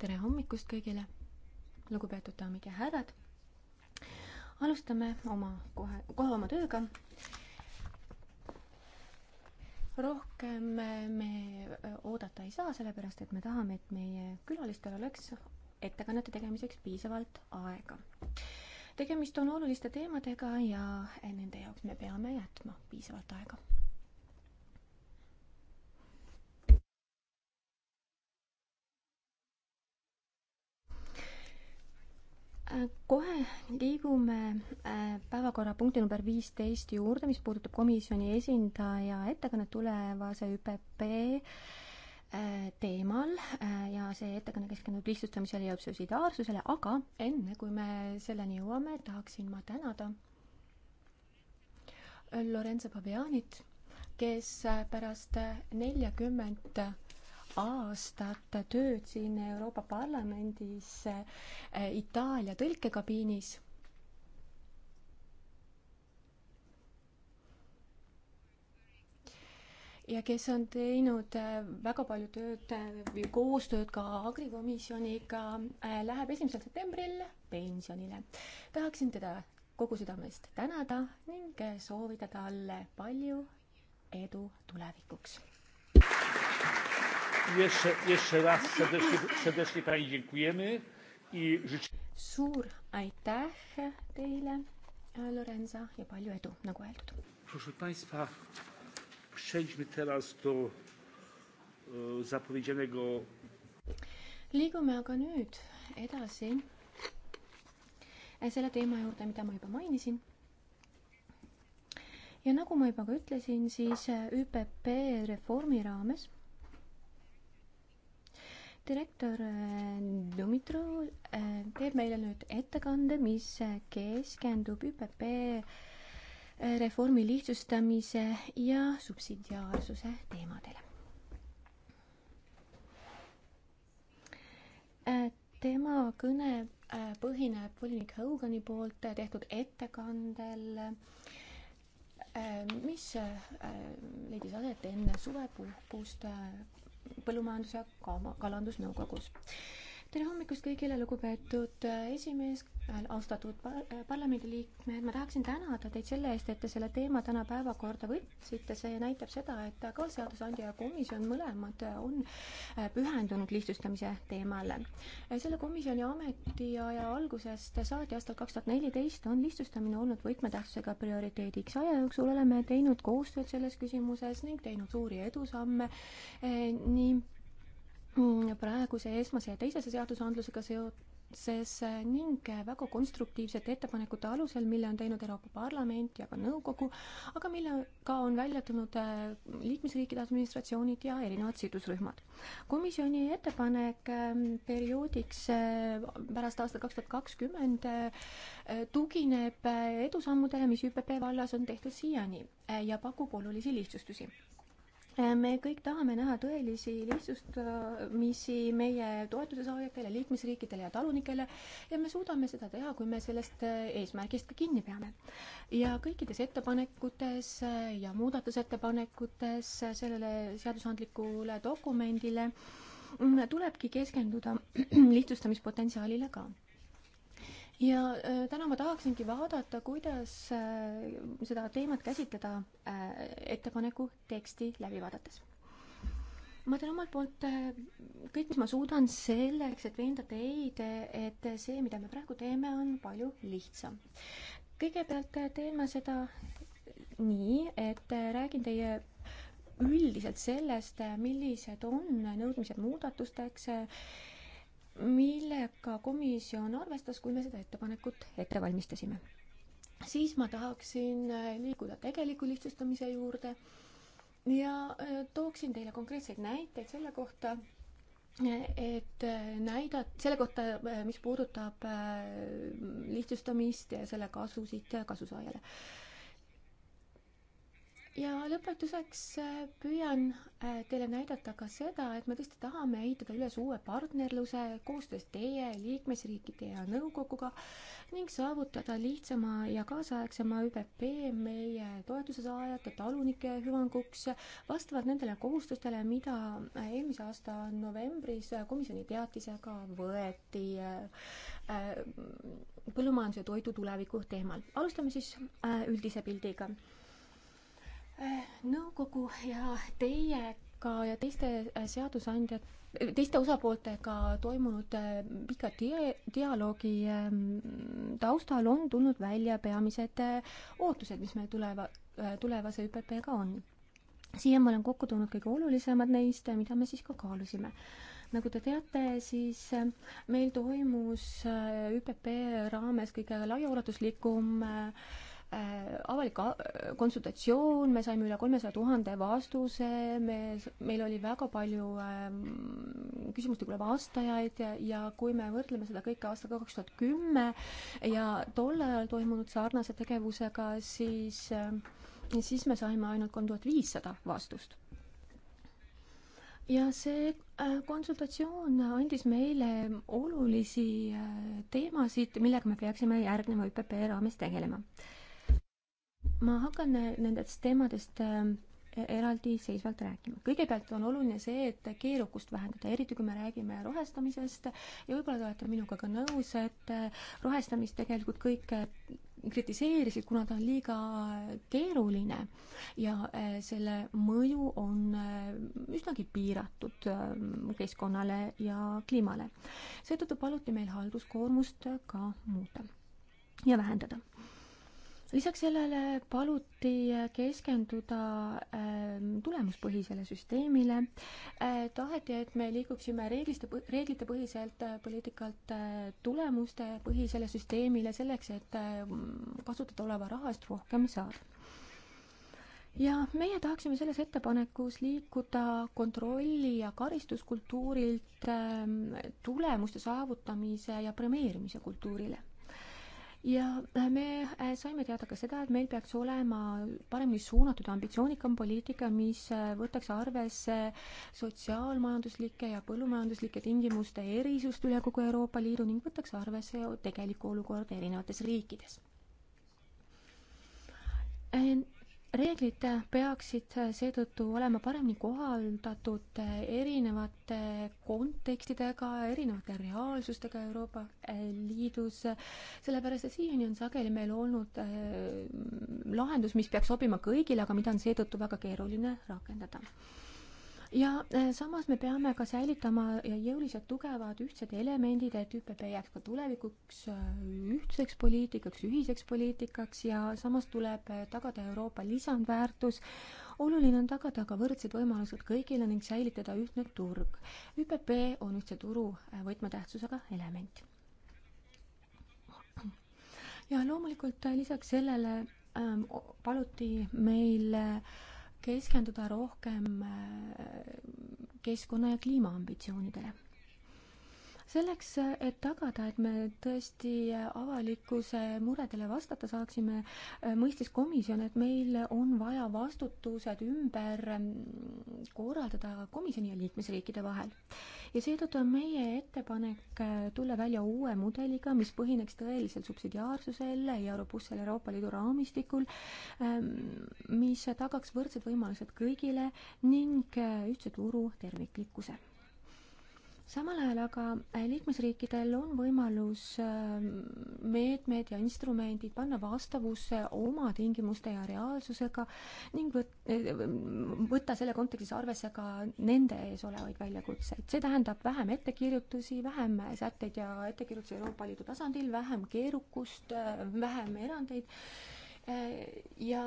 tere hommikust kõigile, lugupeetud daamid ja härrad. alustame oma kohe, kohe oma tööga. rohkem me oodata ei saa, sellepärast et me tahame, et meie külalistel oleks ettekannete tegemiseks piisavalt aega. tegemist on oluliste teemadega ja nende jaoks me peame jätma piisavalt aega Äh, kohe liigume äh, päevakorrapunkti number viisteist juurde, mis puudutab komisjoni esindaja ettekannet tulevase ÜPP äh, teemal ja see ettekanne keskendub lihtsustamisele ja subsidiaarsusele, aga enne kui me selleni jõuame, tahaksin ma tänada Lorenzo Pabianit, kes pärast neljakümmet 40 aastat tööd siin Euroopa Parlamendis eh, Itaalia tõlkekabiinis. ja kes on teinud eh, väga palju tööd eh, või koostööd ka agrikomisjoniga, läheb esimesel septembril pensionile. tahaksin teda kogu südamest tänada ning soovida talle palju edu tulevikuks. Jeszcze raz serdecznie, serdecznie Pani dziękujemy i życzę... Suur aitäh teile, Lorenza, ja palju edu, nagu öeldud. Proszę Państwa, przejdźmy teraz do e, zapowiedzianego... Liigume aga nüüd edasi selle teema juurde, mida ma juba mainisin ja nagu ma juba ka ütlesin, siis ÜPP reformi raames direktor äh, Dumitru äh, teeb meile nüüd ettekande, mis keskendub ÜPP äh, reformi lihtsustamise ja subsidiaarsuse teemadele. tema kõne põhineb volinik Hogani poolt tehtud ettekandel, mis leidis aset enne suvepuhkust põllumajandus- ja kalandusnõukogus tere hommikust kõigile, lugupeetud äh, esimees, äh, austatud par äh, parlamendiliikmed, ma tahaksin tänada teid selle eest, et te selle teema täna päevakorda võtsite, see näitab seda, et ka seadusandja ja komisjon mõlemad on pühendunud lihtsustamise teemale. selle komisjoni ametiaja algusest saati aastal kaks tuhat neliteist on lihtsustamine olnud võtmetähtsusega prioriteediks. aja jooksul oleme teinud koostööd selles küsimuses ning teinud suuri edusamme nii praeguse esmase ja teisese seadusandlusega seoses ning väga konstruktiivsete ettepanekute alusel, mille on teinud Euroopa Parlament ja ka nõukogu, aga millega on välja tulnud äh, liikmesriikide administratsioonid ja erinevad sidusrühmad. komisjoni ettepanek ähm, perioodiks äh, pärast aastat kaks tuhat kakskümmend äh, tugineb edusammudele, mis ÜPP vallas on tehtud siiani ja pakub olulisi lihtsustusi me kõik tahame näha tõelisi lihtsustamisi meie toetuse saajatele, liikmesriikidele ja talunikele ja me suudame seda teha, kui me sellest eesmärgist ka kinni peame. ja kõikides ettepanekutes ja muudatusettepanekutes sellele seadusandlikule dokumendile tulebki keskenduda lihtsustamispotentsiaalile ka ja äh, täna ma tahaksingi vaadata, kuidas äh, seda teemat käsitleda äh, ettepaneku teksti läbi vaadates ma teen omalt poolt kõik, mis ma suudan selleks, et veenda teid, et see, mida me praegu teeme, on palju lihtsam. kõigepealt teen ma seda nii, et räägin teie üldiselt sellest, millised on nõudmised muudatusteks millega komisjon arvestas, kui me seda ettepanekut ette valmistasime. siis ma tahaksin äh, liikuda tegeliku lihtsustamise juurde ja äh, tooksin teile konkreetseid näiteid selle kohta, äh, et näidata, selle kohta, mis puudutab lihtsustamist ja selle kasusid kasusaajale ja lõpetuseks äh, püüan äh, teile näidata ka seda, et me tõesti tahame ehitada üles uue partnerluse koostöös teie liikmesriikide ja nõukoguga ning saavutada lihtsama ja kaasaegsema ÜPP meie toetuse saajate, talunike hüvanguks, vastavalt nendele kohustustele, mida äh, eelmise aasta novembris komisjoni teatisega võeti põllumajanduse ja toidu tuleviku teemal. alustame siis üldise pildiga nõukogu ja teiega ja teiste äh, seadusandjad, äh, teiste osapooltega toimunud äh, pika dia-, dialoogi ähm, taustal on tulnud välja peamised ootused, mis meil tuleva, tulevase ÜPP-ga on. siia ma olen kokku toonud kõige olulisemad neist, mida me siis ka kaalusime nagu te teate, siis meil toimus ÜPP raames kõige laiaulatuslikum äh, Äh, avalik äh, konsultatsioon, me saime üle kolmesaja tuhande vastuse, me, meil oli väga palju ähm, küsimustele vastajaid ja, ja kui me võrdleme seda kõike aastaga kaks tuhat kümme ja tol ajal toimunud sarnase tegevusega, siis, äh, siis me saime ainult kolm tuhat viissada vastust ja see konsultatsioon andis meile olulisi teemasid, millega me peaksime järgneva ÜPP raames tegelema ma hakkan nendest teemadest äh, eraldiseisvalt rääkima. kõigepealt on oluline see, et keerukust vähendada, eriti kui me räägime rohestamisest ja võib-olla te olete minuga ka nõus, et äh, rohestamist tegelikult kõik äh, kritiseerisid, kuna ta on liiga keeruline ja selle mõju on üsnagi piiratud keskkonnale ja kliimale. seetõttu paluti meil halduskoormust ka muuta ja vähendada lisaks sellele paluti keskenduda ähm, tulemuspõhisele süsteemile, äh, taheti, et me liiguksime reegliste, reeglitepõhiselt äh, poliitikalt äh, tulemustepõhisele süsteemile selleks, et kasutada oleva raha eest rohkem saada ja meie tahaksime selles ettepanekus liikuda kontrolli ja karistuskultuurilt ähm, tulemuste saavutamise ja premeerimise kultuurile ja äh, me äh, saime teada ka seda, et meil peaks olema paremini suunatud ambitsioonikam poliitika, mis äh, võtaks arvesse sotsiaalmajanduslike ja põllumajanduslike tingimuste erisust üle kogu Euroopa Liidu ning võtaks arvesse tegelikku olukorda erinevates riikides en reeglid peaksid seetõttu olema paremini kohaldatud erinevate kontekstidega, erinevate reaalsustega Euroopa eh, Liidus, sellepärast et siiani on sageli meil olnud eh, lahendus, mis peaks sobima kõigile, aga mida on seetõttu väga keeruline rakendada ja äh, samas me peame ka säilitama jõuliselt tugevad ühtsed elemendid, et ÜPP jääks ka tulevikuks äh, ühtseks poliitikaks, ühiseks poliitikaks ja samas tuleb äh, tagada Euroopa lisandväärtus. oluline on tagada ka võrdsed võimalused kõigile ning säilitada ühtne turg. ÜPP on ühtse turu võtmetähtsusega element ja loomulikult lisaks sellele ähm, paluti meil äh, keskenduda rohkem äh, keskkonna ja kliimaambitsioonidele selleks, et tagada, et me tõesti avalikkuse muredele vastata saaksime, äh, mõistis komisjon, et meil on vaja vastutused ümber mm, korraldada komisjoni ja liikmesriikide vahel. ja seetõttu on meie ettepanek äh, tulla välja uue mudeliga, mis põhineks tõelisel subsidiaarsusel ja robustsel Euroopa Liidu raamistikul, ähm, mis tagaks võrdsed võimalused kõigile ning äh, ühtse turu terviklikkuse samal ajal aga äh, liikmesriikidel on võimalus ähm, meetmed ja instrumendid panna vastavusse oma tingimuste ja reaalsusega ning äh, võtta selle kontekstis arvesse ka nende ees olevaid väljakutseid. see tähendab vähem ettekirjutusi, vähem sätteid ja ettekirjutusi Euroopa Liidu tasandil, vähem keerukust, äh, vähem erandeid ja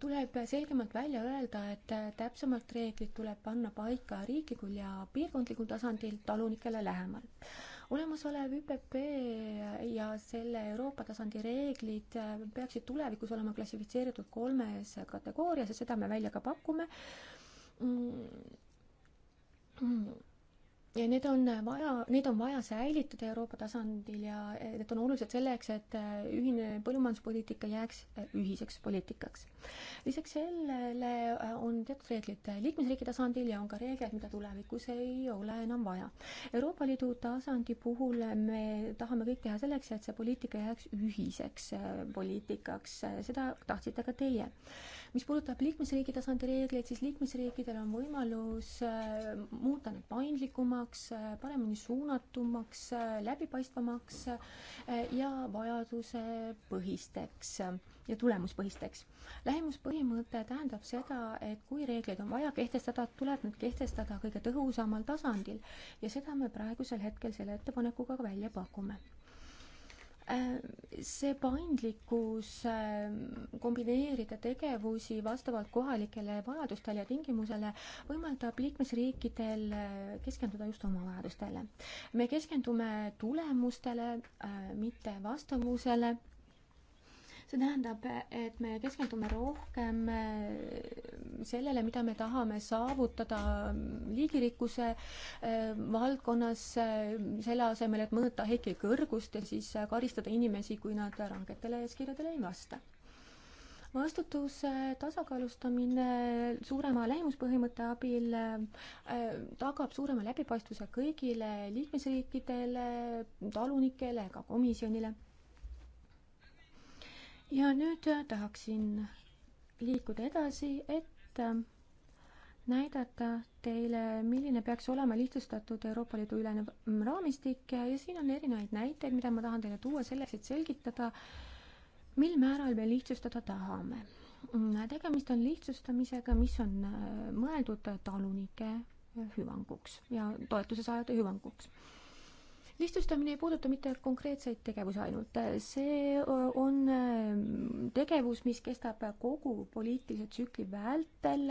tuleb selgemalt välja öelda, et täpsemalt reeglid tuleb panna paika riiklikul ja piirkondlikul tasandil talunikele lähemal. olemasolev ÜPP ja selle Euroopa tasandi reeglid peaksid tulevikus olema klassifitseeritud kolmes kategoorias ja seda me välja ka pakume. Mm. Mm ja need on vaja, neid on vaja säilitada Euroopa tasandil ja need on olulised selleks, et äh, ühine põllumajanduspoliitika jääks äh, ühiseks poliitikaks lisaks sellele äh, on teatud reeglid liikmesriigi tasandil ja on ka reeglid, mida tulevikus ei ole enam vaja. Euroopa Liidu tasandi puhul me tahame kõik teha selleks, et see poliitika jääks ühiseks äh, poliitikaks, seda tahtsite ka teie. mis puudutab liikmesriigi tasandi reegleid, siis liikmesriikidel on võimalus äh, muuta need paindlikumaks, paremini suunatumaks, läbipaistvamaks ja vajadusepõhisteks ja tulemuspõhisteks. lähimuspõhimõte tähendab seda, et kui reegleid on vaja kehtestada, tuleb need kehtestada kõige tõhusamal tasandil ja seda me praegusel hetkel selle ettepanekuga ka välja pakume äh, see paindlikkus äh, kombineerida tegevusi vastavalt kohalikele vajadustele ja tingimusele võimaldab liikmesriikidel äh, keskenduda just oma vajadustele. me keskendume tulemustele, mitte vastavusele see tähendab, et me keskendume rohkem eh, sellele, mida me tahame saavutada liigirikkuse eh, valdkonnas, eh, selle asemel, et mõõta heitli kõrgust ja siis karistada inimesi, kui nad rangetele eeskirjadele ei vasta vastutuse tasakaalustamine suurema lähimuspõhimõtte abil tagab suurema läbipaistvuse kõigile liikmesriikidele, talunikele, ka komisjonile ja nüüd äh, tahaksin liikuda edasi, et äh, näidata teile, milline peaks olema lihtsustatud Euroopa Liidu ülene raamistik ja siin on erinevaid näiteid, mida ma tahan teile tuua selleks, et selgitada, mil määral me lihtsustada tahame. Mm, tegemist on lihtsustamisega, mis on äh, mõeldud talunike hüvanguks ja toetuse saajate hüvanguks lihtsustamine ei puuduta mitte konkreetseid tegevusi ainult, see on tegevus, mis kestab kogu poliitilise tsükli vältel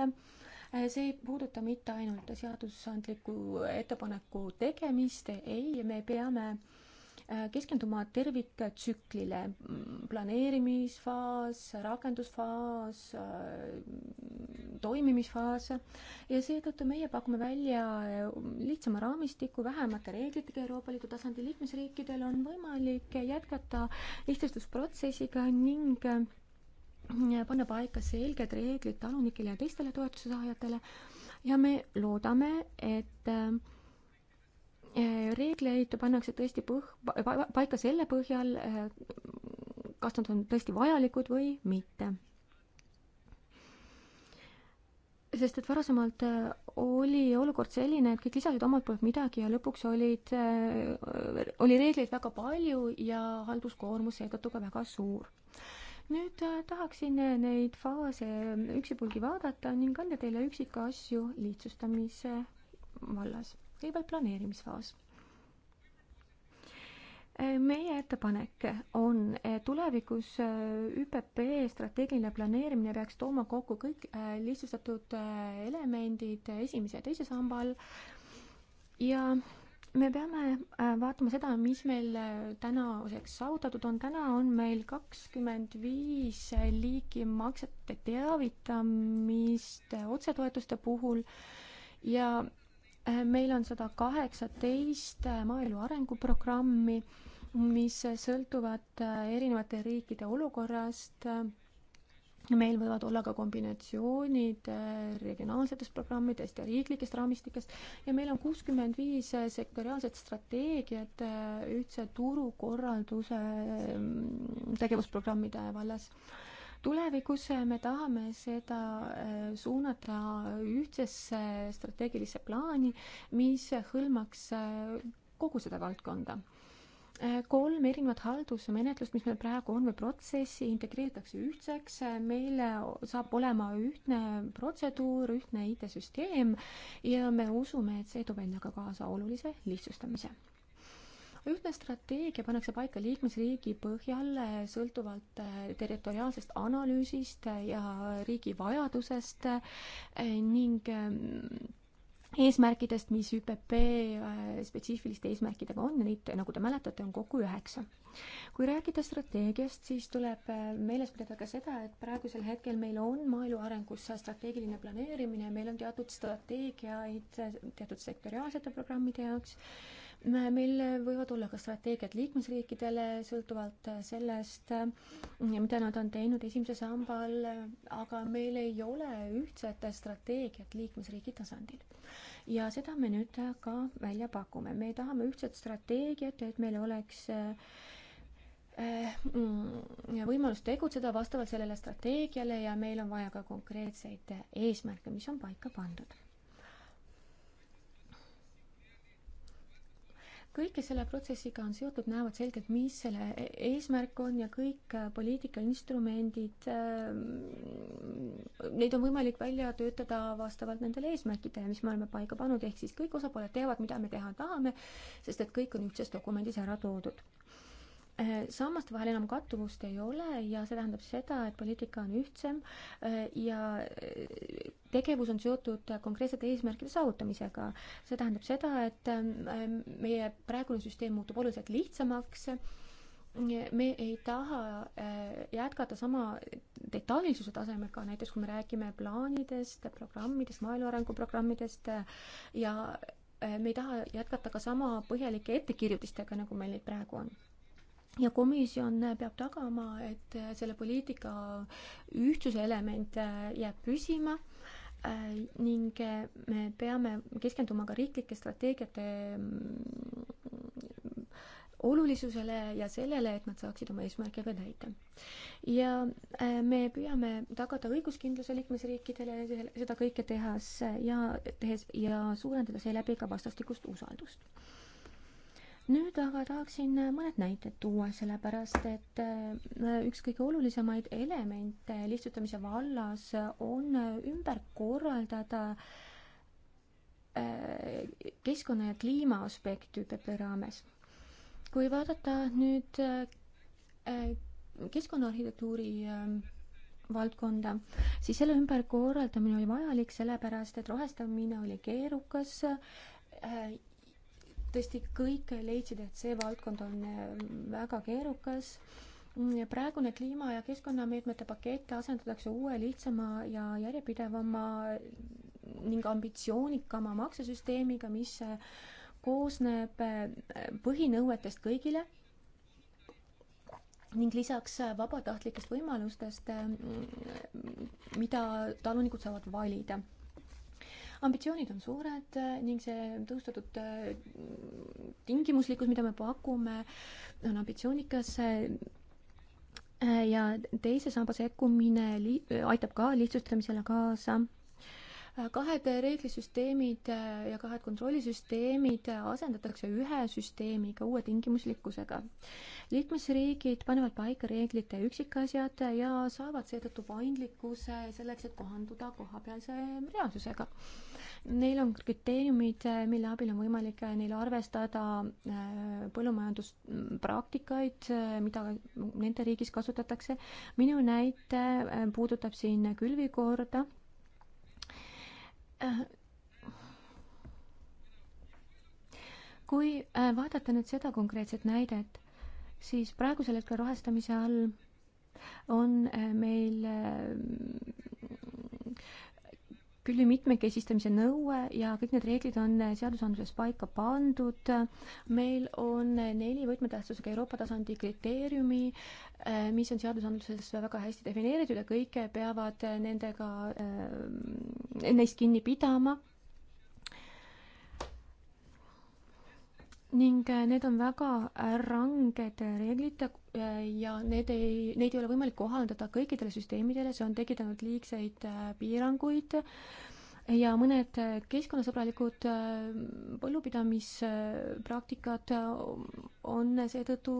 see ei puuduta mitte ainult seadusandliku ettepaneku tegemist, ei, me peame Äh, keskenduma terviktsüklile, mm, planeerimisfaas, rakendusfaas, äh, toimimisfaas ja seetõttu meie pakume välja äh, lihtsama raamistiku vähemate reeglitega Euroopa Liidu tasandil. liikmesriikidel on võimalik jätkata istustusprotsessiga ning panna paika selged reeglid talunikele ja teistele toetuse saajatele ja me loodame, et äh, Äh, reegleid pannakse tõesti põh-, paika selle põhjal, äh, kas nad on tõesti vajalikud või mitte. sest et varasemalt äh, oli olukord selline, et kõik lisasid omalt poolt midagi ja lõpuks olid, oli reegleid väga palju ja halduskoormus seetõttu ka väga suur nüüd tahaksin neid faase üksipulgi vaadata ning anda teile üksikasju lihtsustamise vallas kõigepealt planeerimisfaas meie ettepanek on, tulevikus äh, ÜPP strateegiline planeerimine peaks tooma kokku kõik äh, lihtsustatud äh, elemendid esimese ja teise samba all ja me peame vaatama seda, mis meil tänaseks saavutatud on. täna on meil kakskümmend viis liiki maksete teavitamist otsetoetuste puhul ja Äh, meil on sada kaheksateist äh, maaelu arenguprogrammi, mis äh, sõltuvad erinevate riikide olukorrast. meil võivad olla ka kombinatsioonid regionaalsetest programmidest ja riiklikest raamistikest ja meil on kuuskümmend viis sektoriaalset strateegiat ühtse turukorralduse tegevusprogrammide vallas tulevikus me tahame seda äh, suunata ühtsesse strateegilisse plaani, mis hõlmaks äh, kogu seda valdkonda äh, kolm erinevat haldusmenetlust, mis meil praegu on, või protsessi integreeritakse ühtseks, meil saab olema ühtne protseduur, ühtne IT-süsteem ja me usume, et see toob endaga kaasa olulise lihtsustamise ühtne strateegia pannakse paika liikmesriigi põhjal eh, sõltuvalt eh, territoriaalsest analüüsist eh, ja riigi vajadusest ning eesmärkidest, mis ÜPP spetsiifiliste eesmärkidega on ja neid, nagu te mäletate, on kokku üheksa. kui rääkida strateegiast, siis tuleb meeles pidada ka seda, et praegusel hetkel meil on maaelu arengus strateegiline planeerimine, meil on teatud strateegiaid teatud sektoriaalsete programmide jaoks meil võivad olla ka strateegiad liikmesriikidele sõltuvalt sellest, mida nad on teinud esimese samba all, aga meil ei ole ühtset strateegiat liikmesriigi tasandil. ja seda me nüüd ka välja pakume, me tahame ühtset strateegiat, et meil oleks äh, mm, võimalus tegutseda vastavalt sellele strateegiale ja meil on vaja ka konkreetseid eesmärke, mis on paika pandud kõik, kes selle protsessiga on seotud, näevad selgelt, mis selle e-, eesmärk on ja kõik äh, poliitikainstrumendid, ähm, neid on võimalik välja töötada vastavalt nendele eesmärkidele, mis me oleme paika pannud, ehk siis kõik osapooled teavad, mida me teha tahame, sest et kõik on ühtses dokumendis ära toodud Äh, sammaste vahel enam kattuvust ei ole ja see tähendab seda, et poliitika on ühtsem äh, ja äh, tegevus on seotud konkreetsete eesmärkide saavutamisega. see tähendab seda, et ähm, meie praegune süsteem muutub oluliselt lihtsamaks, me ei taha jätkata sama detailsuse tasemega, näiteks kui me räägime plaanidest, programmidest, maaelu arenguprogrammidest ja me ei taha jätkata ka sama põhjalike ettekirjutistega, nagu meil neid praegu on ja komisjon peab tagama, et selle poliitika ühtsuse element äh, jääb püsima äh, ning äh, me peame keskenduma ka riiklike strateegiate mm, olulisusele ja sellele, et nad saaksid oma eesmärke ka täita. ja me püüame tagada õiguskindluse liikmesriikidele seda kõike tehas ja tehes ja suurendada seeläbi ka vastastikust usaldust nüüd aga tahaksin mõned näited tuua, sellepärast et äh, üks kõige olulisemaid elemente lihtsustamise vallas on ümber korraldada äh, keskkonna ja kliima aspekt ÜPP raames. kui vaadata nüüd äh, keskkonnaarhitektuuri valdkonda, siis selle ümberkorraldamine oli vajalik sellepärast, et rohestamine oli keerukas tõesti kõik leidsid, et see valdkond on mm, väga keerukas. praegune kliima- ja keskkonnameetmete pakett asendatakse uue, lihtsama ja järjepidevama ning ambitsioonikama maksesüsteemiga, mis äh, koosneb äh, põhinõuetest kõigile ning lisaks äh, vabatahtlikest võimalustest, mm, mida talunikud saavad valida ambitsioonid on suured äh, ning see tõustatud äh, tingimuslikkus, mida me pakume, on ambitsioonikas äh, ja teise samba sekkumine li-, aitab ka lihtsustamisele kaasa kahed reeglisüsteemid äh, ja kahed kontrollisüsteemid äh, asendatakse ühe süsteemiga, uue tingimuslikkusega. liikmesriigid panevad paika reeglite üksikasjad ja saavad seetõttu paindlikkuse selleks, et kohanduda kohapealse reaalsusega. Neil on kriteeriumid, äh, mille abil on võimalik neil arvestada põllumajanduspraktikaid, mida nende riigis kasutatakse. minu näite puudutab siin külvikorda Äh. kui äh, vaadata nüüd seda konkreetset näidet, siis praegusel hetkel rahastamise all on äh, meil külli mitmekesistamise nõue ja kõik need reeglid on seadusandluses paika pandud. meil on neli võtmetähtsusega Euroopa tasandi kriteeriumi, eh, mis on seadusandluses väga hästi defineeritud ja kõik peavad nendega, eh, neist kinni pidama ning äh, need on väga äh, ranged äh, reeglid ja need ei, neid ei ole võimalik kohandada kõikidele süsteemidele, see on tekitanud liigseid piiranguid ja mõned keskkonnasõbralikud põllupidamispraktikad on seetõttu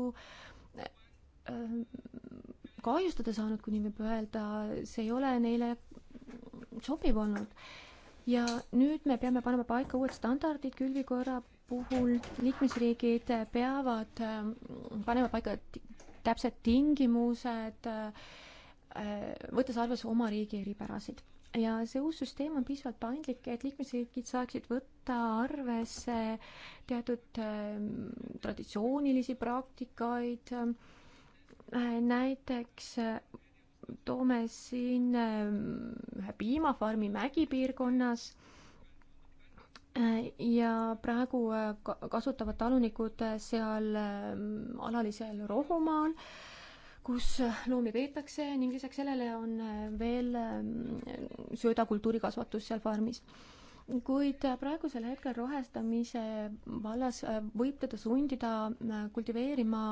kahjustada saanud, kui nii võib öelda, see ei ole neile sobiv olnud. ja nüüd me peame panema paika uued standardid külvikorra puhul liikmesriigid peavad ähm, panema paika täpsed tingimused, äh, võttes arvesse oma riigi eripärasid. ja see uus süsteem on piisavalt paindlik, et liikmesriigid saaksid võtta arvesse teatud ähm, traditsioonilisi praktikaid, äh, näiteks äh, toome siin ähm, ühe piimafarmi mägipiirkonnas äh, ja praegu äh, kasutavad talunikud äh, seal ähm, alalisel rohumaal, kus äh, loomi peetakse ning lisaks sellele on veel ähm, söödakultuurikasvatus seal farmis. kuid praegusel hetkel rohestamise vallas võib teda sundida kultiveerima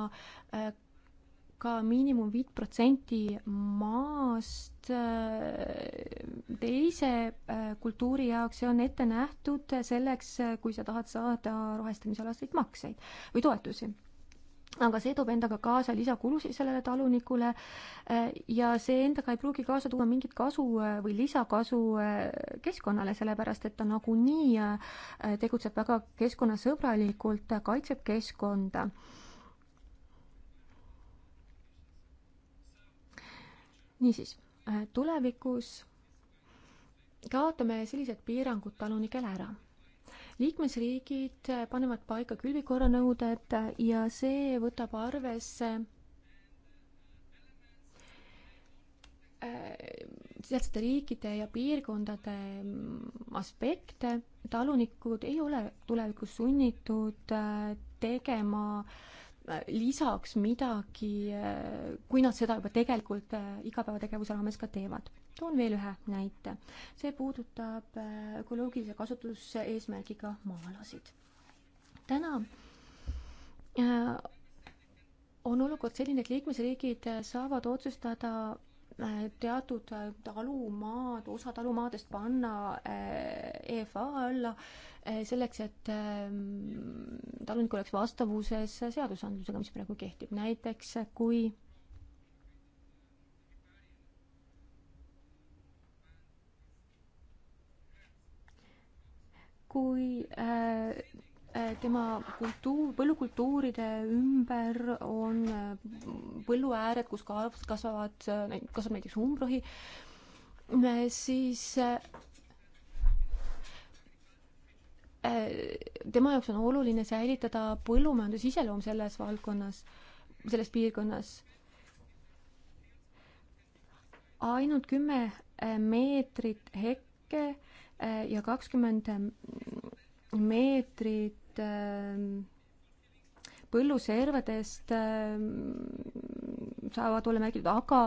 ka miinimum viit protsenti maast äh, teise äh, kultuuri jaoks, see on ette nähtud selleks, äh, kui sa tahad saada rohestamisalaseid makseid või toetusi aga see toob endaga kaasa lisakulusid sellele talunikule ja see endaga ei pruugi kaasa tuua mingit kasu või lisakasu keskkonnale, sellepärast et ta nagunii tegutseb väga keskkonnasõbralikult, kaitseb keskkonda niisiis, äh, tulevikus kaotame sellised piirangud talunikele ära. liikmesriigid äh, panevad paika külvikorranõuded äh, ja see võtab arvesse sealsete riikide ja piirkondade mm, aspekte, talunikud ei ole tulevikus sunnitud tegema äh, Äh, lisaks midagi, äh, kui nad seda juba tegelikult äh, igapäevategevuse raames ka teevad. toon veel ühe näite. see puudutab ökoloogilise kasutuse eesmärgiga maalasid. täna on olukord selline, et liikmesriigid saavad otsustada Äh, teatud äh, talumaad, osa talumaadest panna äh, EFA alla selleks, et ähm, talunik oleks vastavuses seadusandlusega, mis praegu kehtib. näiteks kui kui äh, tema kultuur, põllukultuuride ümber on äh, põlluääred, kus kasvavad, äh, kasvab näiteks umbrohi, äh, siis tema jaoks on oluline säilitada põllumajanduse iseloom selles valdkonnas, selles piirkonnas. ainult kümme meetrit hekke ja kakskümmend mm, meetrit nüüd ähm, põlluservadest ähm, saavad olema märgitud, aga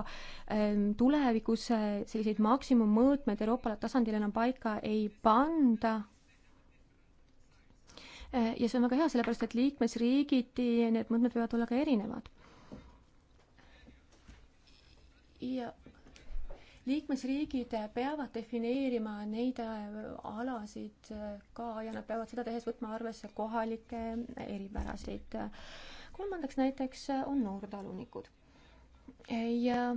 ähm, tulevikus äh, selliseid maksimummõõtmeid Euroopa tasandil enam paika ei panda. Äh, ja see on väga hea, sellepärast et liikmesriigiti need mõõtmed võivad olla ka erinevad. ja liikmesriigid peavad defineerima neid äh, alasid äh, ka ja nad peavad seda tehes võtma arvesse kohalikke eripärasid. kolmandaks näiteks äh, on noortalunikud ja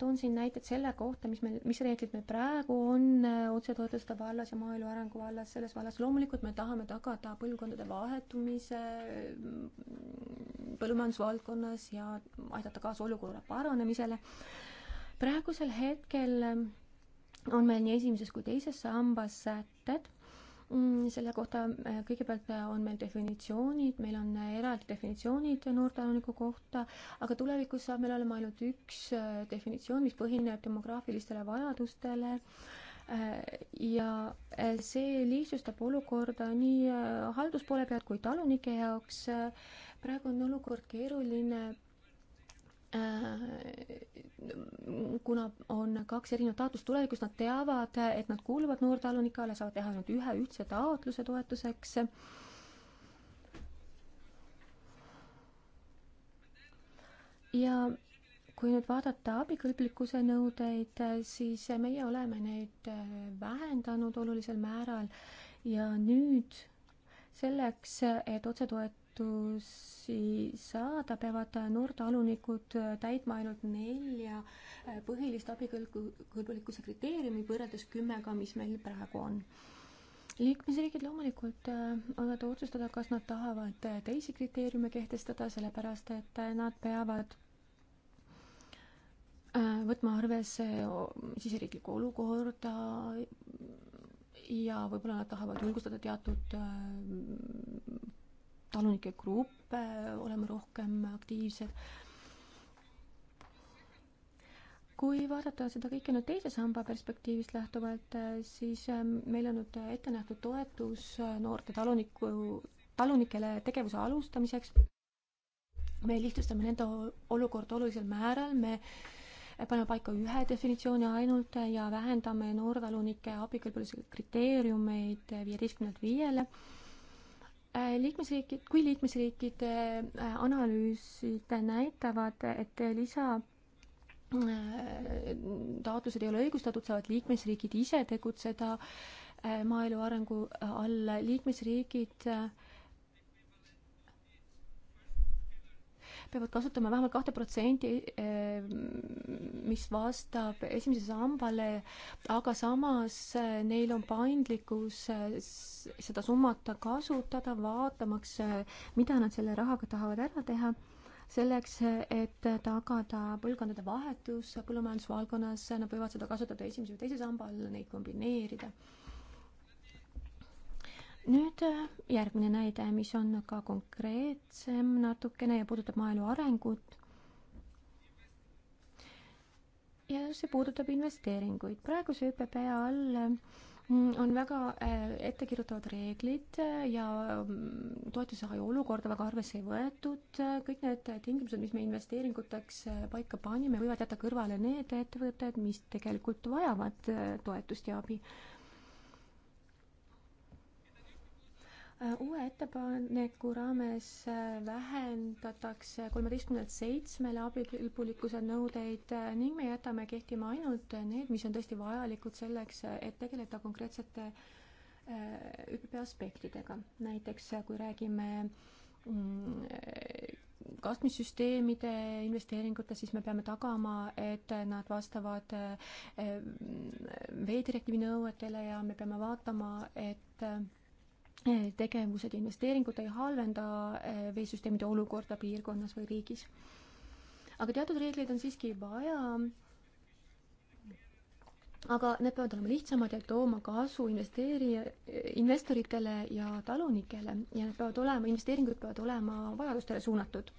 toon siin näited selle kohta, mis meil, mis reeglid meil praegu on otsetoetuste vallas ja maaelu arengu vallas, selles vallas. loomulikult me tahame tagada põlvkondade vahetumise põllumajandusvaldkonnas ja aidata kaasa olukorra paranemisele praegusel hetkel ähm, on meil nii esimeses kui teises sambas sätted, mm, selle kohta äh, kõigepealt äh, on meil definitsioonid, meil on äh, eraldi definitsioonid noorteelaniku kohta, aga tulevikus saab meil olema ainult üks definitsioon, mis põhineb demograafilistele vajadustele ja see lihtsustab olukorda nii halduspoole pealt kui talunike jaoks. praegu on olukord keeruline Äh, kuna on kaks erinevat taotlust tulevikus, nad teavad, et nad kuuluvad noortalunikale, saavad teha ainult ühe ühtse taotluse toetuseks. ja kui nüüd vaadata abikõlblikkuse nõudeid, siis meie oleme neid vähendanud olulisel määral ja nüüd selleks, et otsetoet-, toetusi saada, peavad noortealunikud täitma ainult nelja äh, põhilist abikõlbulikkuse kriteeriumi võrreldes kümmega, mis meil praegu on liikmesriigid loomulikult äh, võivad otsustada, kas nad tahavad äh, teisi kriteeriume kehtestada, sellepärast et nad peavad võtma arvesse siseriiklikku olukorda ja võib-olla nad tahavad julgustada teatud talunike gruppe, olema rohkem aktiivsed. kui vaadata seda kõike nüüd teise samba perspektiivist lähtuvalt, siis äh, meil on nüüd ette nähtud toetus äh, noorte taluniku, talunikele tegevuse alustamiseks. me lihtsustame nende olukorda olulisel määral, me paneme paika ühe definitsiooni ainult ja vähendame noortalunike abikõlbulisuse kriteeriumeid viieteistkümnelt viiele Äh, liikmesriikid, kui liikmesriikide äh, analüüsid näitavad, et lisa äh, taotlused ei ole õigustatud, saavad liikmesriigid ise tegutseda maaelu arengu all, liikmesriigid äh, peavad kasutama vähemalt kahte protsenti, eh, mis vastab esimesele sambale, aga samas eh, neil on paindlikkus eh, seda summat kasutada, vaatamaks, mida nad selle rahaga tahavad ära teha selleks, et tagada põlvkondade vahetus põllumajandusvaldkonnas, nad võivad seda kasutada esimese või teise samba all, neid kombineerida nüüd äh, järgmine näide, mis on ka konkreetsem natukene ja puudutab maaelu arengut. ja see puudutab investeeringuid. praeguse ÜPP all mm, on väga äh, ettekirjutavad reeglid äh, ja mm, toetuse saaja olukorda väga arvesse ei võetud. kõik need tingimused, mis me investeeringuteks paika panime, võivad jätta kõrvale need ettevõtted, mis tegelikult vajavad toetust ja abi Äh, uue ettepaneku raames äh, vähendatakse kolmeteistkümnelt seitsmele abikõlbulikkuse nõudeid äh, ning me jätame kehtima ainult need, mis on tõesti vajalikud selleks, et tegeleda konkreetsete ÜPP aspektidega. näiteks kui räägime mm, kastmissüsteemide investeeringute, siis me peame tagama, et nad vastavad veedirektiivi nõuetele ja me peame vaatama, et tegevused ja investeeringud ei halvenda eh, veesüsteemide olukorda piirkonnas või riigis. aga teatud reegleid on siiski vaja. aga need peavad olema lihtsamad ja tooma kasu investeerija, investoritele ja talunikele ja need peavad olema, investeeringud peavad olema vajadustele suunatud.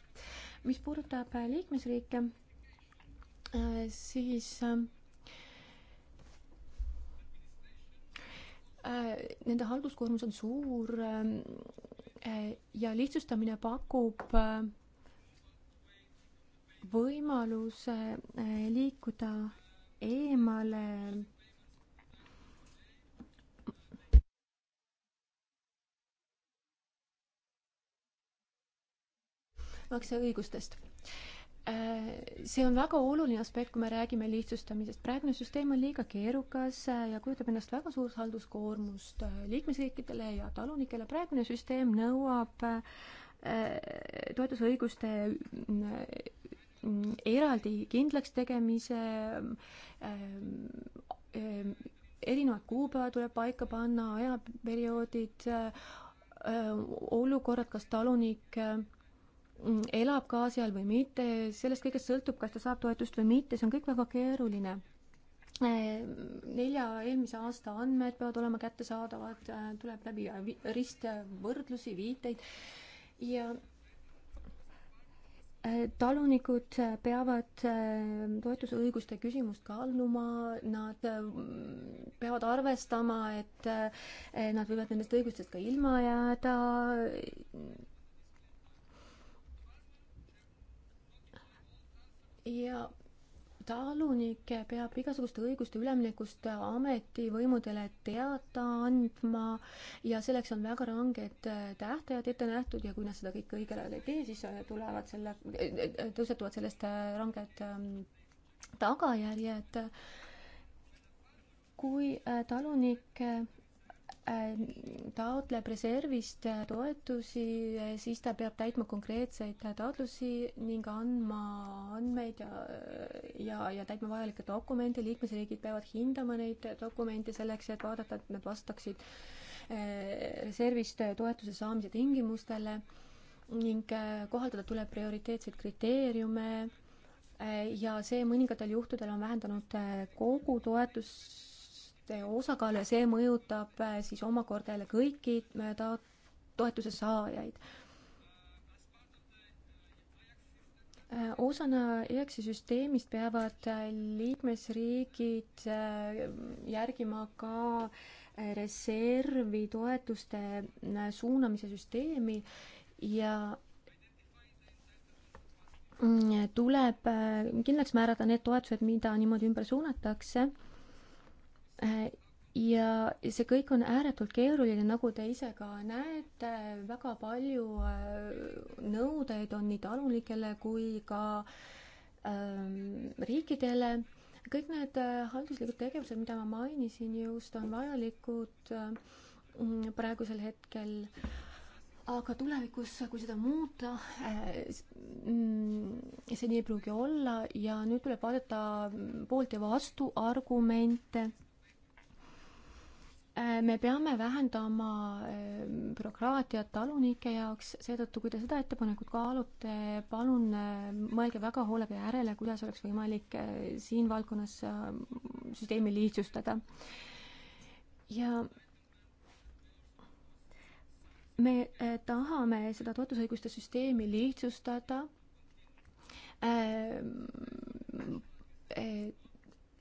mis puudutab eh, liikmesriike, eh, siis äh, Äh, nende halduskoormus on suur ähm, äh, ja lihtsustamine pakub äh, võimaluse liikuda eemale makseõigustest Äh, see on väga oluline aspekt, kui me räägime lihtsustamisest. praegune süsteem on liiga keerukas äh, ja kujutab endast väga suurt halduskoormust äh, liikmesriikidele ja talunikele. praegune süsteem nõuab toetusõiguste eraldi kindlaks tegemise erinevad kuupäevad tuleb paika panna, ajaperioodid, olukorrad, kas talunik äh, elab ka seal või mitte, sellest kõigest sõltub, kas ta saab toetust või mitte, see on kõik väga keeruline. Nelja eelmise aasta andmed peavad olema kättesaadavad, tuleb läbi ristvõrdlusi, viiteid ja äh, talunikud peavad äh, toetusõiguste küsimust kaaluma, nad äh, peavad arvestama, et nad võivad nendest õigustest ka ilma jääda ja talunik peab igasuguste õiguste üleminekust ametivõimudele teada andma ja selleks on väga ranged tähtajad ette nähtud ja kui nad seda kõike õigel ajal ei tee, siis äh, tulevad selle, äh, äh, tõusetuvad sellest ranged ähm, tagajärjed. kui talunik Äh, taotleb reservist toetusi, siis ta peab täitma konkreetseid taotlusi ning andma andmeid ja, ja, ja täitma vajalikke dokumente, liikmesriigid peavad hindama neid dokumente selleks, et vaadata, et nad vastaksid äh, reservist toetuse saamise tingimustele ning äh, kohaldada tuleb prioriteetseid kriteeriume ja see mõningatel juhtudel on vähendanud kogu toetus Eh, osakaal ja see mõjutab eh, siis omakorda jälle kõiki eh, ta toetuse saajaid. osana EAKS-i süsteemist peavad liikmesriigid järgima ka reservi toetuste suunamise süsteemi ja mm, tuleb kindlaks määrata need toetused, mida niimoodi ümber suunatakse ja see kõik on ääretult keeruline, nagu te ise ka näete, väga palju äh, nõudeid on nii talunikele kui ka ähm, riikidele. kõik need äh, halduslikud tegevused, mida ma mainisin just, on vajalikud äh, praegusel hetkel aga tulevikus, kui seda muuta, äh, mm, see nii ei pruugi olla ja nüüd tuleb vaadata poolt ja vastu argumente Äh, me peame vähendama ähm, bürokraatiat talunike jaoks, seetõttu kui te seda ettepanekut kaalute, palun ähm, mõelge väga hoolega järele, kuidas oleks võimalik äh, siin valdkonnas äh, süsteemi lihtsustada. ja me tahame seda toetusõiguste süsteemi lihtsustada ähm,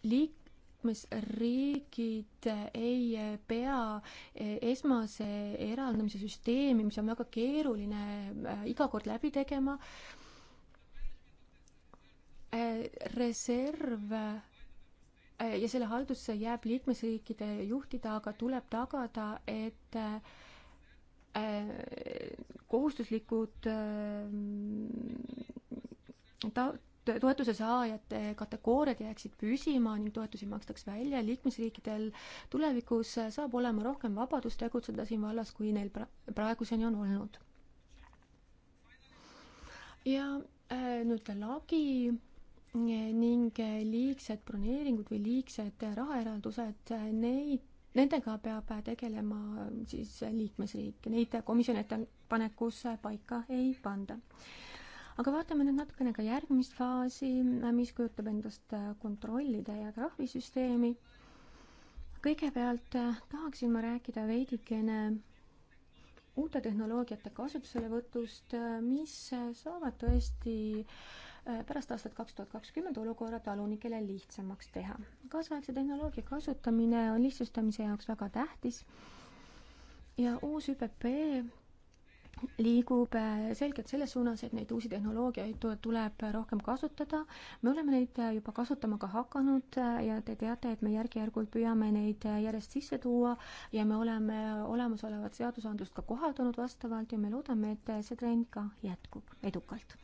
liik-, liikmesriigid ei pea eh, esmase eraldamise süsteemi, mis on väga keeruline, eh, iga kord läbi tegema. Eh, reserv ja selle haldusse jääb liikmesriikide juhtida, aga tuleb tagada, et kohustuslikud ta-, toetuse saajate kategooriad jääksid püsima ning toetusi makstaks välja, liikmesriikidel tulevikus saab olema rohkem vabadust tegutseda siin vallas, kui neil pra-, praeguseni on olnud. ja äh, nüüd lagi äh, ning äh, liigsed broneeringud või liigsed rahaeraldused, neid nendega peab tegelema siis liikmesriik, neid komisjoni ettepanekus paika ei panda aga vaatame nüüd natukene ka järgmist faasi, mis kujutab endast äh, kontrollide ja trahvisüsteemi. kõigepealt äh, tahaksin ma rääkida veidikene uute tehnoloogiate kasutuselevõtust, äh, mis saavad tõesti pärast aastat kaks tuhat kakskümmend olukorra talunikele lihtsamaks teha. kaasaegse tehnoloogia kasutamine on lihtsustamise jaoks väga tähtis ja uus ÜPP liigub äh, selgelt selles suunas, et neid uusi tehnoloogiaid tuleb rohkem kasutada. me oleme neid juba kasutama ka hakanud äh, ja te teate, et me järk-järgult püüame neid äh, järjest sisse tuua ja me oleme olemasolevat seadusandlust ka kohaldanud vastavalt ja me loodame, et see trend ka jätkub edukalt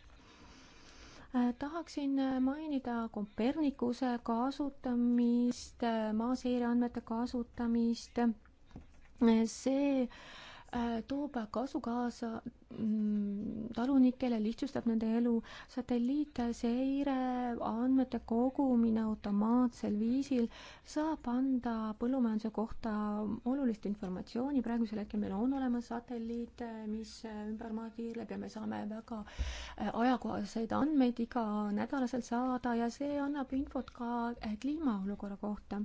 tahaksin mainida Kopernikuse kasutamist, maaseireandmete kasutamist. see äh, Äh, toob kasu kaasa mm, talunikele, lihtsustab nende elu. satelliitseire andmete kogumine automaatsel viisil saab anda põllumajanduse kohta olulist informatsiooni. praegusel hetkel meil on olemas satelliit, äh, mis äh, ümber maa tiirleb ja me saame väga ajakohaseid andmeid iganädalaselt saada ja see annab infot ka kliimaolukorra kohta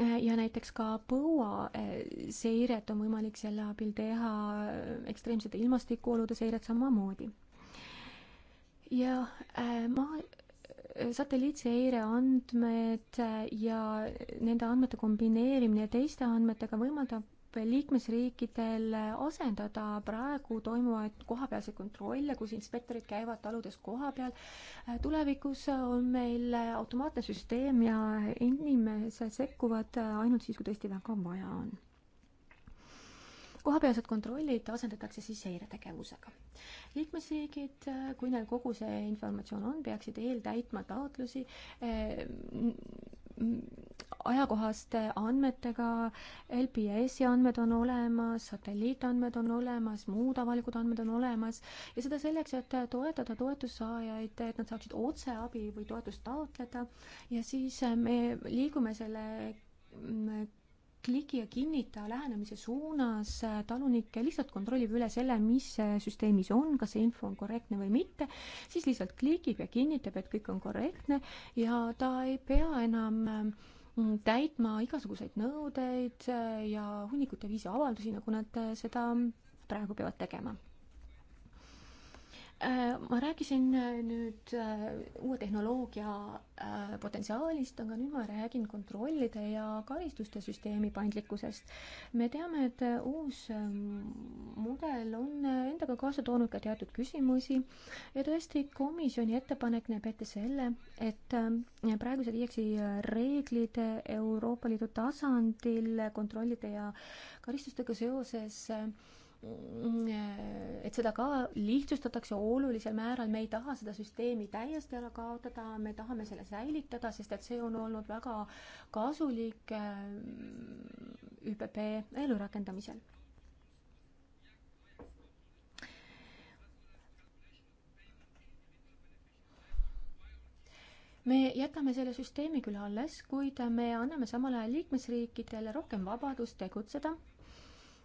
Eh, ja näiteks ka põuaseiret eh, on võimalik selle abil teha, eh, ekstreemsete ilmastikuolude seiret samamoodi. ja ma, satelliitseire andmed ja nende andmete kombineerimine teiste andmetega võimaldab liikmesriikidel asendada praegu toimuvaid kohapealseid kontrolle, kus inspektorid käivad taludes kohapeal. tulevikus on meil automaatne süsteem ja inimesed sekkuvad ainult siis, kui tõesti väga vaja on. kohapealsed kontrollid asendatakse siis seiretegevusega. liikmesriigid, kui neil kogu see informatsioon on, peaksid eeltäitma taotlusi eh, ajakohaste andmetega, LPS-i andmed on olemas, satelliitandmed on olemas, muud avalikud andmed on olemas ja seda selleks, et toetada toetussaajaid, et nad saaksid otse abi või toetust taotleda ja siis äh, me liigume selle mm, kliki ja kinnita lähenemise suunas talunik lihtsalt kontrollib üle selle, mis süsteemis on, kas see info on korrektne või mitte, siis lihtsalt klikib ja kinnitab, et kõik on korrektne ja ta ei pea enam äh, Mm, täitma igasuguseid nõudeid ja hunnikute viisi avaldusi, nagu nad eh, seda praegu peavad tegema Äh, ma rääkisin äh, nüüd äh, uue tehnoloogia potentsiaalist, aga nüüd ma räägin kontrollide ja karistuste süsteemi paindlikkusest. me teame, et uus mudel on endaga kaasa toonud ka teatud küsimusi ja tõesti, komisjoni ettepanek näeb ette selle, et praegused IEX-i reeglid Euroopa Liidu tasandil kontrollide ja karistustega seoses et seda ka lihtsustatakse olulisel määral, me ei taha seda süsteemi täiesti ära kaotada, me tahame selle säilitada, sest et see on olnud väga kasulik äh, ÜPP elurakendamisel me jätame selle süsteemi küll alles, kuid me anname samal ajal liikmesriikidele rohkem vabadust tegutseda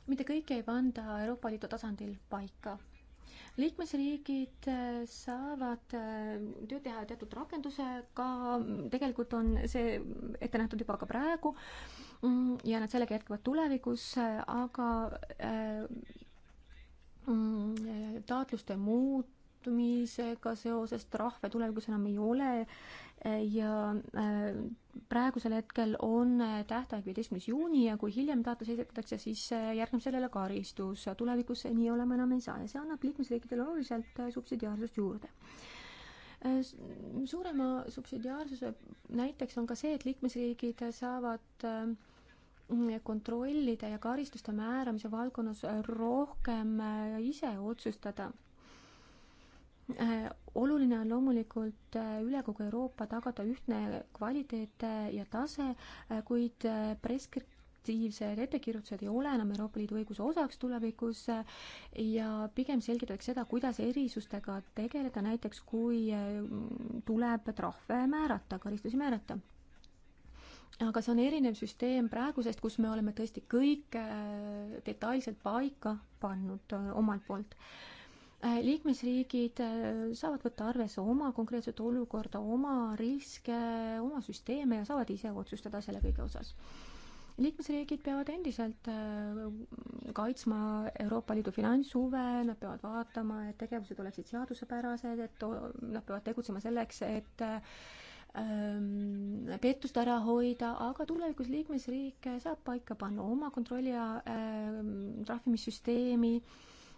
mitte kõike ei panda Euroopa Liidu tasandil paika liikmesriigid äh, saavad äh, tööd teha teatud rakendusega, tegelikult on see ette nähtud juba ka praegu mm, ja nad sellega jätkavad tulevikus, äh, aga mm, taotluste muutmisega seoses trahve tulevikus enam ei ole ja äh, praegusel hetkel on äh, tähtaeg viieteistkümnes juuni ja kui hiljem taotlus esitatakse, siis äh, järgneb sellele karistus. tulevikus see nii olema enam ei saa ja see annab liikmesriikidele oluliselt subsidiaarsust juurde suurema subsidiaarsuse näiteks on ka see, et liikmesriigid saavad kontrollida ja karistuste määramise valdkonnas rohkem ise otsustada Äh, oluline on loomulikult äh, üle kogu Euroopa tagada ühtne kvaliteet äh, ja tase, kuid preskriptiivsed ettekirjutused ei ole enam Euroopa Liidu õiguse osaks tulevikus ja pigem selgitatakse seda, kuidas erisustega tegeleda, näiteks kui tuleb trahve määrata, karistusi määrata aga see on erinev süsteem praegusest, kus me oleme tõesti kõik detailselt paika pannud omalt poolt äh, Äh, liikmesriigid äh, saavad võtta arvesse oma konkreetset olukorda, oma riske, oma süsteeme ja saavad ise otsustada selle kõige osas. liikmesriigid peavad endiselt äh, kaitsma Euroopa Liidu finantshuve, nad peavad vaatama, et tegevused oleksid seadusepärased, et nad peavad tegutsema selleks, et ähm, pettust ära hoida, aga tulevikus liikmesriik saab paika panna oma kontrolli ja ähm, trahvimissüsteemi äh,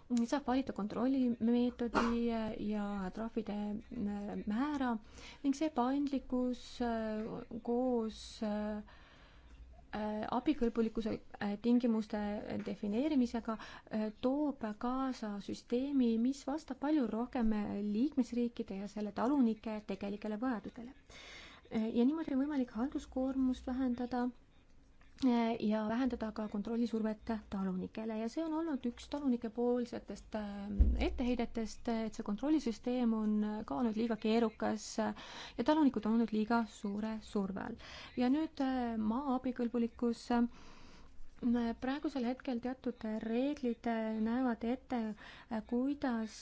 saab valida kontrollimeetodi ja trahvide äh, määra ning see paindlikkus äh, koos äh, abikõlbulikkuse tingimuste defineerimisega toob kaasa süsteemi, mis vastab palju rohkem liikmesriikide ja selle talunike tegelikele vajadustele. ja niimoodi on võimalik halduskoormust vähendada ja vähendada ka kontrollisurvet talunikele ja see on olnud üks talunike poolsetest ähm, etteheidetest, et see kontrollisüsteem on ka olnud liiga keerukas ja talunikud on olnud liiga suure surve all. ja nüüd äh, maa abikõlbulikkus äh, praegusel hetkel teatud reeglid näevad ette, kuidas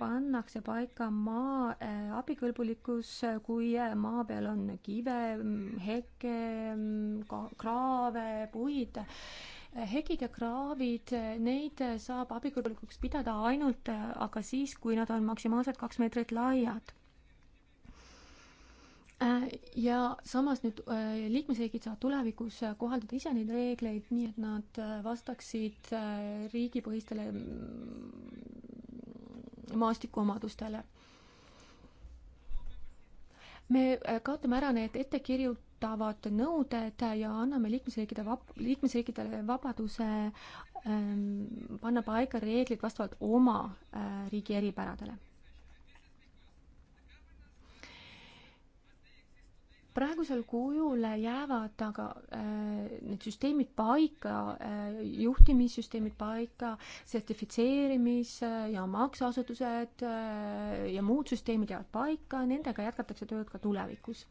pannakse paika maa eh, abikõlbulikkus, kui eh, maa peal on kive, mm, heke, mm, kraave, puid. hegid ja kraavid, eh, neid saab abikõlbulikuks pidada ainult aga siis, kui nad on maksimaalselt kaks meetrit laiad Äh, ja samas nüüd äh, liikmesriigid saavad tulevikus äh, kohaldada ise neid reegleid, nii et nad vastaksid riigipõhistele mm, maastikuomadustele. me kaotame ära need ettekirjutavad nõuded ja anname liikmesriikide vab-, liikmesriikidele vabaduse ähm, panna paika reeglid vastavalt oma äh, riigi eripäradele praegusel kujul jäävad aga äh, need süsteemid paika äh,, juhtimissüsteemid paika, sertifitseerimis- ja makseasutused äh, ja muud süsteemid jäävad paika, nendega jätkatakse tööd ka tulevikus.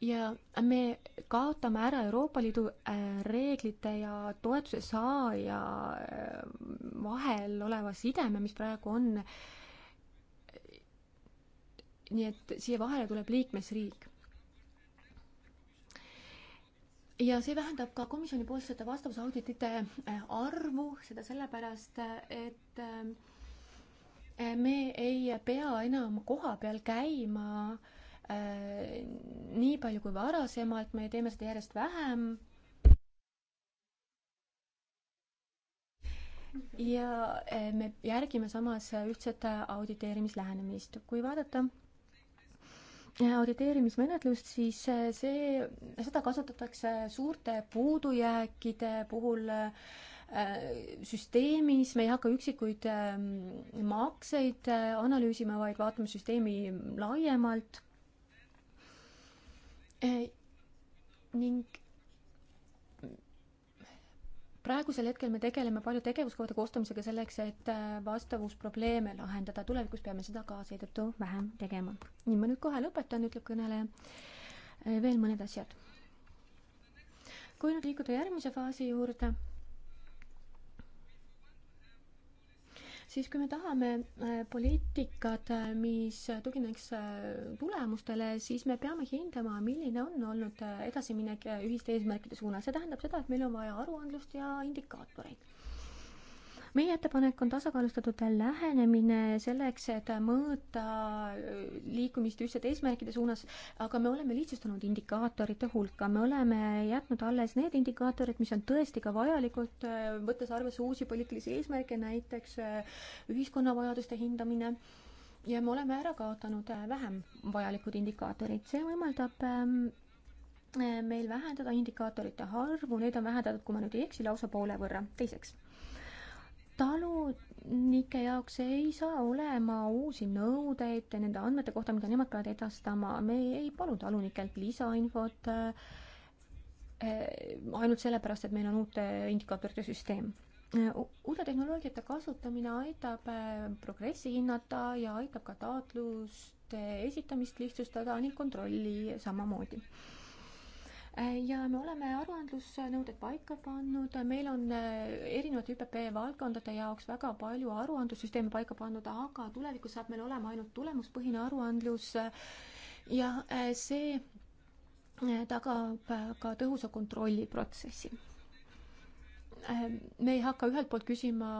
ja me kaotame ära Euroopa Liidu äh, reeglite ja toetuse saaja äh, vahel oleva sideme, mis praegu on äh, nii et siia vahele tuleb liikmesriik. ja see vähendab ka komisjonipoolsete vastavusauditite äh, arvu, seda sellepärast, et äh, me ei pea enam kohapeal käima äh, nii palju kui varasemalt, me teeme seda järjest vähem ja äh, me järgime samas ühtset auditeerimislähenemist. kui vaadata auditeerimismenetlust, siis eh, see, seda kasutatakse suurte puudujääkide puhul eh, süsteemis, me ei hakka üksikuid ehm, makseid eh, analüüsima, vaid vaatame süsteemi laiemalt. ning praegusel hetkel me tegeleme palju tegevuskohade koostamisega selleks, et äh, vastavusprobleeme lahendada, tulevikus peame seda ka seetõttu vähem tegema. nii, ma nüüd kohe lõpetan, ütleb kõneleja. Äh, veel mõned asjad. kui nüüd liikuda järgmise faasi juurde siis kui me tahame äh, poliitikat, äh, mis tugineks äh, tulemustele, siis me peame hindama, milline on olnud edasiminek ühiste eesmärkide suunas. see tähendab seda, et meil on vaja aruandlust ja indikaatoreid meie ettepanek on tasakaalustatud lähenemine selleks, et mõõta äh, liikumist ühtsete eesmärkide suunas, aga me oleme lihtsustanud indikaatorite hulka, me oleme jätnud alles need indikaatorid, mis on tõesti ka vajalikud, äh, võttes arvesse uusi poliitilisi eesmärke, näiteks äh, ühiskonna vajaduste hindamine ja me oleme ära kaotanud vähem vajalikud indikaatorid, see võimaldab ähm, meil vähendada indikaatorite arvu, neid on vähendatud, kui ma nüüd ei eksi, lausa poole võrra. teiseks, talunike jaoks ei saa olema uusi nõudeid nende andmete kohta, mida nemad peavad edastama, me ei palu talunikelt lisainfot eh, ainult sellepärast, et meil on uute indikaatorite süsteem eh, uute tehnoloogiate kasutamine aitab eh, progressi hinnata ja aitab ka taotluste esitamist lihtsustada ning kontrolli samamoodi Äh, ja me oleme aruandlusnõuded paika pannud, meil on äh, erinevate ÜPP valdkondade jaoks väga palju aruandlussüsteeme paika pannud, aga tulevikus saab meil olema ainult tulemuspõhine aruandlus ja äh, see tagab ka tõhusa kontrolliprotsessi me ei hakka ühelt poolt küsima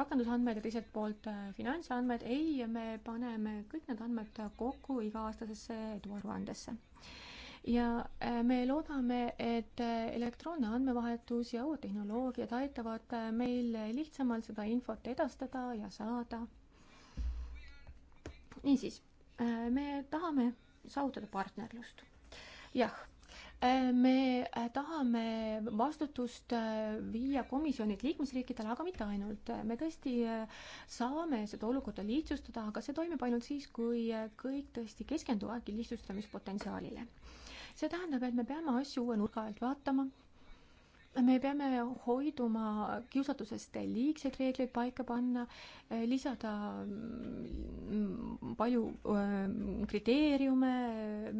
rakendusandmeid ja teiselt poolt finantsandmeid, ei, me paneme kõik need andmed kokku iga-aastasesse eduaruandesse ja äh, me loodame, et äh, elektroonne andmevahetus ja uued tehnoloogiad aitavad äh, meil lihtsamalt seda infot edastada ja saada. niisiis, me tahame saavutada partnerlust. jah me äh, tahame vastutust äh, viia komisjonilt liikmesriikidele, aga mitte ainult. me tõesti äh, saame seda olukorda lihtsustada, aga see toimib ainult siis, kui kõik tõesti keskenduvadki lihtsustamispotentsiaalile. see tähendab, et me peame asju uue nurga alt vaatama me peame hoiduma kiusatusest liigseid reegleid paika panna, eh, lisada mm, palju eh, kriteeriume,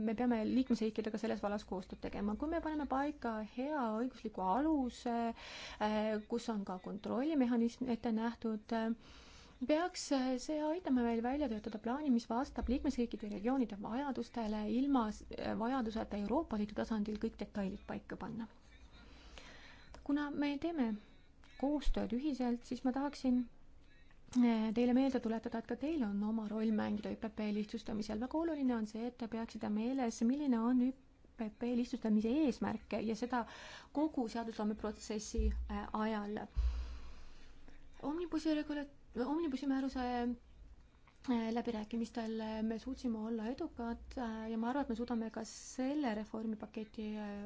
me peame liikmesriikidega selles vallas koostööd tegema. kui me paneme paika hea õigusliku aluse, eh, kus on ka kontrollimehhanism ette nähtud, peaks see aitama meil välja töötada plaani, mis vastab liikmesriikide ja regioonide vajadustele, ilma vajaduseta Euroopa Liidu tasandil kõik detailid paika panna kuna me teeme koostööd ühiselt, siis ma tahaksin eh, teile meelde tuletada, et ka teil on oma roll mängida ÜPP lihtsustamisel. väga oluline on see, et te peaksite meeles, milline on ÜPP lihtsustamise eesmärk ja seda kogu seadusloome protsessi eh, ajal. omnibusi regula-, omnibusi määruse läbirääkimistel me suutsime olla edukad äh, ja ma arvan, et me suudame ka selle reformipaketi äh,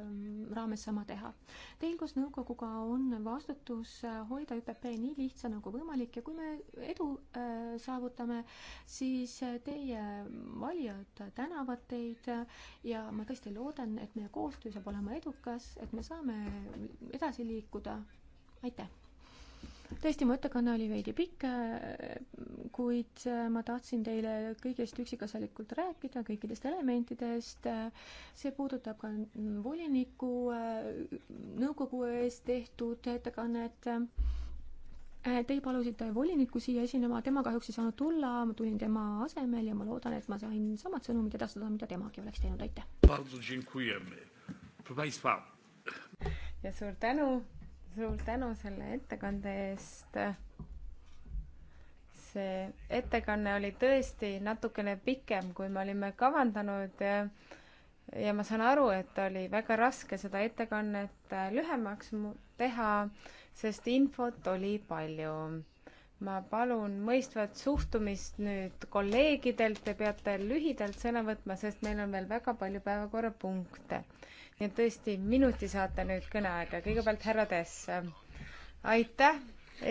raames sama teha. Teil koos nõukoguga on vastutus äh, hoida ÜPP nii lihtsa nagu võimalik ja kui me edu saavutame, siis teie valijad tänavad teid ja ma tõesti loodan, et meie koostöö saab olema edukas, et me saame edasi liikuda. aitäh! tõesti, mu ettekanne oli veidi pikk, äh, kuid äh, ma tahtsin teile kõigest üksikasjalikult rääkida, kõikidest elementidest. see puudutab ka voliniku äh, nõukogu ees tehtud ettekannet. Teie palusite volinikku siia esinema, tema kahjuks ei saanud tulla, ma tulin tema asemel ja ma loodan, et ma sain samad sõnumid edastada, mida temagi oleks teinud, aitäh! ja suur tänu suur tänu selle ettekande eest. see ettekanne oli tõesti natukene pikem, kui me olime kavandanud ja, ja ma saan aru, et oli väga raske seda ettekannet äh, lühemaks teha, sest infot oli palju ma palun mõistvat suhtumist nüüd kolleegidelt, te peate lühidalt sõna võtma, sest meil on veel väga palju päevakorrapunkte nii et tõesti, minuti saate nüüd kõneaega. kõigepealt härra Tess. aitäh,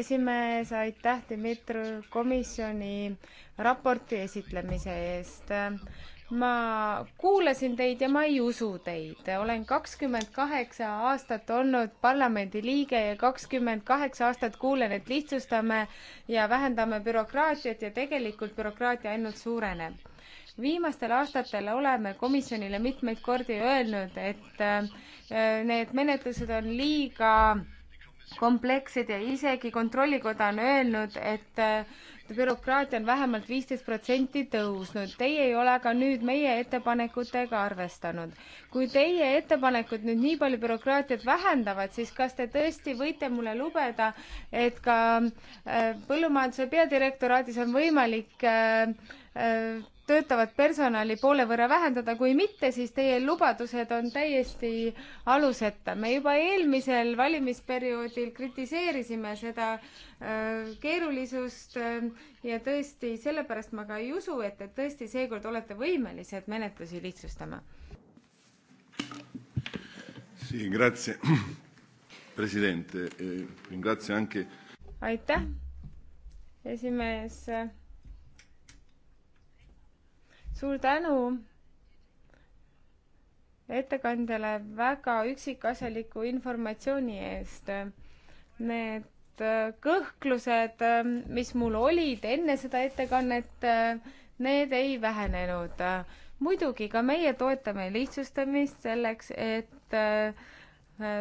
esimees, aitäh, Dmitri, komisjoni raporti esitlemise eest ma kuulasin teid ja ma ei usu teid. olen kakskümmend kaheksa aastat olnud parlamendi liige ja kakskümmend kaheksa aastat kuulen, et lihtsustame ja vähendame bürokraatiat ja tegelikult bürokraatia ainult suureneb viimastel aastatel oleme komisjonile mitmeid kordi öelnud, et äh, need menetlused on liiga komplekssed ja isegi Kontrollikoda on öelnud, et äh, bürokraatia on vähemalt viisteist protsenti tõusnud. Teie ei ole ka nüüd meie ettepanekutega arvestanud. kui teie ettepanekud nüüd nii palju bürokraatiat vähendavad, siis kas te tõesti võite mulle lubada, et ka äh, põllumajanduse peadirektoraadis on võimalik töötavat personali poole võrra vähendada, kui mitte, siis teie lubadused on täiesti aluseta. me juba eelmisel valimisperioodil kritiseerisime seda äh, keerulisust äh, ja tõesti, sellepärast ma ka ei usu, et te tõesti seekord olete võimelised menetlusi lihtsustama. E aitäh, esimees suur tänu ettekandjale väga üksikasjaliku informatsiooni eest. Need äh, kõhklused, äh, mis mul olid enne seda ettekannet, äh, need ei vähenenud. muidugi ka meie toetame lihtsustamist selleks, et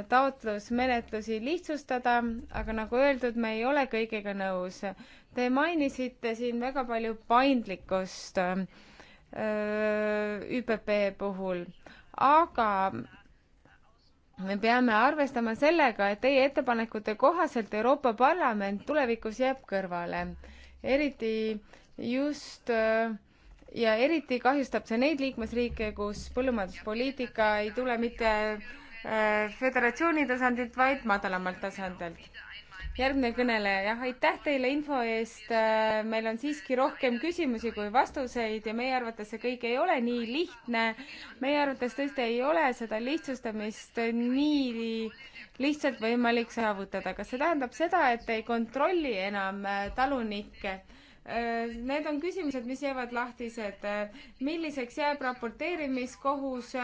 taotlusmenetlusi lihtsustada, aga nagu öeldud, me ei ole kõigega nõus. Te mainisite siin väga palju paindlikkust ÜPP puhul, aga me peame arvestama sellega, et teie ettepanekute kohaselt Euroopa Parlament tulevikus jääb kõrvale, eriti just ja eriti kahjustab see neid liikmesriike, kus põllumajanduspoliitika ei tule mitte föderatsiooni tasandilt, vaid madalamalt tasandilt järgmine kõneleja, jah, aitäh teile info eest. Äh, meil on siiski rohkem küsimusi kui vastuseid ja meie arvates see kõik ei ole nii lihtne. meie arvates tõesti ei ole seda lihtsustamist nii lihtsalt võimalik saavutada. kas see tähendab seda, et ei kontrolli enam äh, talunikke? Äh, need on küsimused, mis jäävad lahtised. milliseks jääb raporteerimiskohus,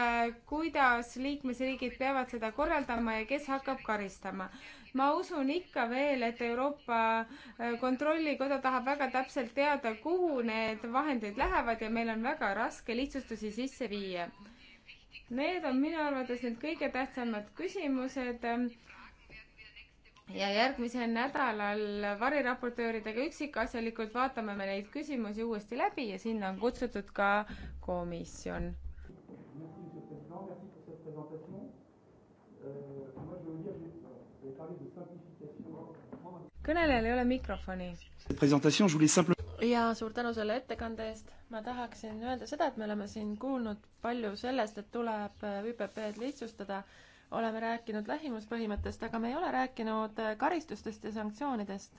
kuidas liikmesriigid peavad seda korraldama ja kes hakkab karistama? ma usun ikka veel, et Euroopa äh, Kontrollikoda tahab väga täpselt teada, kuhu need vahendid lähevad ja meil on väga raske lihtsustusi sisse viia. Need on minu arvates need kõige tähtsamad küsimused ja järgmisel nädalal variraportööridega üksikasjalikult vaatame me neid küsimusi uuesti läbi ja sinna on kutsutud ka komisjon kõnelejal ei ole mikrofoni. ja suur tänu selle ettekande eest. ma tahaksin öelda seda, et me oleme siin kuulnud palju sellest, et tuleb äh, ÜPP-d lihtsustada. oleme rääkinud lähimuspõhimõttest, aga me ei ole rääkinud äh, karistustest ja sanktsioonidest.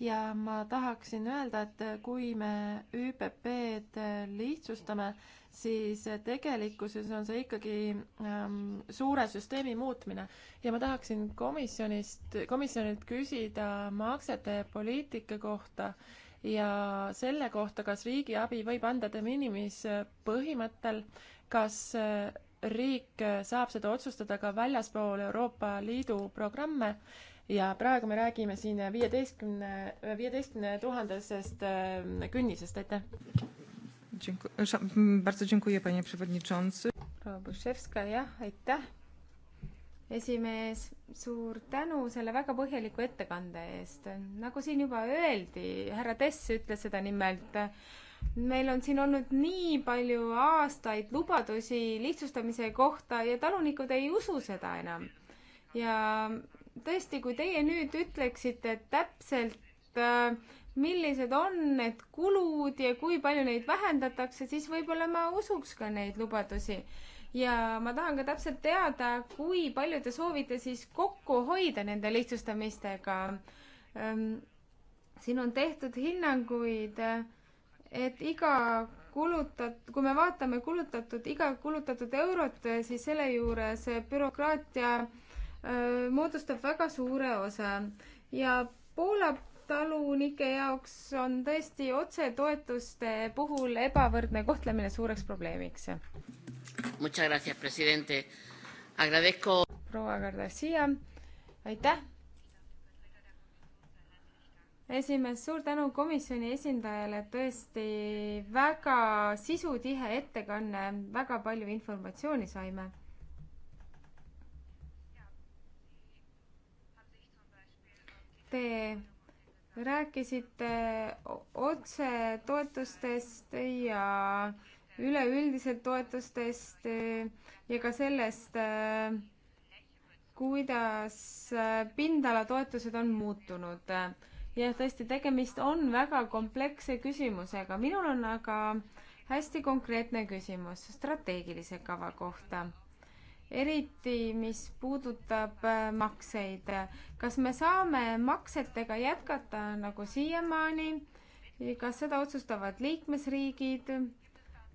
ja ma tahaksin öelda, et äh, kui me ÜPP-d lihtsustame, siis tegelikkuses on see ikkagi ähm, suure süsteemi muutmine. ja ma tahaksin komisjonist, komisjonilt küsida maksete poliitika kohta ja selle kohta, kas riigiabi võib anda de minimis põhimõttel, kas äh, riik saab seda otsustada ka väljaspool Euroopa Liidu programme ja praegu me räägime siin viieteistkümne, viieteistkümne tuhandesest äh, künnisest, aitäh! Dziękuję, e, mm, bardzo dziękuję, panie przewodniczący. proua Buševska, jah, aitäh. esimees, suur tänu selle väga põhjaliku ettekande eest. nagu siin juba öeldi, härra Tess ütles seda nimelt, meil on siin olnud nii palju aastaid lubadusi lihtsustamise kohta ja talunikud ei usu seda enam. ja tõesti, kui teie nüüd ütleksite täpselt äh, millised on need kulud ja kui palju neid vähendatakse, siis võib-olla ma usuks ka neid lubadusi. ja ma tahan ka täpselt teada, kui palju te soovite siis kokku hoida nende lihtsustamistega. Ehm, siin on tehtud hinnanguid, et iga kulutat-, kui me vaatame kulutatud, iga kulutatud eurot, siis selle juures bürokraatia öö, ehm, moodustab väga suure osa ja Poola talunike jaoks on tõesti otsetoetuste puhul ebavõrdne kohtlemine suureks probleemiks. proua Gardasia, aitäh! esimees, suur tänu komisjoni esindajale, tõesti väga sisutihe ettekanne, väga palju informatsiooni saime Te rääkisite otsetoetustest ja üleüldiselt toetustest ja ka sellest, kuidas pindalatoetused on muutunud. jah, tõesti, tegemist on väga kompleksse küsimusega. minul on aga hästi konkreetne küsimus strateegilise kava kohta eriti mis puudutab äh, makseid. kas me saame maksetega jätkata nagu siiamaani? kas seda otsustavad liikmesriigid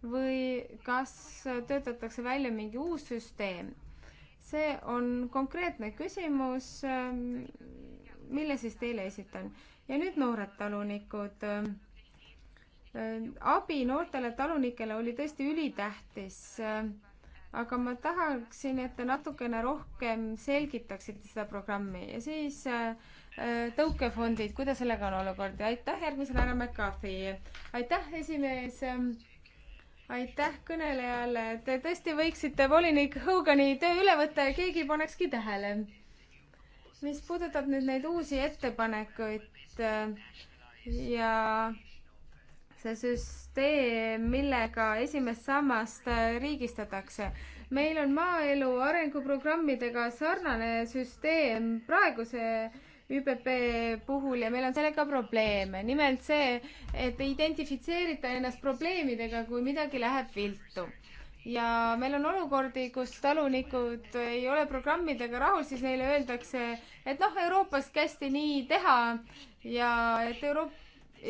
või kas töötatakse välja mingi uus süsteem? see on konkreetne küsimus, ähm, mille siis teile esitan. ja nüüd noored talunikud äh, abi noortele talunikele oli tõesti ülitähtis. Äh, aga ma tahaksin, et te natukene rohkem selgitaksite seda programmi ja siis äh, äh, tõukefondid, kuidas sellega on olukord ja aitäh järgmisena härra McCarthy. aitäh, esimees. aitäh kõnelejale, te tõesti võiksite volinik Hogani töö üle võtta ja keegi panekski tähele. mis puudutab nüüd neid uusi ettepanekuid äh, ja see süsteem, millega esimest sammast äh, riigistatakse. meil on maaelu arenguprogrammidega sarnane süsteem praeguse ÜPP puhul ja meil on sellega probleeme. nimelt see, et ei identifitseerita ennast probleemidega, kui midagi läheb viltu. ja meil on olukordi, kus talunikud ei ole programmidega rahul, siis neile öeldakse, et noh, Euroopas kästi nii teha ja et Euroopa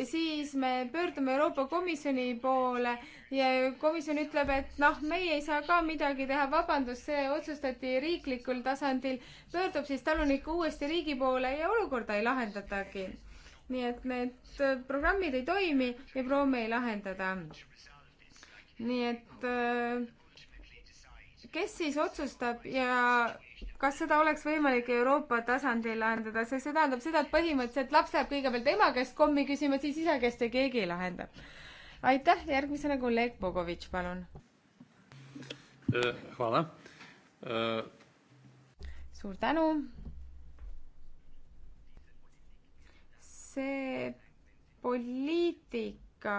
siis me pöördume Euroopa Komisjoni poole ja komisjon ütleb, et noh, meie ei saa ka midagi teha, vabandust, see otsustati riiklikul tasandil, pöördub siis talunik uuesti riigi poole ja olukorda ei lahendatagi. nii et need programmid ei toimi ja proovime ei lahendada. nii et äh, kes siis otsustab ja kas seda oleks võimalik Euroopa tasandil lahendada, sest see tähendab seda, et põhimõtteliselt laps läheb kõigepealt ema käest kommi küsima, siis isa käest ja keegi ei lahenda. aitäh, järgmisena kolleeg Bogovitš, palun. Eh, hvala. Eh, suur tänu. see poliitika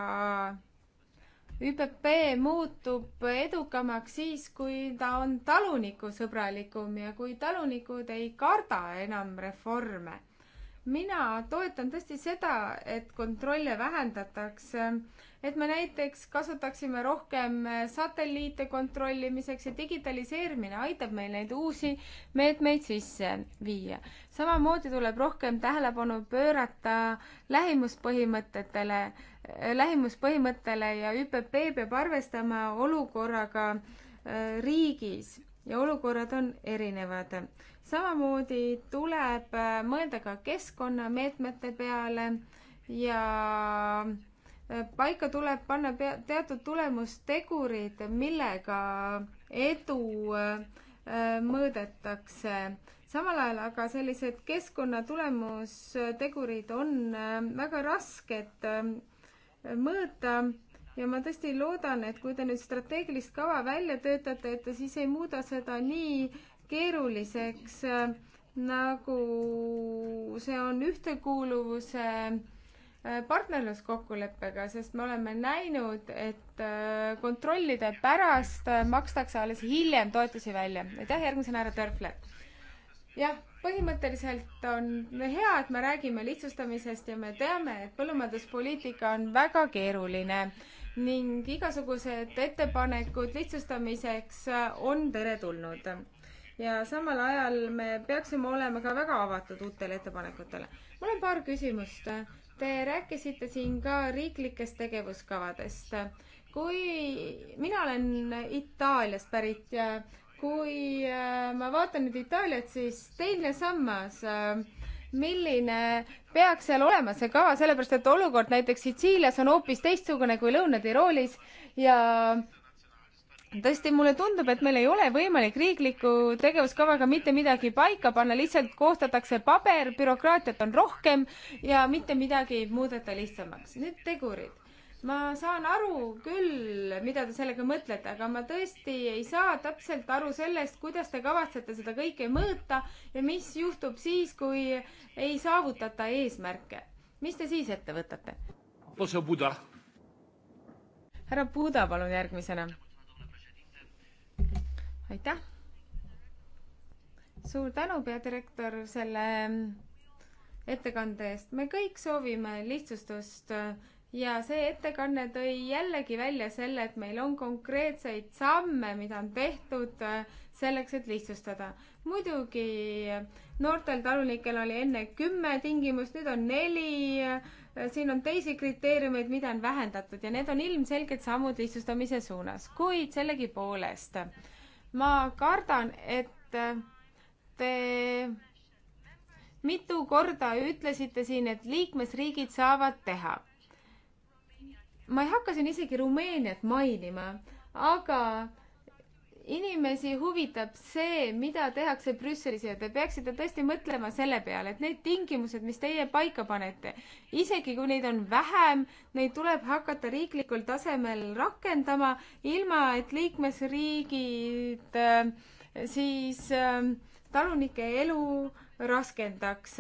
ÜPP muutub edukamaks siis, kui ta on talunikusõbralikum ja kui talunikud ei karda enam reforme. mina toetan tõesti seda, et kontrolle vähendatakse et me näiteks kasutaksime rohkem äh, satelliite kontrollimiseks ja digitaliseerimine aitab meil neid uusi meetmeid sisse viia. samamoodi tuleb rohkem tähelepanu pöörata lähimuspõhimõtetele, äh, lähimuspõhimõttele ja ÜPP peab arvestama olukorraga äh, riigis ja olukorrad on erinevad. samamoodi tuleb mõelda ka keskkonnameetmete peale ja Äh, paika tuleb panna pea, teatud tulemustegurid, millega edu äh, mõõdetakse. samal ajal aga sellised keskkonna tulemustegurid on äh, väga rasked mõõta ja ma tõesti loodan, et kui te nüüd strateegilist kava välja töötate, et te siis ei muuda seda nii keeruliseks, nagu see on ühtekuuluvuse äh, Äh, partnerluskokkuleppega, sest me oleme näinud, et äh, kontrollide pärast äh, makstakse alles hiljem toetusi välja. aitäh, järgmisena härra Törfler. jah, põhimõtteliselt on hea, et me räägime lihtsustamisest ja me teame, et põllumajanduspoliitika on väga keeruline ning igasugused ettepanekud lihtsustamiseks on teretulnud. ja samal ajal me peaksime olema ka väga avatud uutele ettepanekutele. mul on paar küsimust Te rääkisite siin ka riiklikest tegevuskavadest. kui mina olen Itaaliast pärit ja kui äh, ma vaatan nüüd Itaaliat, siis teine sammas, äh, milline peaks seal olema see kava, sellepärast et olukord näiteks Sitsiilias on hoopis teistsugune kui Lõuna-Tiroolis ja tõesti, mulle tundub, et meil ei ole võimalik riikliku tegevuskavaga mitte midagi paika panna, lihtsalt koostatakse paber, bürokraatiat on rohkem ja mitte midagi ei muudeta lihtsamaks. nüüd tegurid. ma saan aru küll, mida te sellega mõtlete, aga ma tõesti ei saa täpselt aru sellest, kuidas te kavatsete seda kõike mõõta ja mis juhtub siis, kui ei saavutata eesmärke. mis te siis ette võtate? härra Buda, palun järgmisena aitäh! suur tänu, peadirektor, selle ettekande eest. me kõik soovime lihtsustust ja see ettekanne tõi jällegi välja selle, et meil on konkreetseid samme, mida on tehtud selleks, et lihtsustada. muidugi noortel talunikel oli enne kümme tingimust, nüüd on neli. siin on teisi kriteeriumeid, mida on vähendatud ja need on ilmselged sammud lihtsustamise suunas, kuid sellegipoolest ma kardan, et te mitu korda ütlesite siin, et liikmesriigid saavad teha. ma ei hakka siin isegi Rumeeniat mainima, aga inimesi huvitab see, mida tehakse Brüsselis ja te peaksite tõesti mõtlema selle peale, et need tingimused, mis teie paika panete, isegi kui neid on vähem, neid tuleb hakata riiklikul tasemel rakendama, ilma et liikmesriigid äh, siis äh, talunike elu raskendaks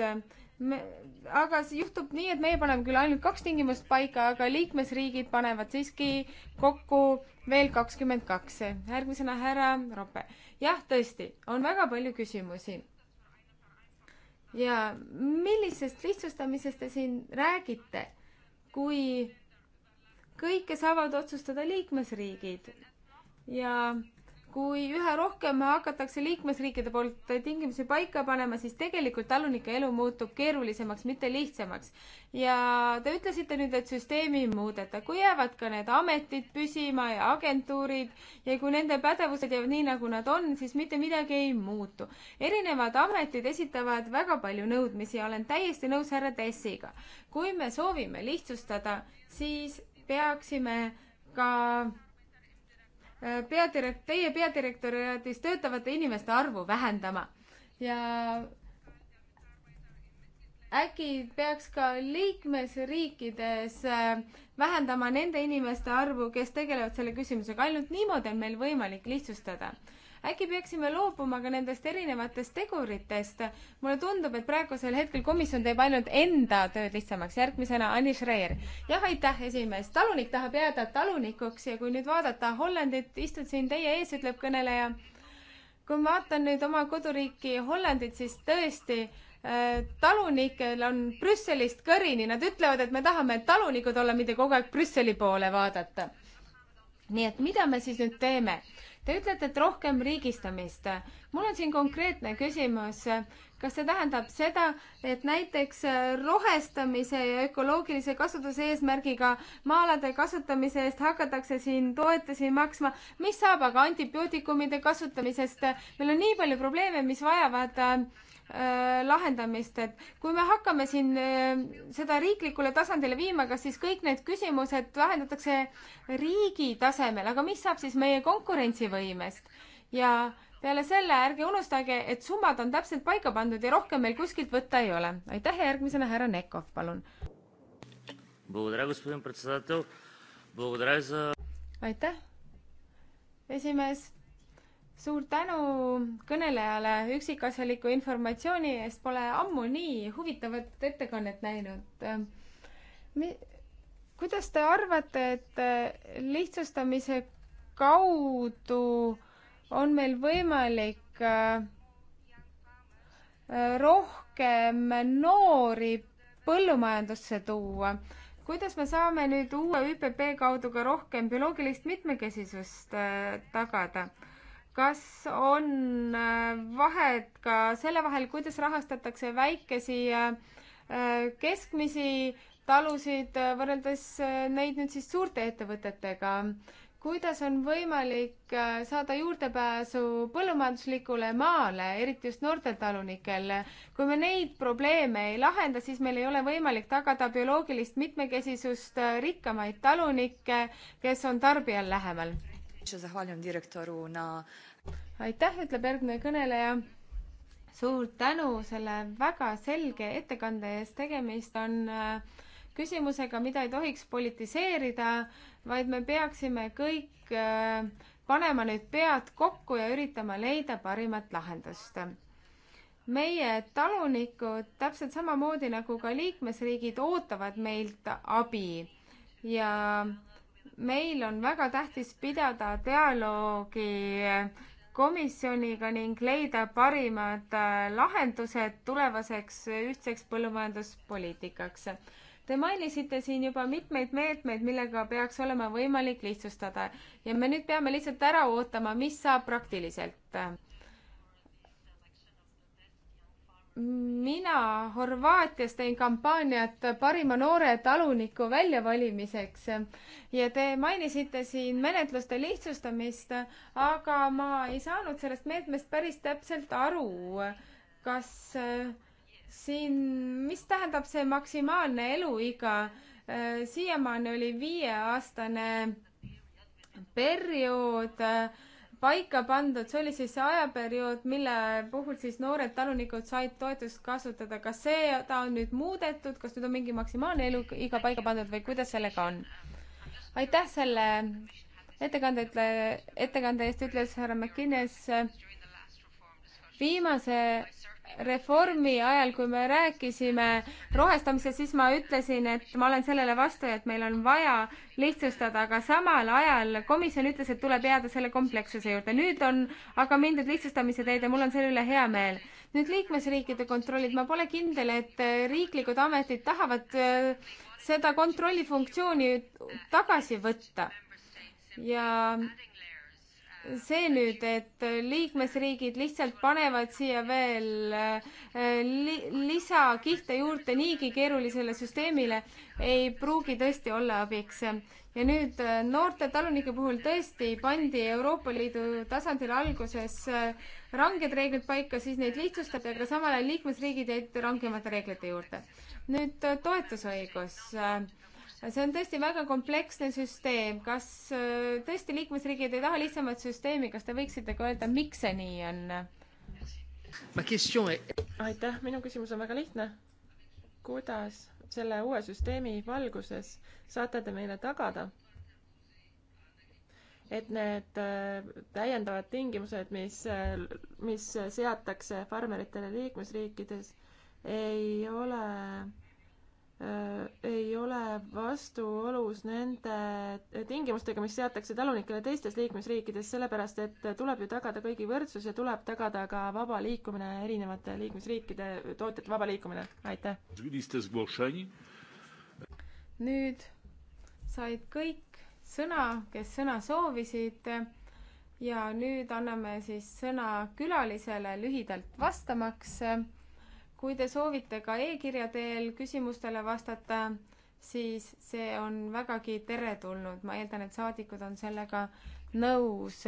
me, aga see juhtub nii, et meie paneme küll ainult kaks tingimust paika, aga liikmesriigid panevad siiski kokku veel kakskümmend kaks. järgmisena härra Rope. jah, tõesti, on väga palju küsimusi. ja millisest lihtsustamisest te siin räägite, kui kõike saavad otsustada liikmesriigid ja kui üha rohkem hakatakse liikmesriikide poolt tingimusi paika panema, siis tegelikult talunike elu muutub keerulisemaks, mitte lihtsamaks. ja te ütlesite nüüd, et süsteemi ei muudeta. kui jäävad ka need ametid püsima ja agentuurid ja kui nende pädevused jäävad nii, nagu nad on, siis mitte midagi ei muutu. erinevad ametid esitavad väga palju nõudmisi ja olen täiesti nõus härra Tessiga. kui me soovime lihtsustada, siis peaksime ka peadirekt-, teie peadirektoraadis töötavate inimeste arvu vähendama ja äkki peaks ka liikmesriikides äh, vähendama nende inimeste arvu, kes tegelevad selle küsimusega, ainult niimoodi on meil võimalik lihtsustada äkki peaksime loobuma ka nendest erinevatest teguritest? mulle tundub, et praegusel hetkel komisjon teeb ainult enda tööd lihtsamaks. järgmisena Anni Schreier. jah, aitäh, esimees. talunik tahab jääda talunikuks ja kui nüüd vaadata Hollandit, istun siin teie ees, ütleb kõneleja kui ma vaatan nüüd oma koduriiki Hollandit, siis tõesti äh, talunikel on Brüsselist kõrini, nad ütlevad, et me tahame talunikud olla, mitte kogu aeg Brüsseli poole vaadata. nii et mida me siis nüüd teeme? Te ütlete, et rohkem riigistamist. mul on siin konkreetne küsimus. kas see tähendab seda, et näiteks rohestamise ja ökoloogilise kasutuse eesmärgiga maa-alade kasutamise eest hakatakse siin toetusi maksma? mis saab aga antibiootikumide kasutamisest? meil on nii palju probleeme, mis vajavad äh, Äh, lahendamist, et kui me hakkame siin äh, seda riiklikule tasandile viima, kas siis kõik need küsimused lahendatakse riigi tasemel, aga mis saab siis meie konkurentsivõimest? ja peale selle ärge unustage, et summad on täpselt paika pandud ja rohkem meil kuskilt võtta ei ole. aitäh ja järgmisena härra Nekov, palun. aitäh, esimees suur tänu kõnelejale üksikasjaliku informatsiooni eest, pole ammu nii huvitavat ettekannet näinud. kuidas te arvate, et äh, lihtsustamise kaudu on meil võimalik äh, äh, rohkem noori põllumajandusse tuua? kuidas me saame nüüd uue ÜPP kaudu ka rohkem bioloogilist mitmekesisust tagada? kas on äh, vahet ka selle vahel, kuidas rahastatakse väikesi äh, keskmisi talusid äh, võrreldes neid nüüd siis suurte ettevõtetega? kuidas on võimalik saada juurdepääsu põllumajanduslikule maale, eriti just noortel talunikel? kui me neid probleeme ei lahenda, siis meil ei ole võimalik tagada bioloogilist mitmekesisust, rikkamaid talunikke, kes on tarbijal lähemal aitäh, ütleb järgmine kõneleja. suur tänu selle väga selge ettekande eest, tegemist on äh, küsimusega, mida ei tohiks politiseerida, vaid me peaksime kõik äh, panema nüüd pead kokku ja üritama leida parimat lahendust meie talunikud täpselt samamoodi nagu ka liikmesriigid ootavad meilt abi ja meil on väga tähtis pidada dialoogi komisjoniga ning leida parimad äh, lahendused tulevaseks ühtseks põllumajanduspoliitikaks. Te mainisite siin juba mitmeid meetmeid, millega peaks olema võimalik lihtsustada ja me nüüd peame lihtsalt ära ootama, mis saab praktiliselt mina Horvaatias teen kampaaniat parima noore taluniku väljavalimiseks ja te mainisite siin menetluste lihtsustamist, aga ma ei saanud sellest meetmest päris täpselt aru. kas äh, siin, mis tähendab see maksimaalne eluiga? Äh, siiamaani oli viieaastane periood äh, paika pandud, see oli siis see ajaperiood, mille puhul siis noored talunikud said toetust kasutada. kas seda on nüüd muudetud, kas nüüd on mingi maksimaalne eluiga paika pandud või kuidas sellega on? aitäh selle ettekande, ütle, ettekande eest, ütles härra McInnes. viimase reformi ajal, kui me rääkisime rohestamisest, siis ma ütlesin, et ma olen sellele vastu ja et meil on vaja lihtsustada, aga samal ajal komisjon ütles, et tuleb jääda selle komplekssuse juurde. nüüd on aga mindud lihtsustamise teed ja mul on selle üle hea meel. nüüd liikmesriikide kontrollid, ma pole kindel, et riiklikud ametid tahavad äh, seda kontrollifunktsiooni tagasi võtta ja see nüüd, et liikmesriigid lihtsalt panevad siia veel äh, li lisakihte juurde niigi keerulisele süsteemile, ei pruugi tõesti olla abiks. ja nüüd äh, noorte talunike puhul tõesti pandi Euroopa Liidu tasandil alguses äh, ranged reeglid paika, siis neid lihtsustati, aga samal ajal liikmesriigid jäid rangemate reeglite juurde. nüüd toetusõigus see on tõesti väga kompleksne süsteem, kas äh, tõesti liikmesriigid ei taha lihtsamat süsteemi, kas te võiksite ka öelda, miks see nii on? aitäh, minu küsimus on väga lihtne. kuidas selle uue süsteemi valguses saate te meile tagada, et need äh, täiendavad tingimused, mis, äh, mis seatakse farmeritele liikmesriikides, ei ole Äh, ei ole vastuolus nende tingimustega, mis seatakse talunikele teistes liikmesriikides, sellepärast et tuleb ju tagada kõigi võrdsus ja tuleb tagada ka vaba liikumine erinevate liikmesriikide tootjate vaba liikumine. aitäh! nüüd said kõik sõna, kes sõna soovisid ja nüüd anname siis sõna külalisele lühidalt vastamaks kui te soovite ka e-kirja teel küsimustele vastata, siis see on vägagi teretulnud, ma eeldan, et saadikud on sellega nõus,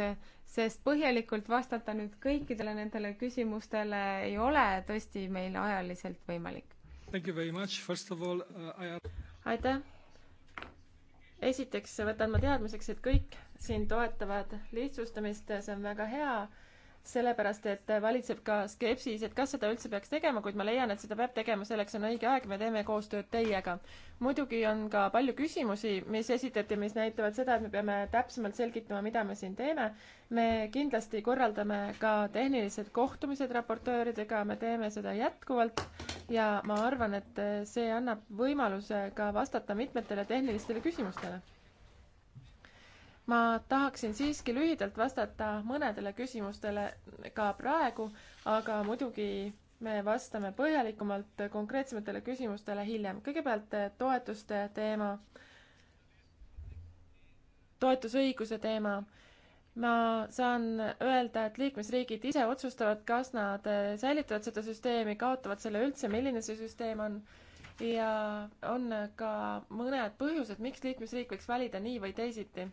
sest põhjalikult vastata nüüd kõikidele nendele küsimustele ei ole tõesti meil ajaliselt võimalik. All, uh, I... aitäh! esiteks võtan ma teadmiseks, et kõik siin toetavad lihtsustamist, see on väga hea sellepärast et valitseb ka skepsis, et kas seda üldse peaks tegema, kuid ma leian, et seda peab tegema, selleks on õige aeg, me teeme koostööd teiega. muidugi on ka palju küsimusi, mis esitati, mis näitavad seda, et me peame täpsemalt selgitama, mida me siin teeme. me kindlasti korraldame ka tehnilised kohtumised raportööridega, me teeme seda jätkuvalt ja ma arvan, et see annab võimaluse ka vastata mitmetele tehnilistele küsimustele ma tahaksin siiski lühidalt vastata mõnedele küsimustele ka praegu, aga muidugi me vastame põhjalikumalt konkreetsematele küsimustele hiljem. kõigepealt toetuste teema, toetusõiguse teema. ma saan öelda, et liikmesriigid ise otsustavad, kas nad säilitavad seda süsteemi, kaotavad selle üldse, milline see süsteem on. ja on ka mõned põhjused, miks liikmesriik võiks valida nii või teisiti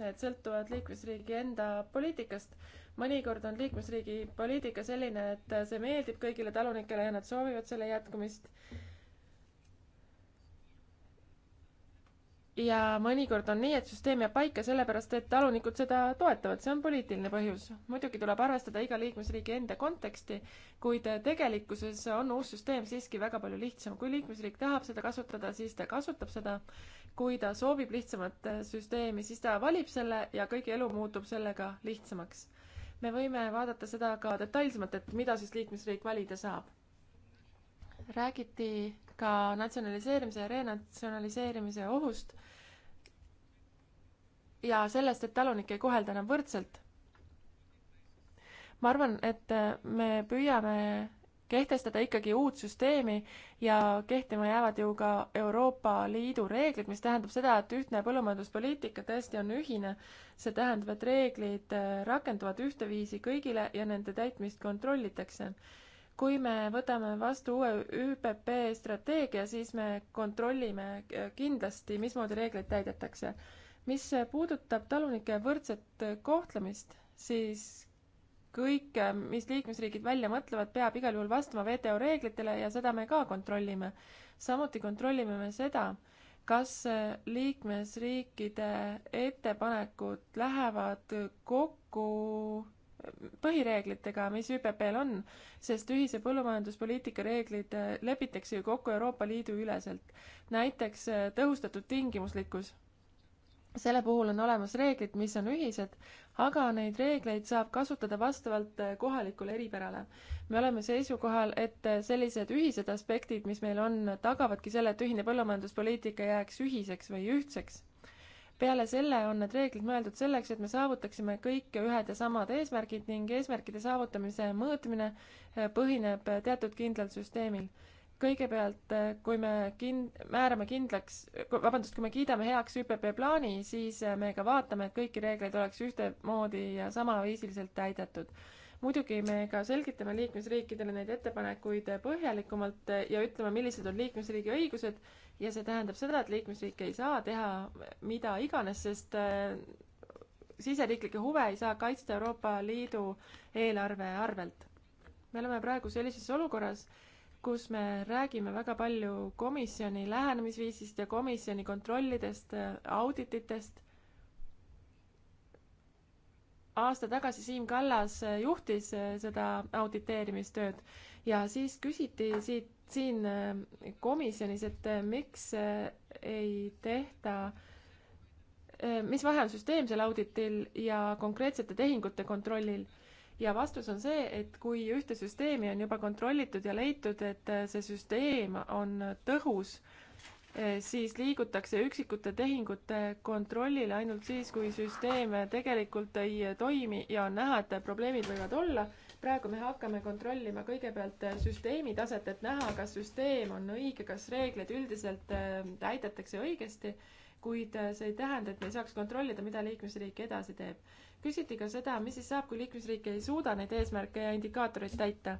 need sõltuvad liikmesriigi enda poliitikast. mõnikord on liikmesriigi poliitika selline, et see meeldib kõigile talunikele ja nad soovivad selle jätkumist ja mõnikord on nii, et süsteem jääb paika sellepärast, et talunikud seda toetavad, see on poliitiline põhjus. muidugi tuleb arvestada iga liikmesriigi enda konteksti, kuid tegelikkuses on uus süsteem siiski väga palju lihtsam. kui liikmesriik tahab seda kasutada, siis ta kasutab seda. kui ta soovib lihtsamat süsteemi, siis ta valib selle ja kõigi elu muutub sellega lihtsamaks. me võime vaadata seda ka detailsemalt, et mida siis liikmesriik valida saab. räägiti ka natsionaliseerimise ja renatsionaliseerimise ohust ja sellest, et talunikke ei kohelda enam võrdselt. ma arvan, et me püüame kehtestada ikkagi uut süsteemi ja kehtima jäävad ju ka Euroopa Liidu reeglid, mis tähendab seda, et ühtne põllumajanduspoliitika tõesti on ühine. see tähendab, et reeglid rakenduvad ühteviisi kõigile ja nende täitmist kontrollitakse kui me võtame vastu uue ÜPP strateegia, siis me kontrollime äh, kindlasti, mismoodi reegleid täidetakse. mis puudutab talunike võrdset kohtlemist, siis kõik, äh, mis liikmesriigid välja mõtlevad, peab igal juhul vastama WTO reeglitele ja seda me ka kontrollime. samuti kontrollime me seda, kas äh, liikmesriikide ettepanekud lähevad kokku põhireeglitega, mis ÜPP-l on, sest ühise põllumajanduspoliitika reeglid äh, lepitakse ju kokku Euroopa Liidu üleselt. näiteks äh, tõhustatud tingimuslikkus. selle puhul on olemas reeglid, mis on ühised, aga neid reegleid saab kasutada vastavalt äh, kohalikule eripärale. me oleme seisukohal, et sellised ühised aspektid, mis meil on, tagavadki selle, et ühine põllumajanduspoliitika jääks ühiseks või ühtseks peale selle on need reeglid mõeldud selleks, et me saavutaksime kõik ühed ja samad eesmärgid ning eesmärkide saavutamise mõõtmine eh, põhineb teatud kindlal süsteemil. kõigepealt, eh, kui me kin-, määrame kindlaks, vabandust, kui me kiidame heaks ÜPP plaani, siis eh, me ka vaatame, et kõiki reegleid oleks ühtemoodi ja samaviisiliselt täidetud muidugi me ka selgitame liikmesriikidele neid ettepanekuid põhjalikumalt ja ütleme, millised on liikmesriigi õigused ja see tähendab seda, et liikmesriik ei saa teha mida iganes, sest äh, siseriiklikke huve ei saa kaitsta Euroopa Liidu eelarve arvelt. me oleme praegu sellises olukorras, kus me räägime väga palju komisjoni lähenemisviisist ja komisjoni kontrollidest, audititest. aasta tagasi Siim Kallas juhtis äh, seda auditeerimistööd ja siis küsiti siit siin äh, komisjonis, et äh, miks äh, ei tehta, mis vahe on süsteemsel auditil ja konkreetsete tehingute kontrollil ja vastus on see, et kui ühte süsteemi on juba kontrollitud ja leitud, et see süsteem on tõhus, siis liigutakse üksikute tehingute kontrollile ainult siis, kui süsteem tegelikult ei toimi ja on näha, et probleemid võivad olla praegu me hakkame kontrollima kõigepealt äh, süsteemi taset, et näha, kas süsteem on õige, kas reegleid üldiselt äh, täidetakse õigesti, kuid äh, see ei tähenda, et me ei saaks kontrollida, mida liikmesriik edasi teeb. küsiti ka seda, mis siis saab, kui liikmesriik ei suuda neid eesmärke ja indikaatoreid täita.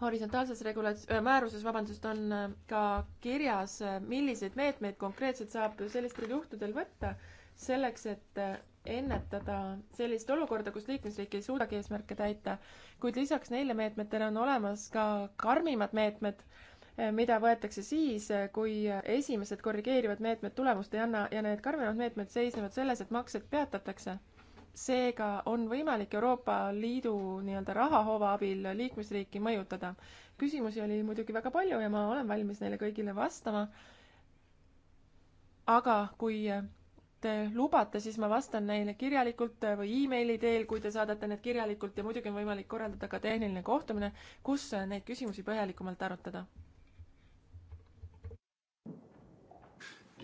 horisontaalses regulats-, määruses, vabandust, on ka kirjas, milliseid meetmeid konkreetselt saab sellistel juhtudel võtta selleks, et ennetada sellist olukorda, kus liikmesriik ei suudagi eesmärke täita. kuid lisaks neile meetmetele on olemas ka karmimad meetmed, eh, mida võetakse siis, eh, kui esimesed korrigeerivad meetmed tulemust ei anna ja need karmimad meetmed seisnevad selles, et maksed peatatakse. seega on võimalik Euroopa Liidu nii-öelda rahahoova abil liikmesriiki mõjutada. küsimusi oli muidugi väga palju ja ma olen valmis neile kõigile vastama. aga kui te lubate, siis ma vastan neile kirjalikult või emaili teel, kui te saadate need kirjalikult ja muidugi on võimalik korraldada ka tehniline kohtumine, kus neid küsimusi põhjalikumalt arutada.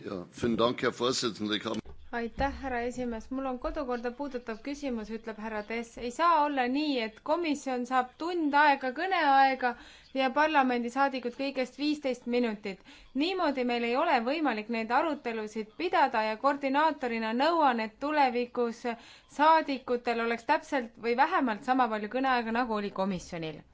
ja, aitäh, härra esimees, mul on kodukorda puudutav küsimus, ütleb härra Tess. ei saa olla nii, et komisjon saab tund aega kõneaega ja parlamendisaadikud kõigest viisteist minutit. niimoodi meil ei ole võimalik neid arutelusid pidada ja koordinaatorina nõuan, et tulevikus saadikutel oleks täpselt või vähemalt sama palju kõneaega, nagu oli komisjonil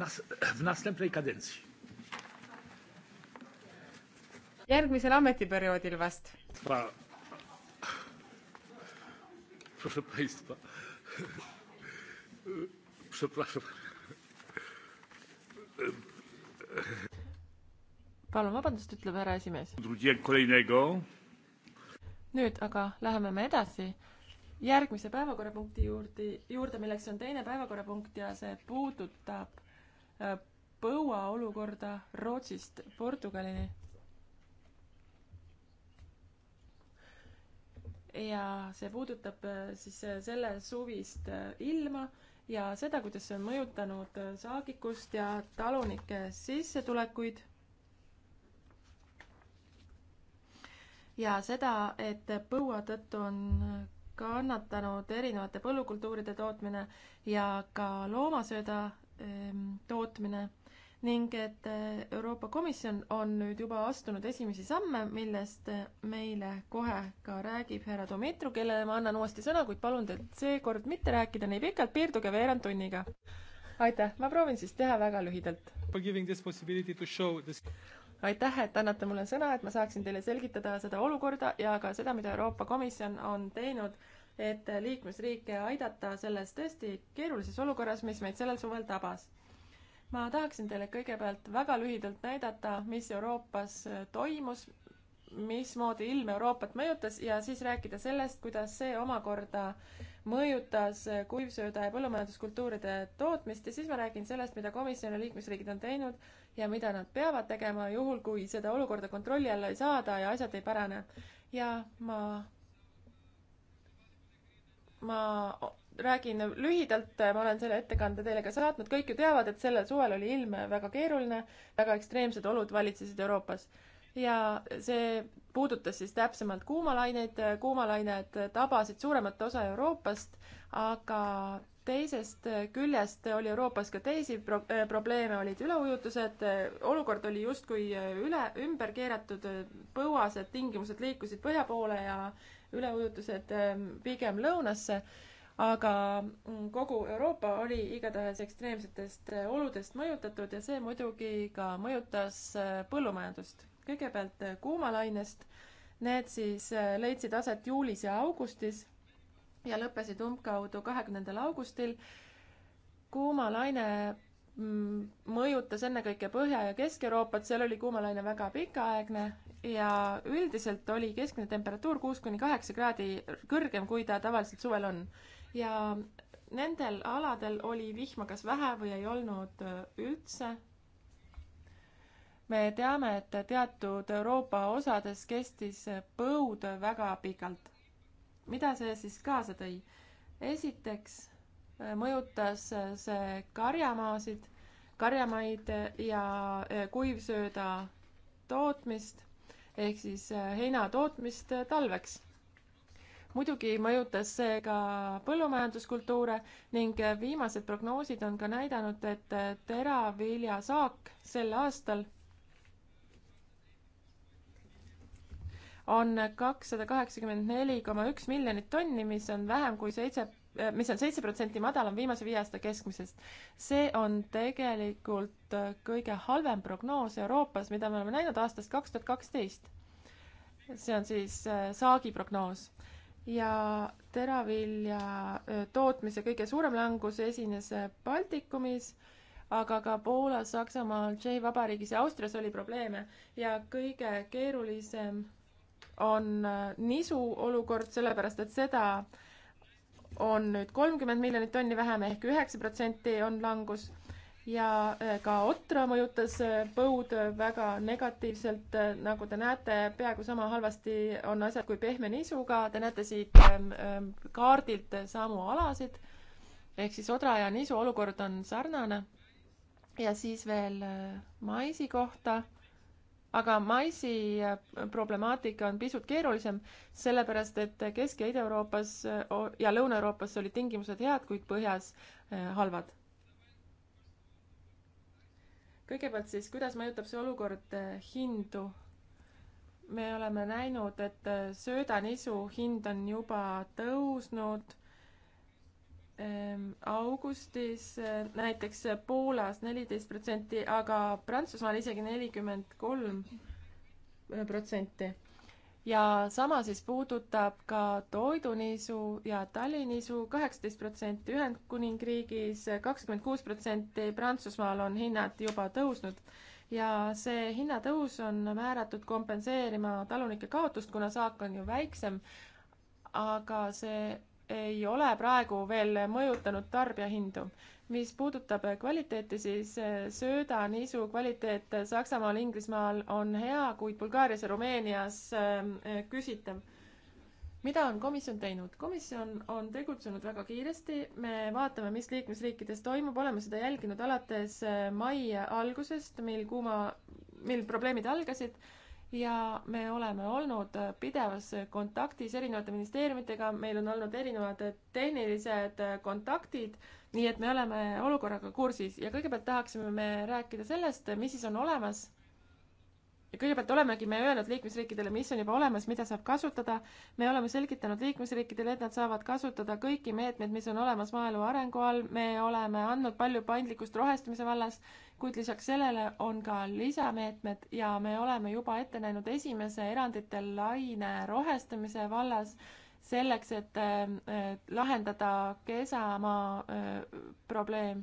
nas w następnej kadencji. järgmisel ametiperioodil vast. Proszę Państwa, przepraszam. palun vabandust, ütleb härra esimees. nüüd aga läheme me edasi järgmise päevakorrapunkti juurde, juurde, milleks on teine päevakorrapunkt ja see puudutab Äh, põua olukorda Rootsist Portugalini. ja see puudutab äh, siis äh, selle suvist ilma ja seda, kuidas see on mõjutanud saagikust ja talunike sissetulekuid ja seda, et põua tõttu on kannatanud erinevate põllukultuuride tootmine ja ka loomasööda Ähm, tootmine ning et äh, Euroopa Komisjon on nüüd juba astunud esimesi samme, millest äh, meile kohe ka räägib härra Domitru, kellele ma annan uuesti sõna, kuid palun teid seekord mitte rääkida nii pikalt, piirduge veerand tunniga. aitäh, ma proovin siis teha väga lühidalt. aitäh, et annate mulle sõna, et ma saaksin teile selgitada seda olukorda ja ka seda, mida Euroopa Komisjon on teinud et liikmesriike aidata selles tõesti keerulises olukorras, mis meid sellel suvel tabas. ma tahaksin teile kõigepealt väga lühidalt näidata, mis Euroopas toimus, mismoodi ilm Euroopat mõjutas ja siis rääkida sellest, kuidas see omakorda mõjutas kuivsööda ja põllumajanduskultuuride tootmist ja siis ma räägin sellest, mida komisjon ja liikmesriigid on teinud ja mida nad peavad tegema juhul, kui seda olukorda kontrolli alla ei saada ja asjad ei parane. ja ma ma räägin lühidalt, ma olen selle ettekande teile ka saatnud, kõik ju teavad, et sellel suvel oli ilm väga keeruline, väga ekstreemsed olud valitsesid Euroopas. ja see puudutas siis täpsemalt kuumalaineid, kuumalained tabasid suuremat osa Euroopast, aga teisest küljest oli Euroopas ka teisi pro-, eh, probleeme, olid üleujutused, olukord oli justkui üle, ümber keeratud, põuased tingimused liikusid põhja poole ja üleujutused ähm, pigem lõunasse, aga mm, kogu Euroopa oli igatahes ekstreemsetest äh, oludest mõjutatud ja see muidugi ka mõjutas äh, põllumajandust. kõigepealt äh, kuumalainest, need siis leidsid aset juulis ja augustis ja lõppesid umbkaudu kahekümnendal augustil. kuumalaine mm, mõjutas ennekõike Põhja- ja Kesk-Euroopat, seal oli kuumalaine väga pikaaegne ja üldiselt oli keskmine temperatuur kuus kuni kaheksa kraadi kõrgem, kui ta tavaliselt suvel on. ja nendel aladel oli vihma kas vähe või ei olnud äh, üldse. me teame, et teatud Euroopa osades kestis äh, põud väga pikalt. mida see siis kaasa tõi? esiteks äh, mõjutas see karjamaasid, karjamaid ja kuivsööda tootmist ehk siis äh, heina tootmist äh, talveks. muidugi mõjutas see ka põllumajanduskultuure ning äh, viimased prognoosid on ka näidanud, et teraviljasaak sel aastal on kakssada kaheksakümmend neli koma üks miljonit tonni, mis on vähem kui seitse mis on seitse protsenti madalam viimase viie aasta keskmisest. see on tegelikult äh, kõige halvem prognoos Euroopas, mida me oleme näinud aastast kaks tuhat kaksteist. see on siis äh, saagi prognoos ja teravilja äh, tootmise kõige suurem langus esines Baltikumis, aga ka Poolas, Saksamaal, Tšehhi Vabariigis ja Austrias oli probleeme ja kõige keerulisem on nisu olukord, sellepärast et seda äh, on nüüd kolmkümmend miljonit tonni vähem ehk üheksa protsenti on langus ja äh, ka otra mõjutas äh, põud äh, väga negatiivselt, nagu te näete, peaaegu sama halvasti on asjad kui pehme nisuga, te näete siit ähm, ähm, kaardilt samu alasid, ehk siis odra ja nisu olukord on sarnane. ja siis veel maisi kohta aga maisi äh, problemaatika on pisut keerulisem, sellepärast et Kesk- ja Ida-Euroopas äh, ja Lõuna-Euroopas olid tingimused head, kuid põhjas äh, halvad. kõigepealt siis, kuidas mõjutab see olukord hindu? me oleme näinud, et söödanisu hind on juba tõusnud Ehm, augustis eh, näiteks eh, Poolas neliteist protsenti, aga Prantsusmaal isegi nelikümmend kolm protsenti. ja sama siis puudutab ka toiduniisu ja taliniisu, kaheksateist protsenti Ühendkuningriigis, eh, kakskümmend kuus protsenti Prantsusmaal on hinnad juba tõusnud ja see hinnatõus on määratud kompenseerima talunike kaotust, kuna saak on ju väiksem, aga see ei ole praegu veel mõjutanud tarbijahindu. mis puudutab kvaliteeti, siis eh, sööda niisu kvaliteet Saksamaal, Inglismaal on hea, kuid Bulgaarias ja Rumeenias eh, eh, küsitav mida on komisjon teinud? komisjon on tegutsenud väga kiiresti, me vaatame, mis liikmesriikides toimub, oleme seda jälginud alates mai algusest, mil kuuma, mil probleemid algasid ja me oleme olnud pidevas kontaktis erinevate ministeeriumitega, meil on olnud erinevad tehnilised kontaktid, nii et me oleme olukorraga kursis ja kõigepealt tahaksime me rääkida sellest, mis siis on olemas kõigepealt olemegi me öelnud liikmesriikidele, mis on juba olemas, mida saab kasutada. me oleme selgitanud liikmesriikidele, et nad saavad kasutada kõiki meetmeid, mis on olemas maaelu arengu all. me oleme andnud palju paindlikkust rohestamise vallas, kuid lisaks sellele on ka lisameetmed ja me oleme juba ette näinud esimese erandite laine rohestamise vallas selleks, et äh, lahendada kesamaa äh, probleem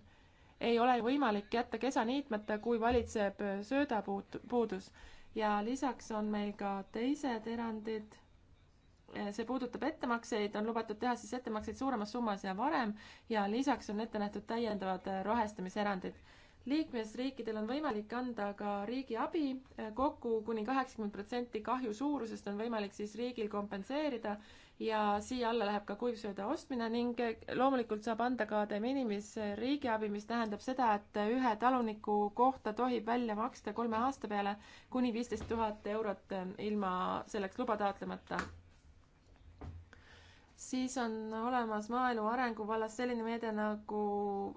ei ole võimalik jätta kesa niitmata, kui valitseb äh, söödapuudus ja lisaks on meil ka teised erandid. see puudutab ettemakseid, on lubatud teha siis ettemakseid suuremas summas ja varem ja lisaks on ette nähtud täiendavad äh, rahastamiserandid liikmesriikidel on võimalik anda ka riigiabi, äh, kokku kuni kaheksakümmend protsenti kahju suurusest on võimalik siis riigil kompenseerida ja siia alla läheb ka kuivsööda ostmine ning loomulikult saab anda ka de minimis riigiabi, mis tähendab seda, et ühe taluniku kohta tohib välja maksta kolme aasta peale kuni viisteist tuhat eurot eh, ilma selleks luba taotlemata siis on olemas maaelu arengu vallas selline meede nagu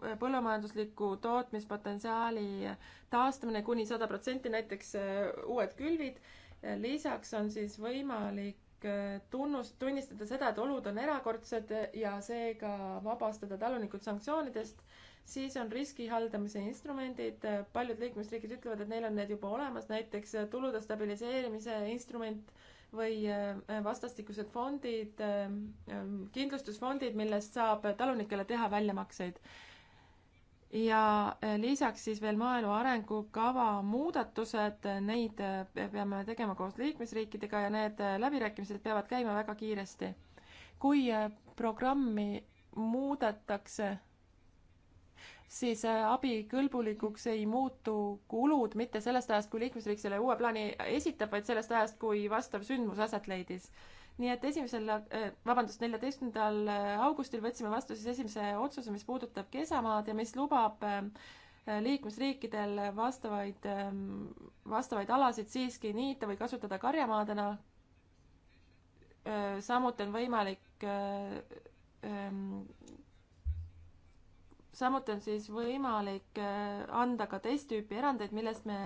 eh, põllumajandusliku tootmispotentsiaali taastamine kuni sada protsenti, näiteks eh, uued külvid. lisaks on siis võimalik Äh, tunnust, tunnistada seda, et olud on erakordsed ja seega vabastada talunikud sanktsioonidest, siis on riski haldamise instrumendid, paljud liikmesriigid ütlevad, et neil on need juba olemas, näiteks tulude stabiliseerimise instrument või äh, vastastikused fondid, äh, kindlustusfondid, millest saab talunikele teha väljamakseid ja eh, lisaks siis veel maaelu arengukava muudatused, neid eh, peame tegema koos liikmesriikidega ja need eh, läbirääkimised peavad käima väga kiiresti. kui programmi muudetakse, siis abikõlbulikuks ei muutu kulud mitte sellest ajast, kui liikmesriik selle uue plaani esitab, vaid sellest ajast, kui vastav sündmus aset leidis nii et esimesel, äh, vabandust, neljateistkümnendal äh, augustil võtsime vastu siis esimese otsuse, mis puudutab kesamaad ja mis lubab äh, liikmesriikidel vastavaid, ähm, vastavaid alasid siiski niita või kasutada karjamaadena. samuti on võimalik, ähm, samuti on siis võimalik anda ka teist tüüpi erandeid, millest me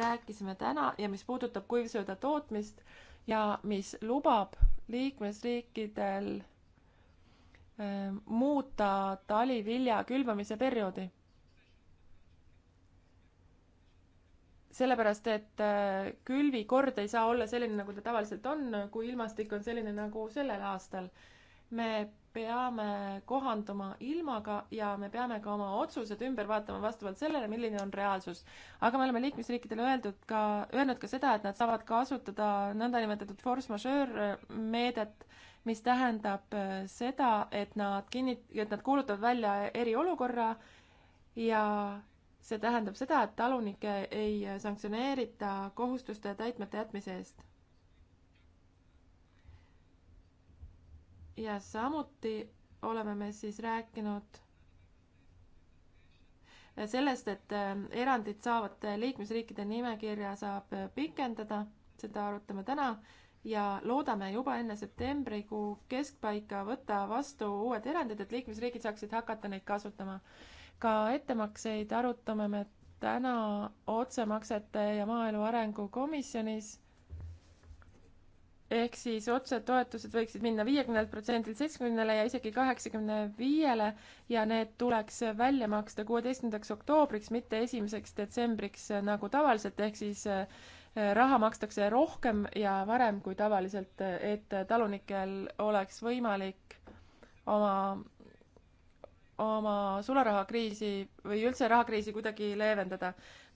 rääkisime täna ja mis puudutab kuivsööda tootmist ja mis lubab liikmesriikidel ähm, muuta talivilja külvamise perioodi. sellepärast, et äh, külvikord ei saa olla selline, nagu ta tavaliselt on, kui ilmastik on selline nagu sellel aastal. me peame kohanduma ilmaga ja me peame ka oma otsused ümber vaatama vastavalt sellele, milline on reaalsus. aga me oleme liikmesriikidele öeldud ka, öelnud ka seda, et nad saavad kasutada nõndanimetatud force majeure meedet, mis tähendab äh, seda, et nad kinni, et nad kuulutavad välja eriolukorra ja see tähendab seda, et talunikke ei sanktsioneerita kohustuste täitmata jätmise eest ja samuti oleme me siis rääkinud sellest, et äh, erandit saavate liikmesriikide nimekirja saab äh, pikendada, seda arutame täna ja loodame juba enne septembrikuu keskpaika võtta vastu uued erandid, et liikmesriigid saaksid hakata neid kasutama. ka ettemakseid arutame me täna otsemaksete äh, ja maaelu arengu komisjonis ehk siis otsetoetused võiksid minna viiekümnelt protsendilt seitsmekümnele ja isegi kaheksakümne viiele ja need tuleks välja maksta kuueteistkümnendaks oktoobriks, mitte esimeseks detsembriks eh, nagu tavaliselt, ehk siis eh, raha makstakse rohkem ja varem kui tavaliselt, eh, et talunikel oleks võimalik oma oma sularahakriisi või üldse rahakriisi kuidagi leevendada.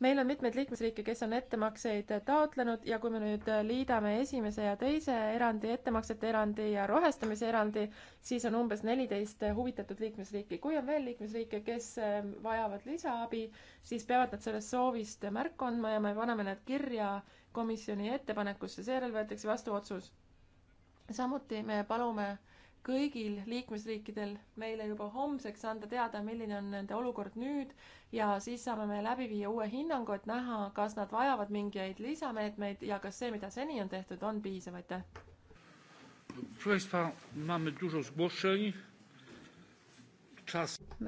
meil on mitmeid liikmesriike, kes on ettemakseid taotlenud ja kui me nüüd liidame esimese ja teise erandi, ettemaksete erandi ja rohestamise erandi, siis on umbes neliteist huvitatud liikmesriiki. kui on veel liikmesriike, kes vajavad lisaabi, siis peavad nad sellest soovist märku andma ja me paneme need kirja komisjoni ettepanekusse, seejärel võetakse vastu otsus. samuti me palume kõigil liikmesriikidel meile juba homseks anda teada, milline on nende olukord nüüd ja siis saame me läbi viia uue hinnangu, et näha, kas nad vajavad mingeid lisameetmeid ja kas see, mida seni on tehtud, on piisav, aitäh.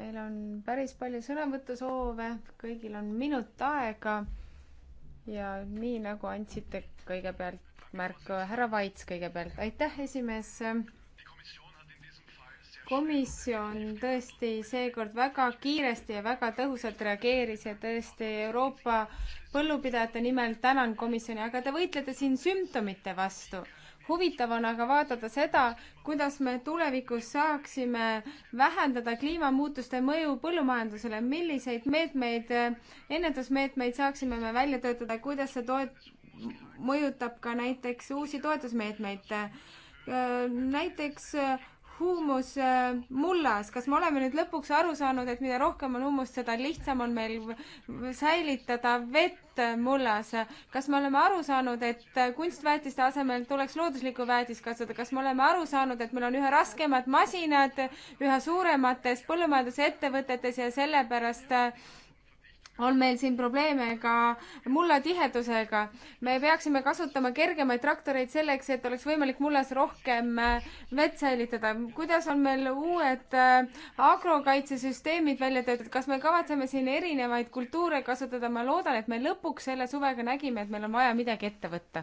meil on päris palju sõnavõtusoove, kõigil on minut aega ja nii nagu andsite kõigepealt märku, härra Vaits kõigepealt, aitäh, esimees komisjon tõesti seekord väga kiiresti ja väga tõhusalt reageeris ja tõesti Euroopa põllupidajate nimel tänan komisjoni, aga te võitlete siin sümptomite vastu. huvitav on aga vaadata seda, kuidas me tulevikus saaksime vähendada kliimamuutuste mõju põllumajandusele, milliseid meetmeid, ennetusmeetmeid saaksime me välja töötada, kuidas see toet-, mõjutab ka näiteks uusi toetusmeetmeid näiteks huumus äh, mullas, kas me oleme nüüd lõpuks aru saanud, et mida rohkem on huumust, seda lihtsam on meil säilitada vett mullas? kas me oleme aru saanud, et äh, kunstväetiste asemel tuleks looduslikku väetist kasutada, kas me oleme aru saanud, et meil on üha raskemad masinad üha suuremates põllumajandusettevõtetes ja sellepärast äh, on meil siin probleeme ka mullatihedusega. me peaksime kasutama kergemaid traktoreid selleks, et oleks võimalik mullas rohkem äh, vett säilitada. kuidas on meil uued äh, agrokaitsesüsteemid välja töötatud, kas me kavatseme siin erinevaid kultuure kasutada? ma loodan, et me lõpuks selle suvega nägime, et meil on vaja midagi ette võtta.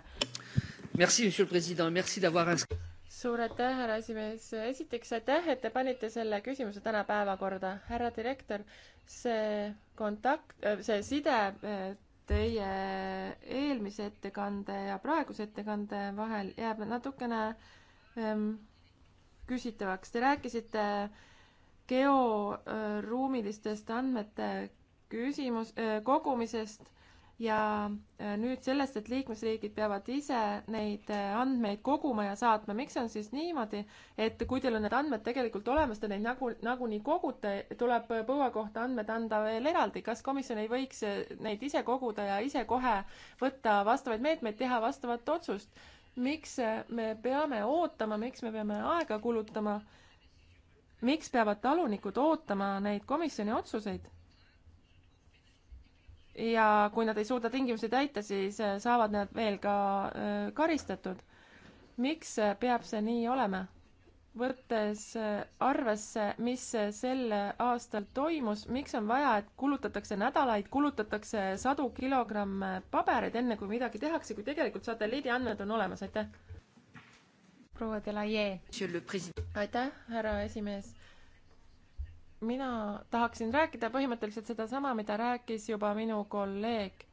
Merci, monsieur le président, merci d'avoir inscrit suur aitäh, härra esimees. esiteks aitäh, et te panite selle küsimuse täna päevakorda. härra direktor, see kontakt, äh, see side äh, teie eelmise ettekande ja praeguse ettekande vahel jääb natukene ähm, küsitavaks. Te rääkisite georuumilistest andmete küsimus äh,, kogumisest ja äh, nüüd sellest, et liikmesriigid peavad ise neid äh, andmeid koguma ja saatma, miks on siis niimoodi, et kui teil on need andmed tegelikult olemas, te neid nagu, nagunii kogute, tuleb äh, põua kohta andmed anda veel eraldi, kas komisjon ei võiks neid ise koguda ja ise kohe võtta vastavaid meetmeid, teha vastavat otsust? miks me peame ootama, miks me peame aega kulutama? miks peavad talunikud ootama neid komisjoni otsuseid? ja kui nad ei suuda tingimusi täita, siis äh, saavad nad veel ka äh, karistatud. miks äh, peab see nii olema? võttes arvesse, mis sel aastal toimus, miks on vaja, et kulutatakse nädalaid, kulutatakse sadu kilogramme pabereid, enne kui midagi tehakse, kui tegelikult satelliidiandmed on olemas, aitäh! proua Delaie. aitäh, härra esimees mina tahaksin rääkida põhimõtteliselt sedasama, mida rääkis juba minu kolleeg.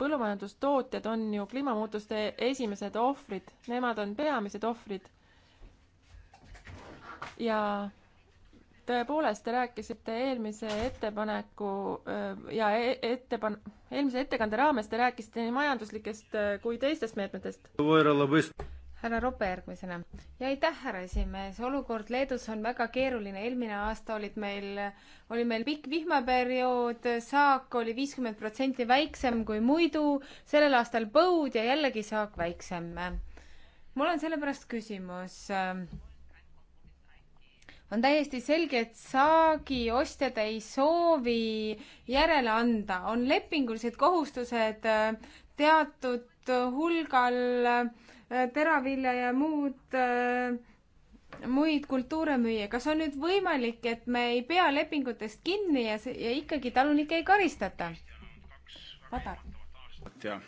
põllumajandustootjad on ju kliimamuutuste esimesed ohvrid, nemad on peamised ohvrid. ja tõepoolest, te rääkisite eelmise ettepaneku ja e-, ettepan-, eelmise ettekande raames te rääkisite nii majanduslikest kui teistest meetmetest härra Robe järgmisena. ja aitäh, härra esimees, olukord Leedus on väga keeruline, eelmine aasta olid meil, oli meil pikk vihmaperiood, saak oli viiskümmend protsenti väiksem kui muidu, sellel aastal põud ja jällegi saak väiksem. mul on sellepärast küsimus. on täiesti selge, et saagi ostjad ei soovi järele anda, on lepingulised kohustused teatud hulgal äh, Äh, teravilja ja muud äh, muid kultuure müüa, kas on nüüd võimalik, et me ei pea lepingutest kinni ja, ja ikkagi talunikke ei karistata? Padar. ja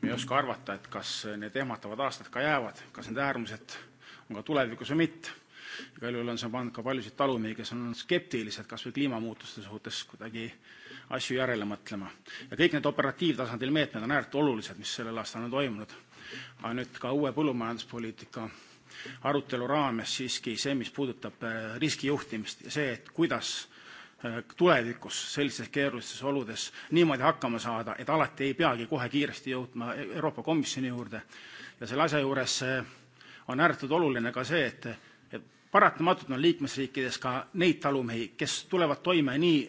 me ei oska arvata, et kas need ehmatavad aastad ka jäävad, kas need äärmused on ka tulevikus või mitte. igal juhul on see pannud ka paljusid talumehi, kes on skeptilised kas või kliimamuutuste suhtes kuidagi asju järele mõtlema. ja kõik need operatiivtasandil meetmed on ääretult olulised, mis sellel aastal on toimunud aga nüüd ka uue põllumajanduspoliitika arutelu raames siiski see, mis puudutab äh, riskijuhtimist ja see, et kuidas äh, tulevikus sellistes keerulistes oludes niimoodi hakkama saada, et alati ei peagi kohe kiiresti jõudma e-, Euroopa Komisjoni juurde. ja selle asja juures äh, on ääretult oluline ka see, et paratamatult on liikmesriikides ka neid talumehi, kes tulevad toime nii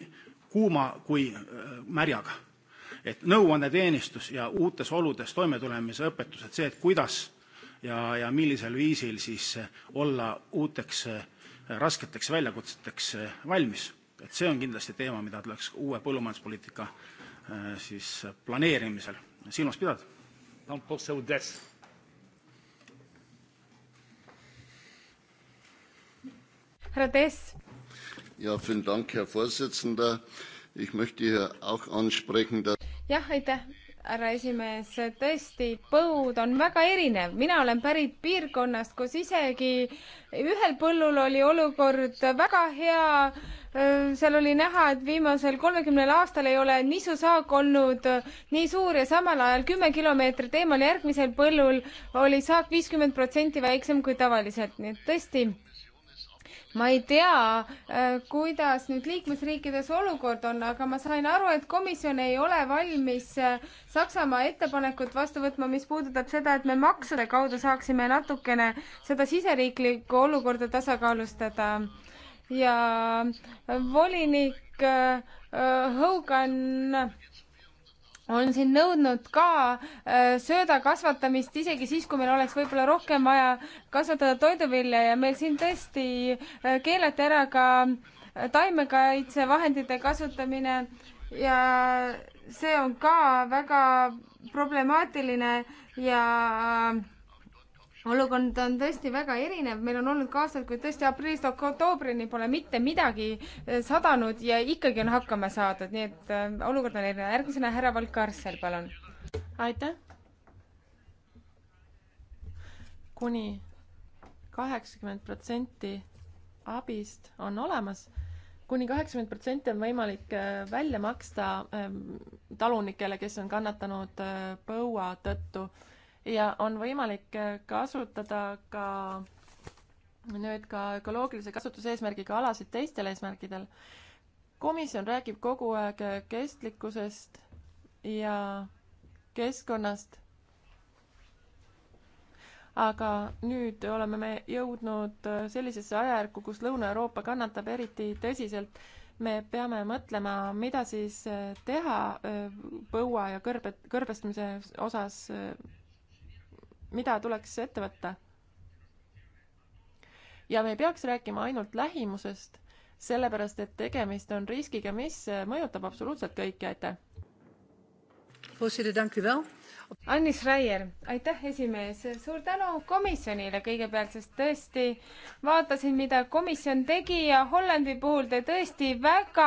kuuma kui märjaga et nõuandeteenistus ja uutes oludes toimetulemise õpetused, see, et kuidas ja, ja millisel viisil siis olla uuteks äh, rasketeks väljakutseteks äh, valmis, et see on kindlasti teema, mida tuleks uue põllumajanduspoliitika äh, siis planeerimisel silmas pidada. Pan poseł Des. Herr Des. Ja, vielen Dank, Herr Vorsitzender. Ich möchte hier auch ansprechen, dass jah, aitäh, härra esimees, tõesti, põud on väga erinev, mina olen pärit piirkonnast, kus isegi ühel põllul oli olukord väga hea, seal oli näha, et viimasel kolmekümnel aastal ei ole nisusaak olnud nii suur ja samal ajal kümme kilomeetrit eemal järgmisel põllul oli saak viiskümmend protsenti väiksem kui tavaliselt, nii et tõesti ma ei tea, äh, kuidas nüüd liikmesriikides olukord on, aga ma sain aru, et komisjon ei ole valmis äh, Saksamaa ettepanekut vastu võtma, mis puudutab seda, et me maksude kaudu saaksime natukene seda siseriiklikku olukorda tasakaalustada ja volinik äh, Hogan on siin nõudnud ka äh, sööda kasvatamist, isegi siis, kui meil oleks võib-olla rohkem vaja kasvatada toiduvilja ja meil siin tõesti äh, keelati ära ka äh, taimekaitsevahendite kasutamine ja see on ka väga problemaatiline ja olukord on tõesti väga erinev, meil on olnud ka aastaid, kui tõesti aprillist oktoobrini pole mitte midagi eh, sadanud ja ikkagi on hakkama saadud, nii et eh, olukord on erinev. järgmisena härra Valkarsel, palun. aitäh. kuni kaheksakümmend protsenti abist on olemas kuni kaheksakümmend protsenti on võimalik eh, välja maksta talunikele, kes on kannatanud põua tõttu ja on võimalik äh, kasutada ka nüüd ka ökoloogilise kasutuse eesmärgiga alasid teistel eesmärkidel. komisjon räägib kogu aeg äh, kestlikkusest ja keskkonnast. aga nüüd oleme me jõudnud äh, sellisesse ajajärku, kus Lõuna-Euroopa kannatab eriti tõsiselt. me peame mõtlema, mida siis teha põua ja kõrbe, kõrbestumise osas mida tuleks ette võtta. ja me ei peaks rääkima ainult lähimusest, sellepärast et tegemist on riskiga, mis mõjutab absoluutselt kõiki, aitäh! Annis Raier, aitäh, esimees, suur tänu komisjonile kõigepealt, sest tõesti vaatasin, mida komisjon tegi ja Hollandi puhul te tõesti väga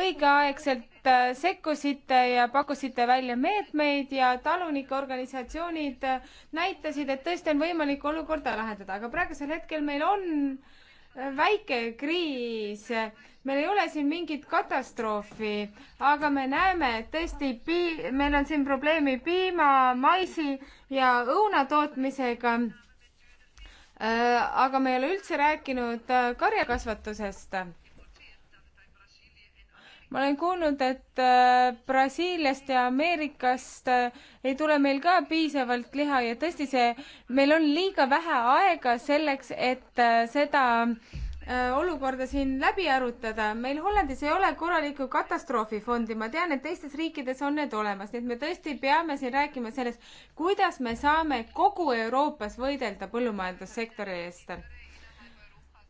õigeaegselt äh, sekkusite ja pakkusite välja meetmeid ja talunike organisatsioonid äh, näitasid, et tõesti on võimalik olukorda lahendada, aga praegusel hetkel meil on äh, väike kriis, meil ei ole siin mingit katastroofi, aga me näeme, et tõesti pii-, meil on siin probleemi piima, maisi ja õuna tootmisega. Äh, aga me ei ole üldse rääkinud äh, karjakasvatusest ma olen kuulnud, et äh, Brasiiliast ja Ameerikast äh, ei tule meil ka piisavalt liha ja tõesti see, meil on liiga vähe aega selleks, et äh, seda olukorda siin läbi arutada. meil Hollandis ei ole korralikku katastroofifondi, ma tean, et teistes riikides on need olemas, nii et me tõesti peame siin rääkima sellest, kuidas me saame kogu Euroopas võidelda põllumajandussektori eest.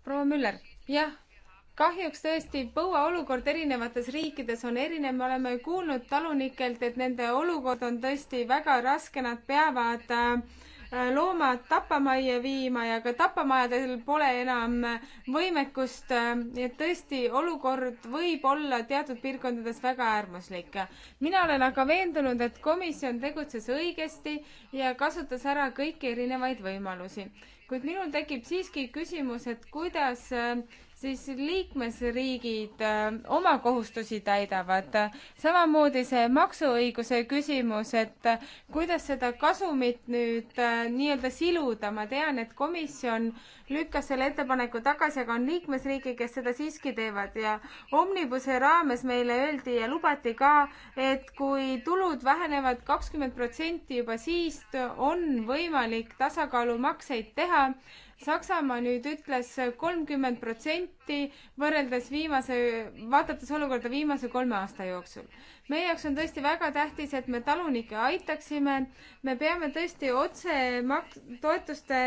proua Müller, jah kahjuks tõesti põuaolukord erinevates riikides on erinev, me oleme kuulnud talunikelt, et nende olukord on tõesti väga raske, nad peavad äh, loomad tapamajja viima ja ka tapamajadel pole enam äh, võimekust, äh, nii et tõesti, olukord võib olla teatud piirkondades väga äärmuslik. mina olen aga veendunud, et komisjon tegutses õigesti ja kasutas ära kõiki erinevaid võimalusi kuid minul tekib siiski küsimus, et kuidas siis liikmesriigid äh, oma kohustusi täidavad. samamoodi see maksuõiguse küsimus, et äh, kuidas seda kasumit nüüd äh, nii-öelda siluda, ma tean, et komisjon lükkas selle ettepaneku tagasi, aga on liikmesriike, kes seda siiski teevad ja Omnibuse raames meile öeldi ja lubati ka, et kui tulud vähenevad kakskümmend protsenti juba siis on võimalik tasakaalumakseid teha Saksamaa nüüd ütles kolmkümmend protsenti võrreldes viimase, vaadates olukorda viimase kolme aasta jooksul. meie jaoks on tõesti väga tähtis, et me talunikke aitaksime. me peame tõesti otse maks-, toetuste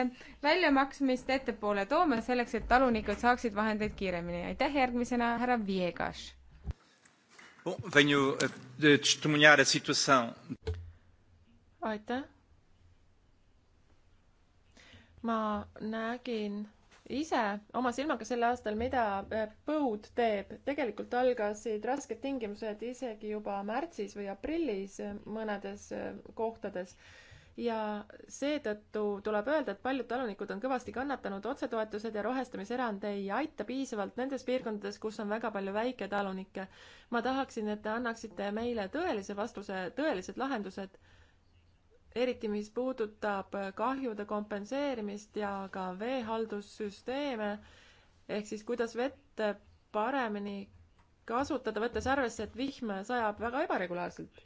väljamaksmist ettepoole tooma selleks, et talunikud saaksid vahendeid kiiremini. aitäh, järgmisena härra Viegas. Bom, venho eh, testemunhar a situação. Aitäh ma nägin ise oma silmaga sel aastal, mida äh, põud teeb. tegelikult algasid rasked tingimused isegi juba märtsis või aprillis äh, mõnedes äh, kohtades. ja seetõttu tuleb öelda, et paljud talunikud on kõvasti kannatanud, otsetoetused ja rohestamiserand ei aita piisavalt nendes piirkondades, kus on väga palju väiketalunikke. ma tahaksin, et te annaksite meile tõelise vastuse, tõelised lahendused eriti mis puudutab kahjude kompenseerimist ja ka veehaldussüsteeme, ehk siis kuidas vett paremini kasutada, võttes arvesse, et vihm sajab väga ebaregulaarselt.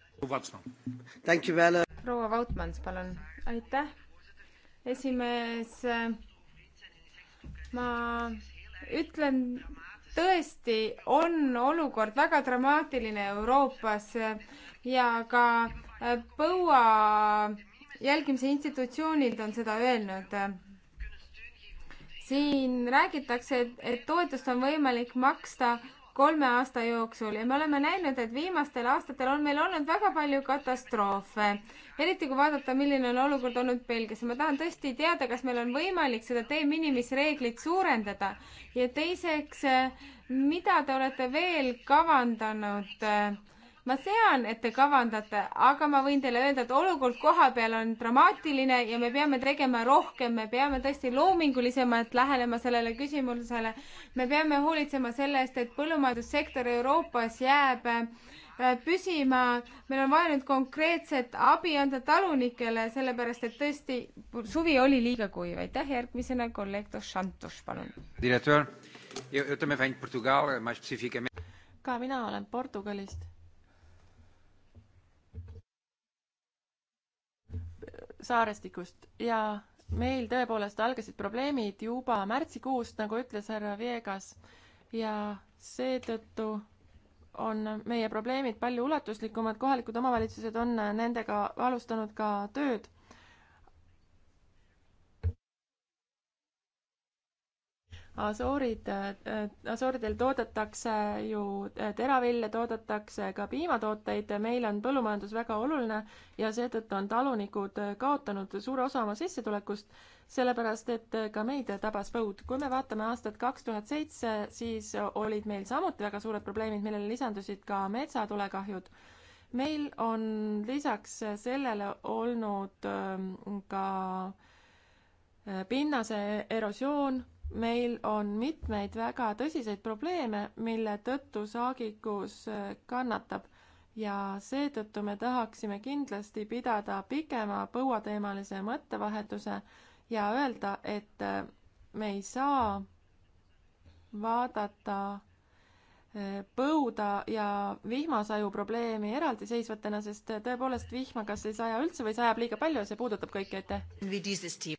proua Vautmans, palun. aitäh, esimees. ma ütlen, tõesti on olukord väga dramaatiline Euroopas ja ka põua jälgimise institutsioonid on seda öelnud. siin räägitakse, et, et toetust on võimalik maksta kolme aasta jooksul ja me oleme näinud, et viimastel aastatel on meil olnud väga palju katastroofe. eriti kui vaadata, milline on olukord olnud Belgias ja ma tahan tõesti teada, kas meil on võimalik seda de minimis reeglit suurendada ja teiseks, mida te olete veel kavandanud äh, ma tean, et te kavandate, aga ma võin teile öelda, et olukord kohapeal on dramaatiline ja me peame tegema rohkem, me peame tõesti loomingulisemalt lähenema sellele küsimusele. me peame hoolitsema selle eest, et põllumajandussektor Euroopas jääb äh, püsima, meil on vaja nüüd konkreetset abi anda talunikele, sellepärast et tõesti suvi oli liiga kuiv. aitäh, järgmisena kolleeg Dos Santos, palun. direktor, ka mina olen Portugalist saarestikust ja meil tõepoolest algasid probleemid juba märtsikuust, nagu ütles härra Viegas, ja seetõttu on meie probleemid palju ulatuslikumad, kohalikud omavalitsused on nendega alustanud ka tööd Asoorid, äh, Asooridel toodetakse ju äh, teravilja, toodetakse ka piimatooteid, meil on põllumajandus väga oluline ja seetõttu on talunikud äh, kaotanud suure osa oma sissetulekust, sellepärast et ka meid tabas põud. kui me vaatame aastat kaks tuhat seitse, siis olid meil samuti väga suured probleemid, millele lisandusid ka metsatulekahjud. meil on lisaks sellele olnud ähm, ka pinnase erosioon meil on mitmeid väga tõsiseid probleeme, mille tõttu saagikus äh, kannatab ja seetõttu me tahaksime kindlasti pidada pikema põuateemalise mõttevahetuse ja öelda, et äh, me ei saa vaadata põuda ja vihmasaju probleemi eraldiseisvatena, sest tõepoolest vihma kas ei saja üldse või sajab liiga palju ja see puudutab kõiki, aitäh!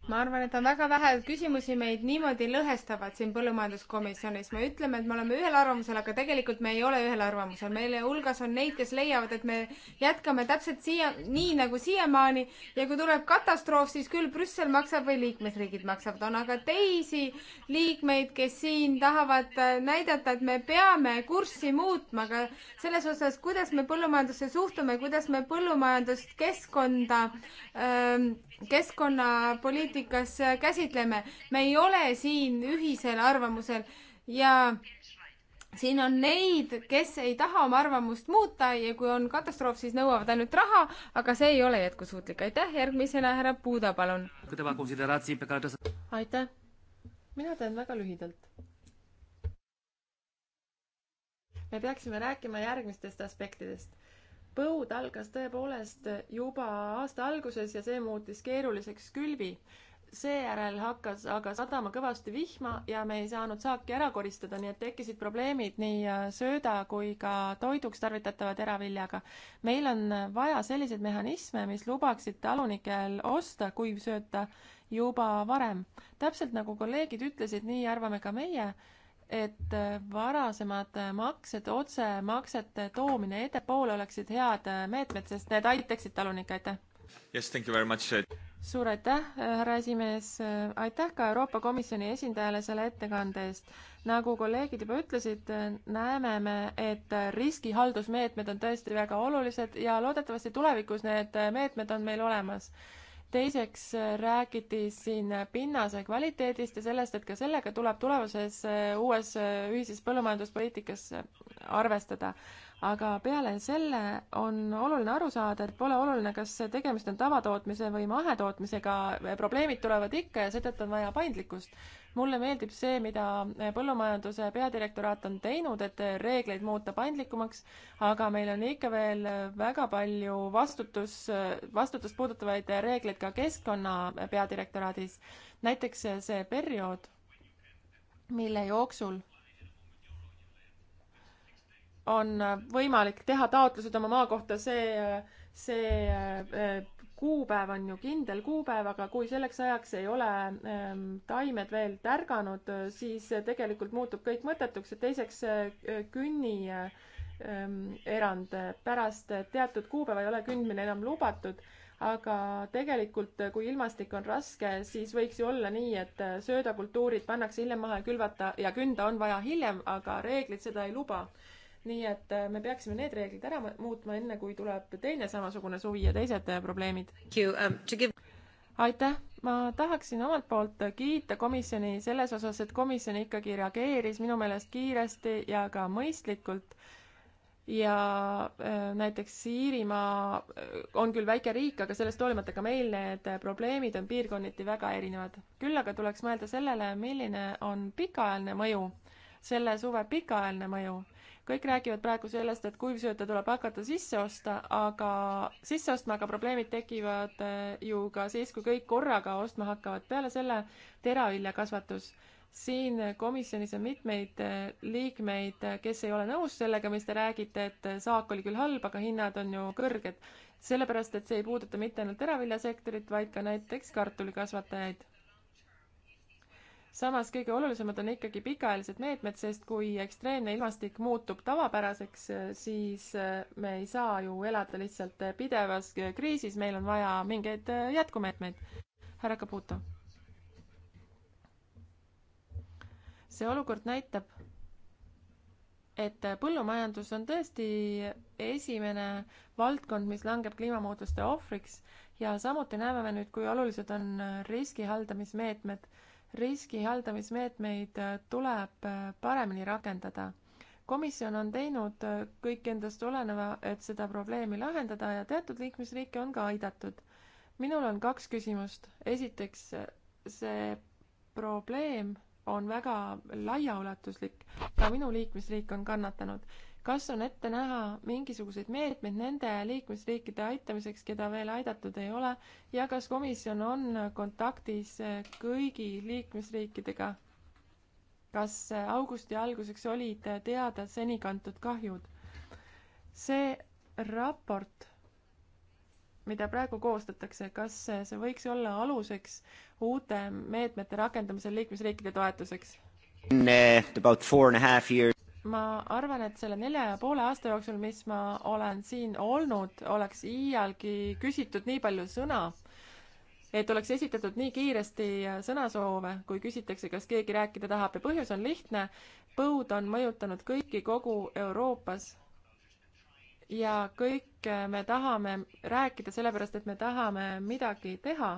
ma arvan, et on väga vähe küsimusi meid niimoodi lõhestavad siin põllumajanduskomisjonis. me ütleme, et me oleme ühel arvamusel, aga tegelikult me ei ole ühel arvamusel. meile hulgas on neid, kes leiavad, et me jätkame täpselt siia, nii nagu siiamaani ja kui tuleb katastroof, siis küll Brüssel maksab või liikmesriigid maksavad. on aga teisi liikmeid, kes siin tahavad äh, näidata, et me peame kurssi muutma ka selles osas, kuidas me põllumajandusse suhtume, kuidas me põllumajandust, keskkonda, ähm, keskkonnapoliitikas äh, käsitleme. me ei ole siin ühisel arvamusel ja siin on neid, kes ei taha oma arvamust muuta ja kui on katastroof, siis nõuavad ainult raha, aga see ei ole jätkusuutlik. aitäh, järgmisena härra Puuda, palun. aitäh, mina teen väga lühidalt me peaksime rääkima järgmistest aspektidest. põud algas tõepoolest juba aasta alguses ja see muutis keeruliseks külvi. seejärel hakkas aga sadama kõvasti vihma ja me ei saanud saaki ära koristada, nii et tekkisid probleemid nii äh, sööda kui ka toiduks tarvitatava teraviljaga. meil on vaja selliseid mehhanisme, mis lubaksid talunikel osta kuivsööta juba varem. täpselt nagu kolleegid ütlesid, nii arvame ka meie et äh, varasemad äh, maksed, otsemaksete toomine ettepoole oleksid head äh, meetmed, sest need aitaksid talunikke, aitäh! Yes, thank you very much! suur aitäh, härra esimees, aitäh ka Euroopa Komisjoni esindajale selle ettekande eest. nagu kolleegid juba ütlesid, näeme me, et riskihaldusmeetmed on tõesti väga olulised ja loodetavasti tulevikus need meetmed on meil olemas teiseks äh, räägiti siin pinnase kvaliteedist ja sellest, et ka sellega tuleb tulevases äh, uues äh, ühises põllumajanduspoliitikas arvestada aga peale selle on oluline aru saada, et pole oluline, kas tegemist on tavatootmise või mahetootmisega, probleemid tulevad ikka ja seetõttu on vaja paindlikkust mulle meeldib see, mida Põllumajanduse peadirektoraat on teinud, et reegleid muuta paindlikumaks, aga meil on ikka veel väga palju vastutus, vastutust puudutavaid reegleid ka Keskkonna peadirektoraadis. näiteks see periood, mille jooksul on võimalik teha taotlused oma maa kohta, see, see äh, kuupäev on ju kindel kuupäev, aga kui selleks ajaks ei ole ähm, taimed veel tärganud, siis tegelikult muutub kõik mõttetuks ja teiseks äh, künni ähm, erand pärast teatud kuupäeva ei ole kündmine enam lubatud, aga tegelikult, äh, kui ilmastik on raske, siis võiks ju olla nii, et söödakultuurid pannakse hiljem maha ja külvata ja künda on vaja hiljem, aga reeglid seda ei luba nii et äh, me peaksime need reeglid ära muutma, enne kui tuleb teine samasugune suvi ja teised äh, probleemid. Um, aitäh, ma tahaksin omalt poolt äh, kiita komisjoni selles osas, et komisjon ikkagi reageeris minu meelest kiiresti ja ka mõistlikult ja näiteks Iirimaa on küll väike riik, aga sellest hoolimata ka meil need probleemid on piirkonniti väga erinevad. küll aga tuleks mõelda sellele, milline on pikaajaline mõju, selle suve pikaajaline mõju kõik räägivad praegu sellest, et kuivsööta tuleb hakata sisse osta, aga, sisse ostma, aga probleemid tekivad äh, ju ka siis, kui kõik korraga ostma hakkavad. peale selle teraviljakasvatus. siin komisjonis on mitmeid äh, liikmeid, äh, kes ei ole nõus sellega, mis te räägite, et saak oli küll halb, aga hinnad on ju kõrged. sellepärast, et see ei puuduta mitte ainult teraviljasektorit, vaid ka näiteks kartulikasvatajaid samas kõige olulisemad on ikkagi pikaajalised meetmed, sest kui ekstreemne ilmastik muutub tavapäraseks, siis äh, me ei saa ju elada lihtsalt äh, pidevas äh, kriisis, meil on vaja mingeid jätkumeetmeid. härra Caputo. see olukord näitab, et põllumajandus on tõesti esimene valdkond, mis langeb kliimamuutuste ohvriks ja samuti näeme me nüüd, kui olulised on riski haldamismeetmed riski haldamismeetmeid äh, tuleb äh, paremini rakendada. komisjon on teinud äh, kõik endast oleneva, et seda probleemi lahendada ja teatud liikmesriike on ka aidatud. minul on kaks küsimust. esiteks, see probleem on väga laiaulatuslik, ka minu liikmesriik on kannatanud kas on ette näha mingisuguseid meetmeid nende liikmesriikide aitamiseks, keda veel aidatud ei ole ja kas komisjon on kontaktis kõigi liikmesriikidega? kas augusti alguseks olid teada seni kantud kahjud? see raport, mida praegu koostatakse, kas see võiks olla aluseks uute meetmete rakendamisel liikmesriikide toetuseks? Uh, about four and a half years ma arvan, et selle nelja ja poole aasta jooksul, mis ma olen siin olnud, oleks iialgi küsitud nii palju sõna, et oleks esitatud nii kiiresti sõnasoove, kui küsitakse, kas keegi rääkida tahab ja põhjus on lihtne. põud on mõjutanud kõiki kogu Euroopas ja kõik me tahame rääkida sellepärast, et me tahame midagi teha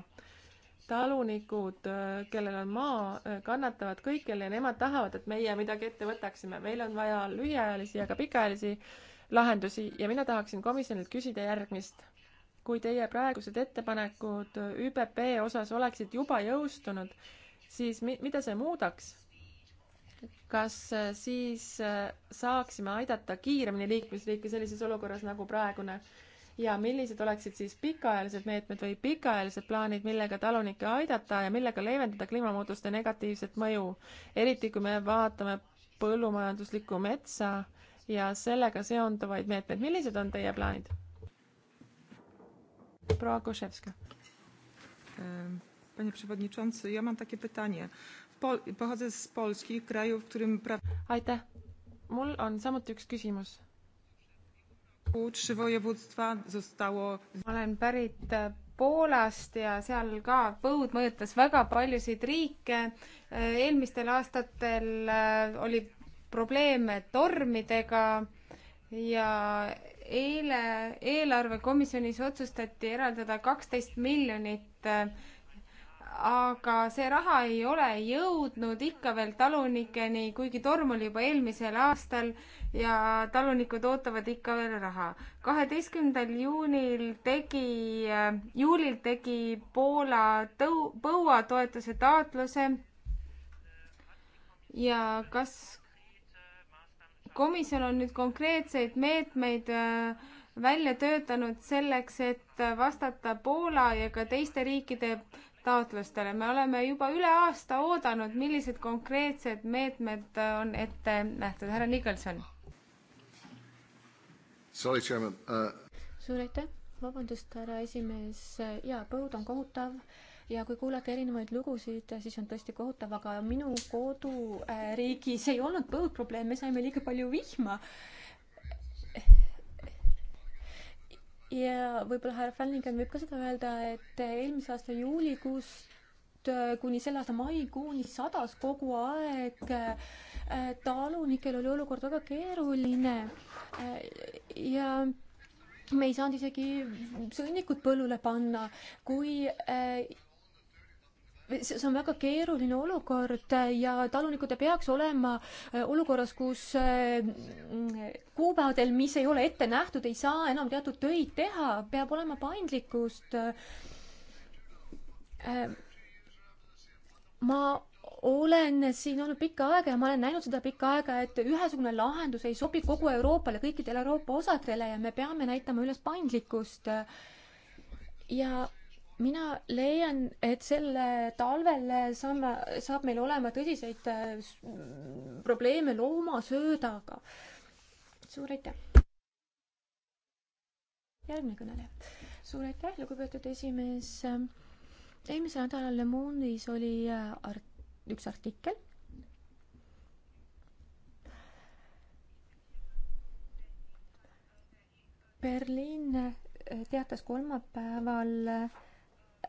talunikud, kellel on maa, kannatavad kõikjal ja nemad tahavad, et meie midagi ette võtaksime. meil on vaja lühiajalisi ja ka pikaajalisi lahendusi ja mina tahaksin komisjonilt küsida järgmist. kui teie praegused ettepanekud ÜPP osas oleksid juba jõustunud, siis mi-, mida see muudaks? kas siis saaksime aidata kiiremini liikmesriike sellises olukorras nagu praegune? ja millised oleksid siis pikaajalised meetmed või pikaajalised plaanid, millega talunikke aidata ja millega leevendada kliimamuutuste negatiivset mõju, eriti kui me vaatame põllumajanduslikku metsa ja sellega seonduvaid meetmeid. millised on teie plaanid? proua Koševska. Ehm, panie przewodniczący, ja mam takie pytanie. Pochodzę z Polski, kraju, w którym pra-. aitäh. mul on samuti üks küsimus ma olen pärit äh, Poolast ja seal ka põud mõjutas väga paljusid riike. Äh, eelmistel aastatel äh, oli probleeme tormidega ja eile eelarvekomisjonis otsustati eraldada kaksteist miljonit aga see raha ei ole jõudnud ikka veel talunikeni, kuigi torm oli juba eelmisel aastal ja talunikud ootavad ikka veel raha. kaheteistkümnendal juunil tegi, juulil tegi Poola tõu-, põuatoetuse taotluse ja kas komisjon on nüüd konkreetseid meetmeid äh, välja töötanud selleks, et vastata Poola ja ka teiste riikide taotlustele. me oleme juba üle aasta oodanud, millised konkreetsed meetmed äh, on ette nähtud. härra Nikolson. Uh, suur aitäh, vabandust, härra esimees. jaa, põud on kohutav ja kui kuulata erinevaid lugusid, siis on tõesti kohutav, aga minu koduriigis ei olnud põudprobleem, me saime liiga palju vihma äh, ja võib-olla härra Fällingen võib ka seda öelda, et eelmise aasta juulikuust äh, kuni selle aasta maikuuni sadas kogu aeg. Äh, talunikel oli olukord väga keeruline äh, ja me ei saanud isegi sõnnikut põllule panna, kui see on väga keeruline olukord ja talunikud ei peaks olema äh, olukorras, kus äh, kuupäevadel, mis ei ole ette nähtud, ei saa enam teatud töid teha, peab olema paindlikkust. Äh, ma olen siin olnud pikka aega ja ma olen näinud seda pikka aega, et ühesugune lahendus ei sobi kogu Euroopale, kõikidele Euroopa osadele ja me peame näitama üles paindlikkust. ja mina leian, et selle talvel saame, saab meil olema tõsiseid äh, probleeme loomasöödaga. suur aitäh! järgmine kõneleja. suur aitäh, lugupeetud esimees. eelmisel nädalal Le Monde'is oli äh, art-, üks artikkel Berliin äh, teatas kolmapäeval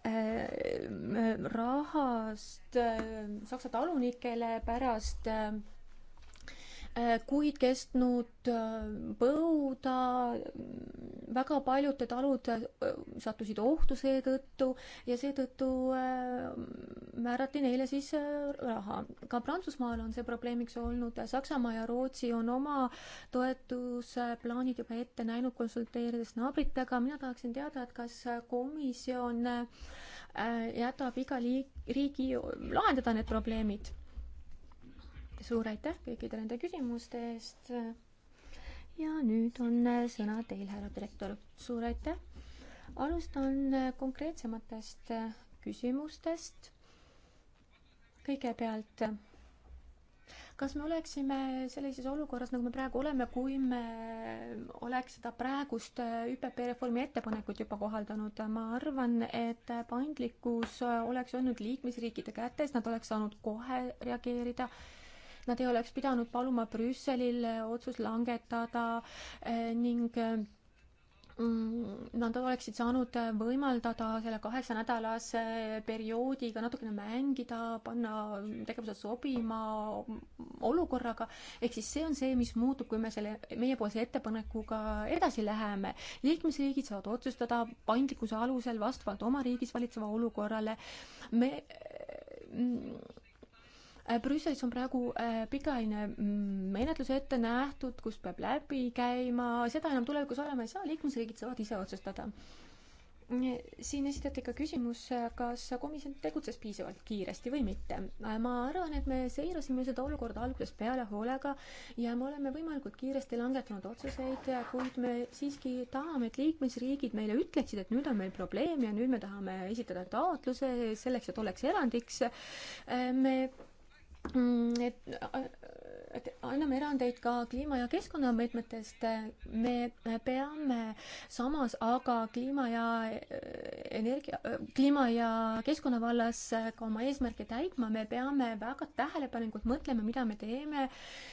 Äh, äh, rahast äh, Saksa talunikele pärast Äh, kuid kestnud äh, põuda, mm, väga paljud talud äh, sattusid ohtu seetõttu ja seetõttu määrati neile siis raha. ka Prantsusmaal on see probleemiks olnud, Saksamaa ja Rootsi on oma toetusplaanid juba ette näinud, konsulteerides naabritega, mina tahaksin teada, et kas komisjon jätab iga liik-, riigi lahendada need probleemid suur aitäh kõikide nende küsimuste eest. ja nüüd on sõna teil, härra direktor. suur aitäh. alustan konkreetsematest küsimustest. kõigepealt, kas me oleksime sellises olukorras, nagu me praegu oleme, kui me oleks seda praegust ÜPP reformi ettepanekut juba kohaldanud? ma arvan, et paindlikkus oleks olnud liikmesriikide kätes, nad oleks saanud kohe reageerida Nad ei oleks pidanud paluma Brüsselil äh, otsus langetada äh, ning äh, mm, nad oleksid saanud võimaldada selle kaheksanädalase perioodiga natukene mängida, panna tegevused sobima olukorraga, ehk siis see on see, mis muutub, kui me selle meiepoolse ettepanekuga edasi läheme. liikmesriigid saavad otsustada paindlikkuse alusel vastavalt oma riigis valitseva olukorrale. me mm, Äh, Brüsselis on praegu äh, pikaajaline mm, menetlus ette nähtud, kus peab läbi käima, seda enam tulevikus olema ei saa, liikmesriigid saavad ise otsustada. siin esitati ka küsimus, äh, kas komisjon tegutses piisavalt kiiresti või mitte. ma arvan, et me seirasime seda olukorda algusest peale hoolega ja me oleme võimalikult kiiresti langetanud otsuseid, kuid me siiski tahame, et liikmesriigid meile ütleksid, et nüüd on meil probleem ja nüüd me tahame esitada taotluse selleks, et oleks erandiks. me Mm, et, äh, et anname erandeid ka kliima- ja keskkonnameetmetest, me peame samas aga kliima ja äh, energia, äh, kliima ja keskkonna vallas ka oma eesmärke täitma, me peame väga tähelepanelikult mõtlema, mida me teeme,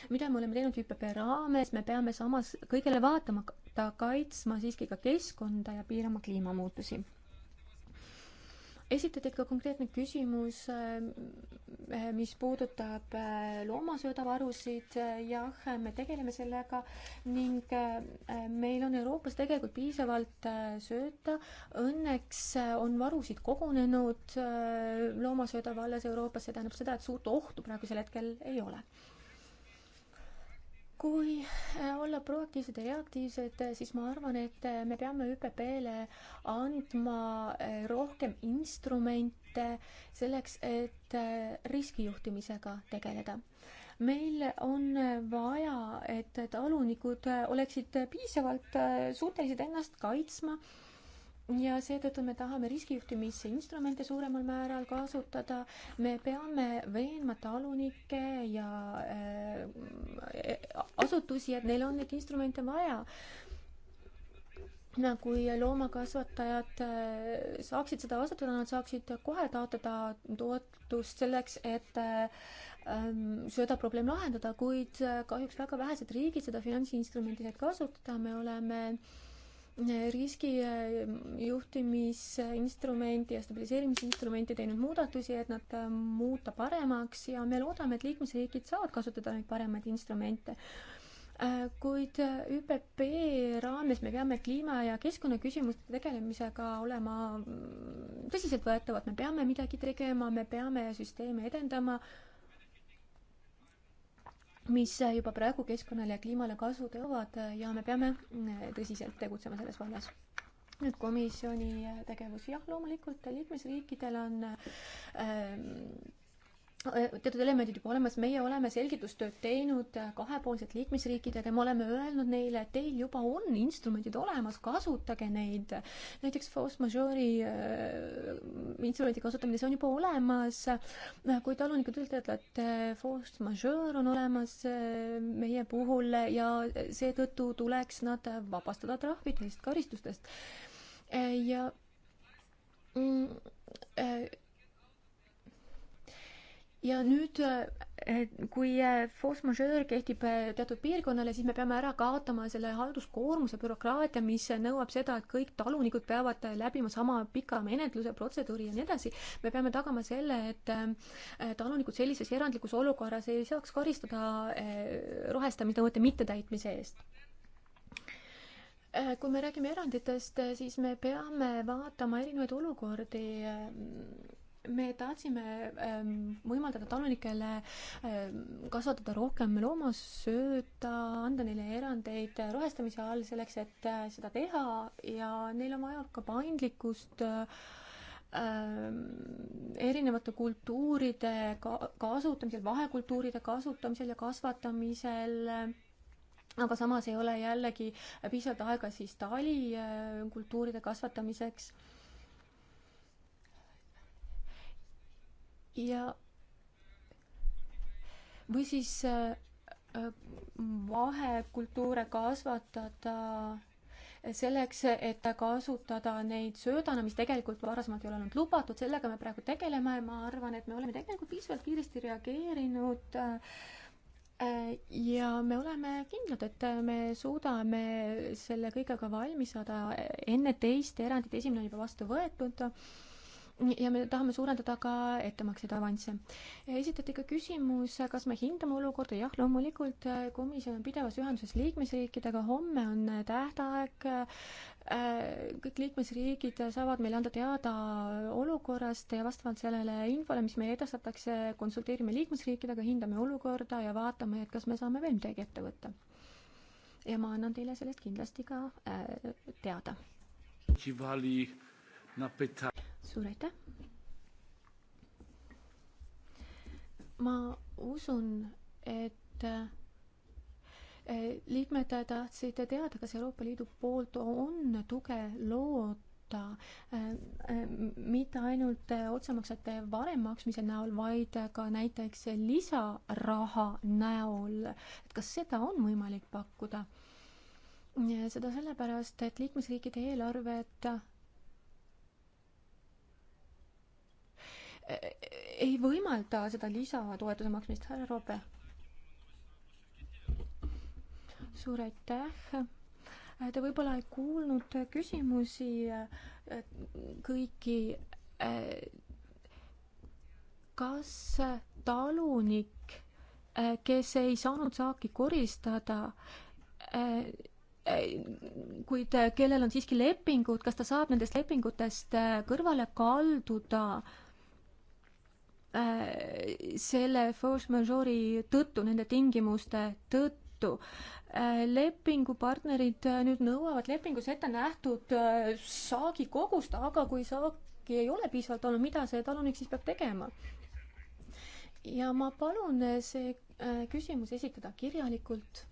mida me oleme teinud ÜPP raames, me peame samas kõigele vaatama, kaitsma siiski ka keskkonda ja piirama kliimamuutusi esitati ka konkreetne küsimus, äh, mis puudutab äh, loomasöödavarusid. jah, me tegeleme sellega ning äh, meil on Euroopas tegelikult piisavalt sööta. Õnneks on varusid kogunenud loomasööda vallas Euroopas, see tähendab seda, et suurt ohtu praegusel hetkel ei ole kui äh, olla proaktiivsed ja reaktiivsed, äh, siis ma arvan, et äh, me peame ÜPP-le andma rohkem instrumente selleks, et riskijuhtimisega tegeleda. meil on vaja, et talunikud oleksid piisavalt suutelised ennast kaitsma äh, ja seetõttu me tahame riskijuhtimise instrumente suuremal määral kasutada, me peame veenma talunikke ja äh, asutusi, et neil on neid instrumente vaja. kui nagu loomakasvatajad äh, saaksid seda kasutada, nad saaksid kohe taotleda toetust selleks, et äh, seda probleem lahendada, kuid äh, kahjuks väga vähesed riigid seda finantsinstrumenti said kasutada, me oleme äh, riskijuhtimisinstrumenti ja stabiliseerimisinstrumenti teinud muudatusi, et nad äh, muuta paremaks ja me loodame, et liikmesriigid saavad kasutada neid paremaid instrumente. Äh, kuid äh, ÜPP raames me peame kliima- ja keskkonnaküsimuste tegelemisega olema mm, tõsiseltvõetavad, me peame midagi tegema, me peame süsteeme edendama mis juba praegu keskkonnale ja kliimale kasu toovad ja me peame mm, tõsiselt tegutsema selles vallas nüüd komisjoni tegevus, jah, loomulikult liikmesriikidel on ähm, teatud elemendid juba olemas, meie oleme selgitustööd teinud kahepoolselt liikmesriikidega, me oleme öelnud neile, et teil juba on instrumendid olemas, kasutage neid. näiteks force majeure'i äh, instrumendi kasutamine, see on juba olemas. kui talunikud ütlevad, et äh, force majeure on olemas äh, meie puhul ja seetõttu tuleks nad vabastada trahvidest, karistustest. ja mm, ja nüüd, eh, kui eh, force majeure kehtib eh, teatud piirkonnale, siis me peame ära kaotama selle halduskoormuse, bürokraatia, mis nõuab seda, et kõik talunikud peavad läbima sama pika menetluse, protseduuri ja nii edasi. me peame tagama selle, et talunikud sellises erandlikus olukorras ei saaks karistada rohestamisnõuete mittetäitmise eest kui me räägime eranditest, siis me peame vaatama erinevaid olukordi me tahtsime ähm, võimaldada talunikele ähm, kasvatada rohkem loomasööta, anda neile erandeid rohestamise all selleks, et äh, seda teha ja neil on vaja ka paindlikkust ähm, erinevate kultuuride ka-, kasutamisel, vahekultuuride kasutamisel ja kasvatamisel, aga samas ei ole jällegi piisavalt aega siis talikultuuride äh, kasvatamiseks ja või siis äh, äh, vahekultuure kasvatada selleks, et kasutada neid söödana, mis tegelikult varasemalt ei ole olnud lubatud, sellega me praegu tegeleme ja ma arvan, et me oleme tegelikult piisavalt kiiresti reageerinud. Äh, ja me oleme kindlad, et me suudame selle kõigega valmis saada enne teist erandit, esimene on juba vastu võetud ja me tahame suurendada ka ettemakseid avansse. esitati ka küsimus, kas me hindame olukorda, jah, loomulikult äh, komisjon on pidevas ühenduses liikmesriikidega, homme on tähtaeg, äh, kõik liikmesriigid saavad meile anda teada olukorrast ja vastavalt sellele infole, mis meile edastatakse, konsulteerime liikmesriikidega, hindame olukorda ja vaatame, et kas me saame veel midagi ette võtta. ja ma annan teile sellest kindlasti ka äh, teada suur aitäh! ma usun, et eh, liikmed tahtsid teada, kas Euroopa Liidu poolt on tuge loota eh, eh, mitte ainult otsemaksete varem maksmise näol, vaid ka näiteks lisaraha näol, et kas seda on võimalik pakkuda? seda sellepärast, et liikmesriikide eelarved et ei võimalda seda lisatoetuse maksmist, härra Roope. suur aitäh. Te võib-olla ei kuulnud küsimusi äh, kõiki. Äh, kas talunik, äh, kes ei saanud saaki koristada, kuid kellel on siiski lepingud, kas ta saab nendest lepingutest kõrvale kalduda äh, Äh, selle force majeure'i tõttu, nende tingimuste tõttu. Äh, lepingupartnerid äh, nüüd nõuavad lepingus ette nähtud saagikogust, aga kui saaki ei ole piisavalt olnud, mida see talunik siis peab tegema? ja ma palun see küsimus esitada kirjalikult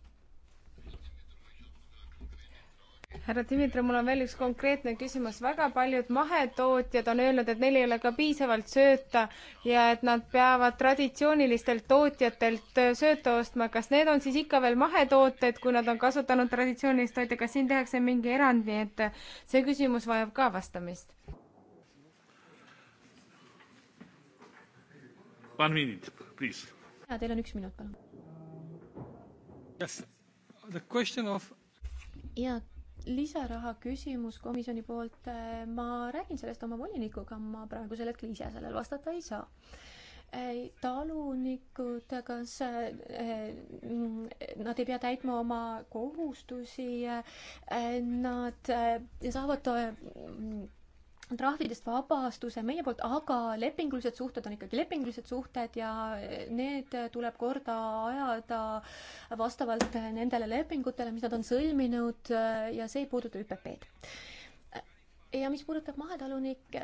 härra Dmitri, mul on veel üks konkreetne küsimus. väga paljud mahetootjad on öelnud, et neil ei ole ka piisavalt sööta ja et nad peavad traditsioonilistelt tootjatelt sööta ostma. kas need on siis ikka veel mahetooted, kui nad on kasutanud traditsioonilist toitu, kas siin tehakse mingi erand, nii et see küsimus vajab ka vastamist? One minute, please. ja teil on üks minut, palun. Yes, the question of. ja lisaraha küsimus komisjoni poolt, äh, ma räägin sellest oma volinikuga, ma praegusel hetkel ise sellele vastata ei saa. Äh, talunikud, kas äh, mm, nad ei pea täitma oma kohustusi, nad saavad trahvidest vabastuse meie poolt, aga lepingulised suhted on ikkagi lepingulised suhted ja need tuleb korda ajada vastavalt nendele lepingutele, mis nad on sõlminud ja see ei puuduta ÜPP-d. ja mis puudutab mahetalunikke,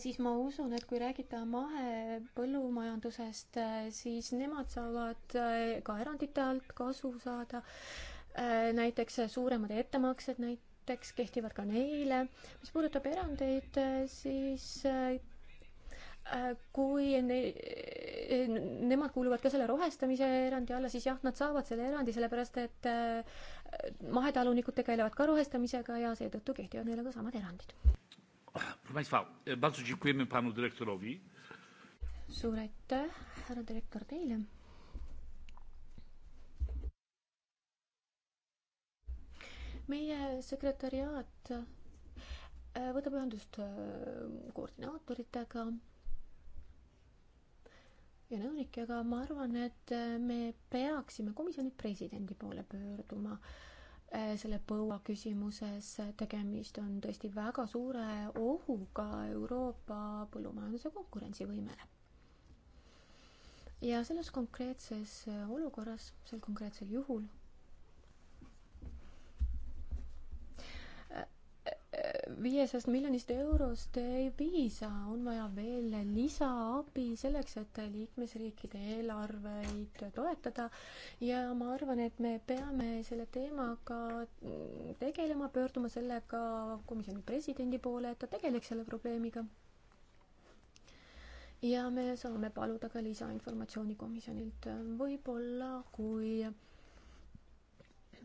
siis ma usun, et kui räägida mahepõllumajandusest, siis nemad saavad eh, ka erandite alt kasu saada, eh, näiteks suuremad ettemaksed näiteks, näiteks kehtivad ka neile. mis puudutab erandeid, siis äh, kui ne-, nemad kuuluvad ka selle rohestamise erandi alla, siis jah, nad saavad selle erandi, sellepärast et äh, mahetalunikud tegelevad ka rohestamisega ja seetõttu kehtivad neile ka samad erandid. suur aitäh, härra direktor, teile! meie sekretäriaat äh, võtab ühendust äh, koordinaatoritega ja nõunikega, ma arvan, et äh, me peaksime komisjoni presidendi poole pöörduma selle põua küsimuses. tegemist on tõesti väga suure ohuga Euroopa põllumajanduse konkurentsivõimele. ja selles konkreetses olukorras, sel konkreetsel juhul viiesajast miljonist eurost ei piisa, on vaja veel lisaabi selleks, et liikmesriikide eelarveid toetada ja ma arvan, et me peame selle teemaga tegelema, pöörduma sellega komisjoni presidendi poole, et ta tegeleks selle probleemiga. ja me saame paluda ka lisainformatsiooni komisjonilt, võib-olla kui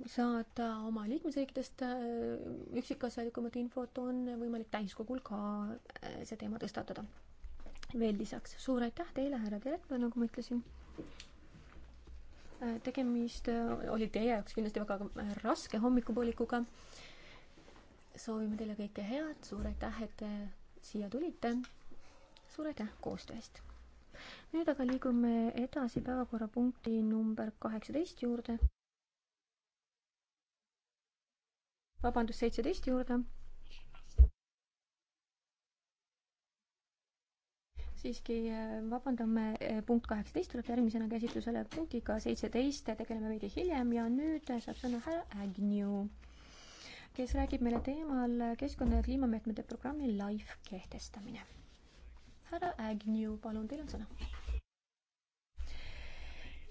saada oma liikmesriikidest äh, üksikasjalikumat infot, on võimalik täiskogul ka äh, see teema tõstatada. veel lisaks suur aitäh teile, härra direktor, nagu ma ütlesin. Äh, tegemist oli teie jaoks kindlasti väga raske hommikupoolikuga. soovime teile kõike head, suur aitäh, et te siia tulite. suur aitäh koostöö eest. nüüd aga liigume edasi päevakorrapunkti number kaheksateist juurde. vabandust, seitseteist juurde. siiski äh, vabandame, äh, punkt kaheksateist tuleb järgmisena käsitlusele punktiga seitseteist, tegeleme veidi hiljem ja nüüd saab sõna härra Agnew, kes räägib meile teemal keskkonna ja kliimameetmete programmi LIFE kehtestamine. härra Agnew, palun, teil on sõna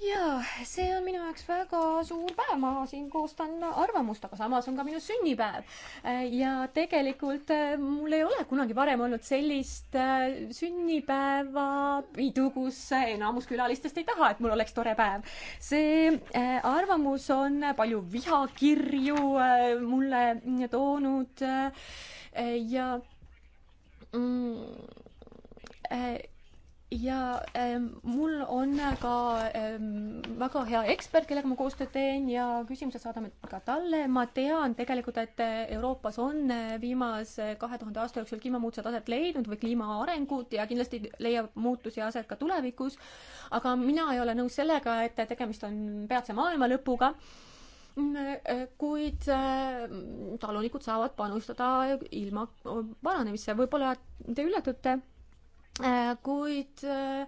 jaa, see on minu jaoks väga suur päev, ma siin koostan arvamust, aga samas on ka minu sünnipäev. Äh, ja tegelikult äh, mul ei ole kunagi varem olnud sellist äh, sünnipäevapidu, kus enamus külalistest ei taha, et mul oleks tore päev. see arvamus on palju vihakirju mulle toonud ja mm, ja ähm, mul on ka ähm, väga hea ekspert, kellega ma koostööd teen ja küsimuse saadame ka talle. ma tean tegelikult, et äh, Euroopas on äh, viimase kahe tuhande aasta jooksul kliimamuutused aset leidnud või kliima arengud ja kindlasti leiab muutusi aset ka tulevikus. aga mina ei ole nõus sellega, et tegemist on peatse maailma lõpuga mm, äh, kuid talunikud saavad panustada ilma paranemisse, võib-olla te üllatute Äh, kuid äh,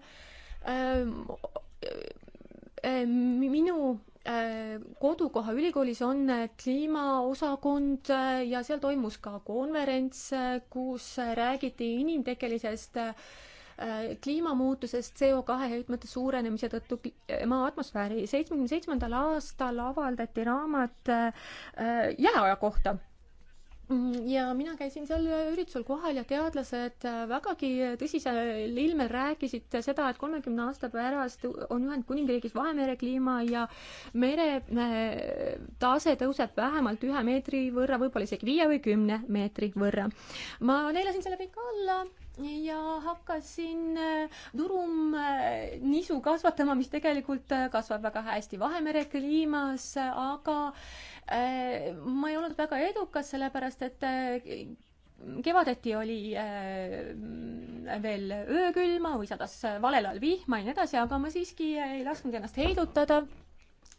äh, minu kodukoha ülikoolis on kliimaosakond ja seal toimus ka konverents, kus räägiti inimtekkelisest kliimamuutusest CO2 heitmete suurenemise tõttu maa atmosfääri. seitsmekümne seitsmendal aastal avaldati raamat jääaja kohta Mm, ja mina käisin seal üritusel kohal ja teadlased äh, vägagi tõsisel ilmel rääkisid seda, et kolmekümne aasta pärast on Ühendkuningriigis Vahemere kliima ja meretase äh, tõuseb vähemalt ühe meetri võrra, võib-olla isegi viie või kümne meetri võrra. ma neelasin selle pika alla ja hakkasin äh, turumnisu äh, kasvatama, mis tegelikult äh, kasvab väga hästi Vahemere kliimas, aga ma ei olnud väga edukas, sellepärast et kevadeti oli veel öökülma või sadas valel ajal vihma ja nii edasi, aga ma siiski ei lasknud ennast heidutada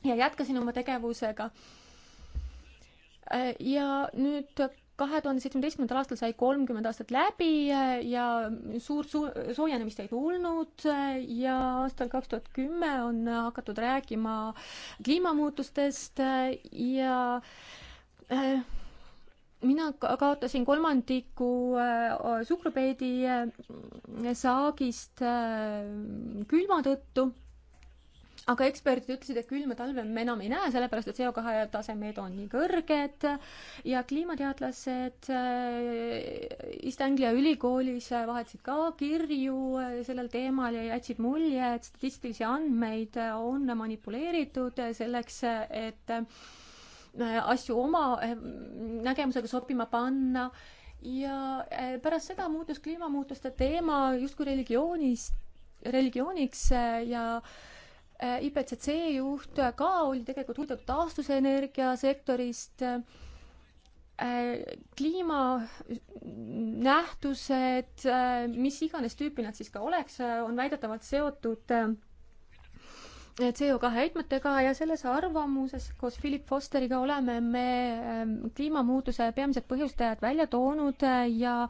ja jätkasin oma tegevusega. ja nüüd kahe tuhande seitsmeteistkümnendal aastal sai kolmkümmend aastat läbi eh, ja suurt su-, soojenemist ei tulnud eh, ja aastal kaks tuhat kümme on hakatud rääkima kliimamuutustest eh, ja mina kaotasin kolmandiku suhkrupeedi saagist külma tõttu aga eksperdid ütlesid, et külma talve me enam ei näe, sellepärast et CO2 tasemed on nii kõrged ja kliimateadlased äh, East-Anglia ülikoolis vahetasid ka kirju äh, sellel teemal ja jätsid mulje, et statistilisi andmeid äh, on manipuleeritud selleks, et asju oma nägemusega sobima panna ja pärast seda muutus kliimamuutuste teema justkui religioonist, religiooniks ja äh, Äh, IPCC juht äh, ka oli tegelikult huvitatud taastusenergia sektorist, äh, kliimanähtused, mis iganes tüüpi nad siis ka oleks, on väidetavalt seotud CO2 heitmetega ja selles arvamuses koos Philip Fosteriga oleme me ähm, kliimamuutuse peamised põhjustajad välja toonud ja äh,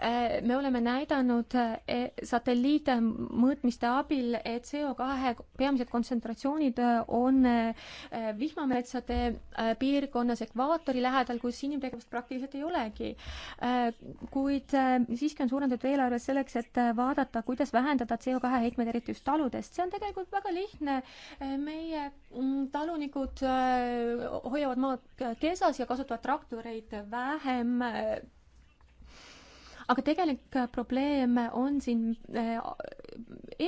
Äh, me oleme näidanud äh, e-, satelliidmõõtmiste abil, et CO2 peamised kontsentratsioonid äh, on vihmametsade piirkonnas ekvaatori lähedal, kus inimtegevust praktiliselt ei olegi. kuid siiski on suurendatud eelarves selleks, et vaadata, kuidas vähendada CO2 heitmeid, eriti just taludest. see on tegelikult väga lihtne. meie mm, talunikud hoiavad maad kesas ja kasutavad traktoreid vähem aga tegelik äh, probleem on siin äh,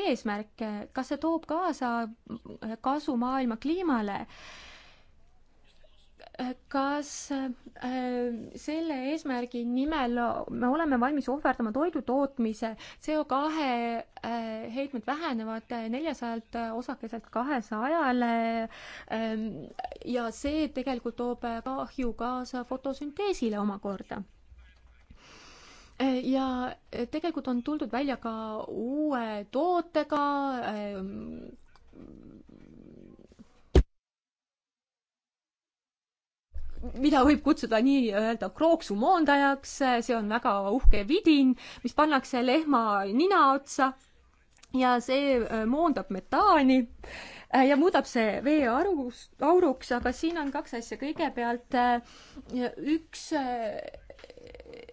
eesmärk, kas see toob kaasa äh, kasu maailma kliimale kas selle eesmärgi nimel me oleme valmis ohverdama toidu tootmise, CO2 heitmed vähenevad neljasajalt osakeselt kahesajale ähm, ja see tegelikult toob kahju kaasa fotosünteesile omakorda ja tegelikult on tuldud välja ka uue tootega ehm, mida võib kutsuda nii-öelda krooksumoondajaks, see on väga uhke vidin, mis pannakse lehma nina otsa ja see eh, moondab metaani eh, ja muudab see vee arus, auruks, aga siin on kaks asja, kõigepealt eh, üks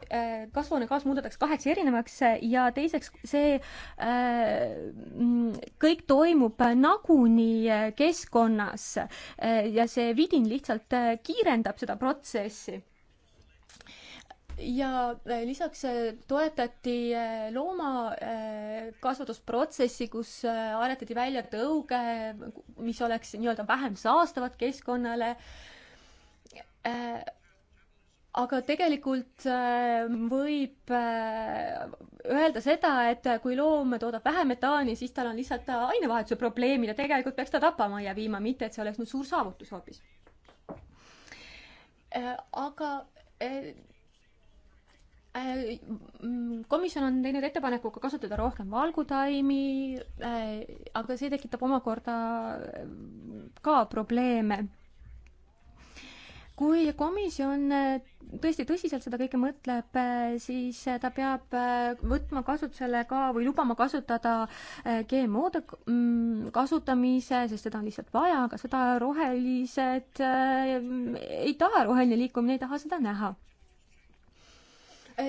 Äh, kasvuhoonegaas muudetakse kaheks erinevaks äh, ja teiseks see äh, mm, kõik toimub nagunii keskkonnas ja see vidin lihtsalt kiirendab seda protsessi ja lisaks toetati loomakasvatusprotsessi, kus aretati välja tõuge, mis oleks nii-öelda vähem saastavat keskkonnale aga tegelikult äh, võib äh, öelda seda, et kui loom toodab vähe metaani, siis tal on lihtsalt äh, ainevahetuse probleemid ja tegelikult peaks ta tapamajja viima, mitte et see oleks nüüd suur saavutus hoopis. aga komisjon on teinud ettepaneku ka kasutada rohkem valgutaimi, aga see tekitab omakorda ka probleeme kui komisjon eh, tõesti tõsiselt seda kõike mõtleb, eh, siis eh, ta peab võtma kasutusele ka või lubama kasutada GMO-de mm, kasutamise, sest seda on lihtsalt vaja, aga seda rohelised ei taha, roheline liikumine ei taha seda näha.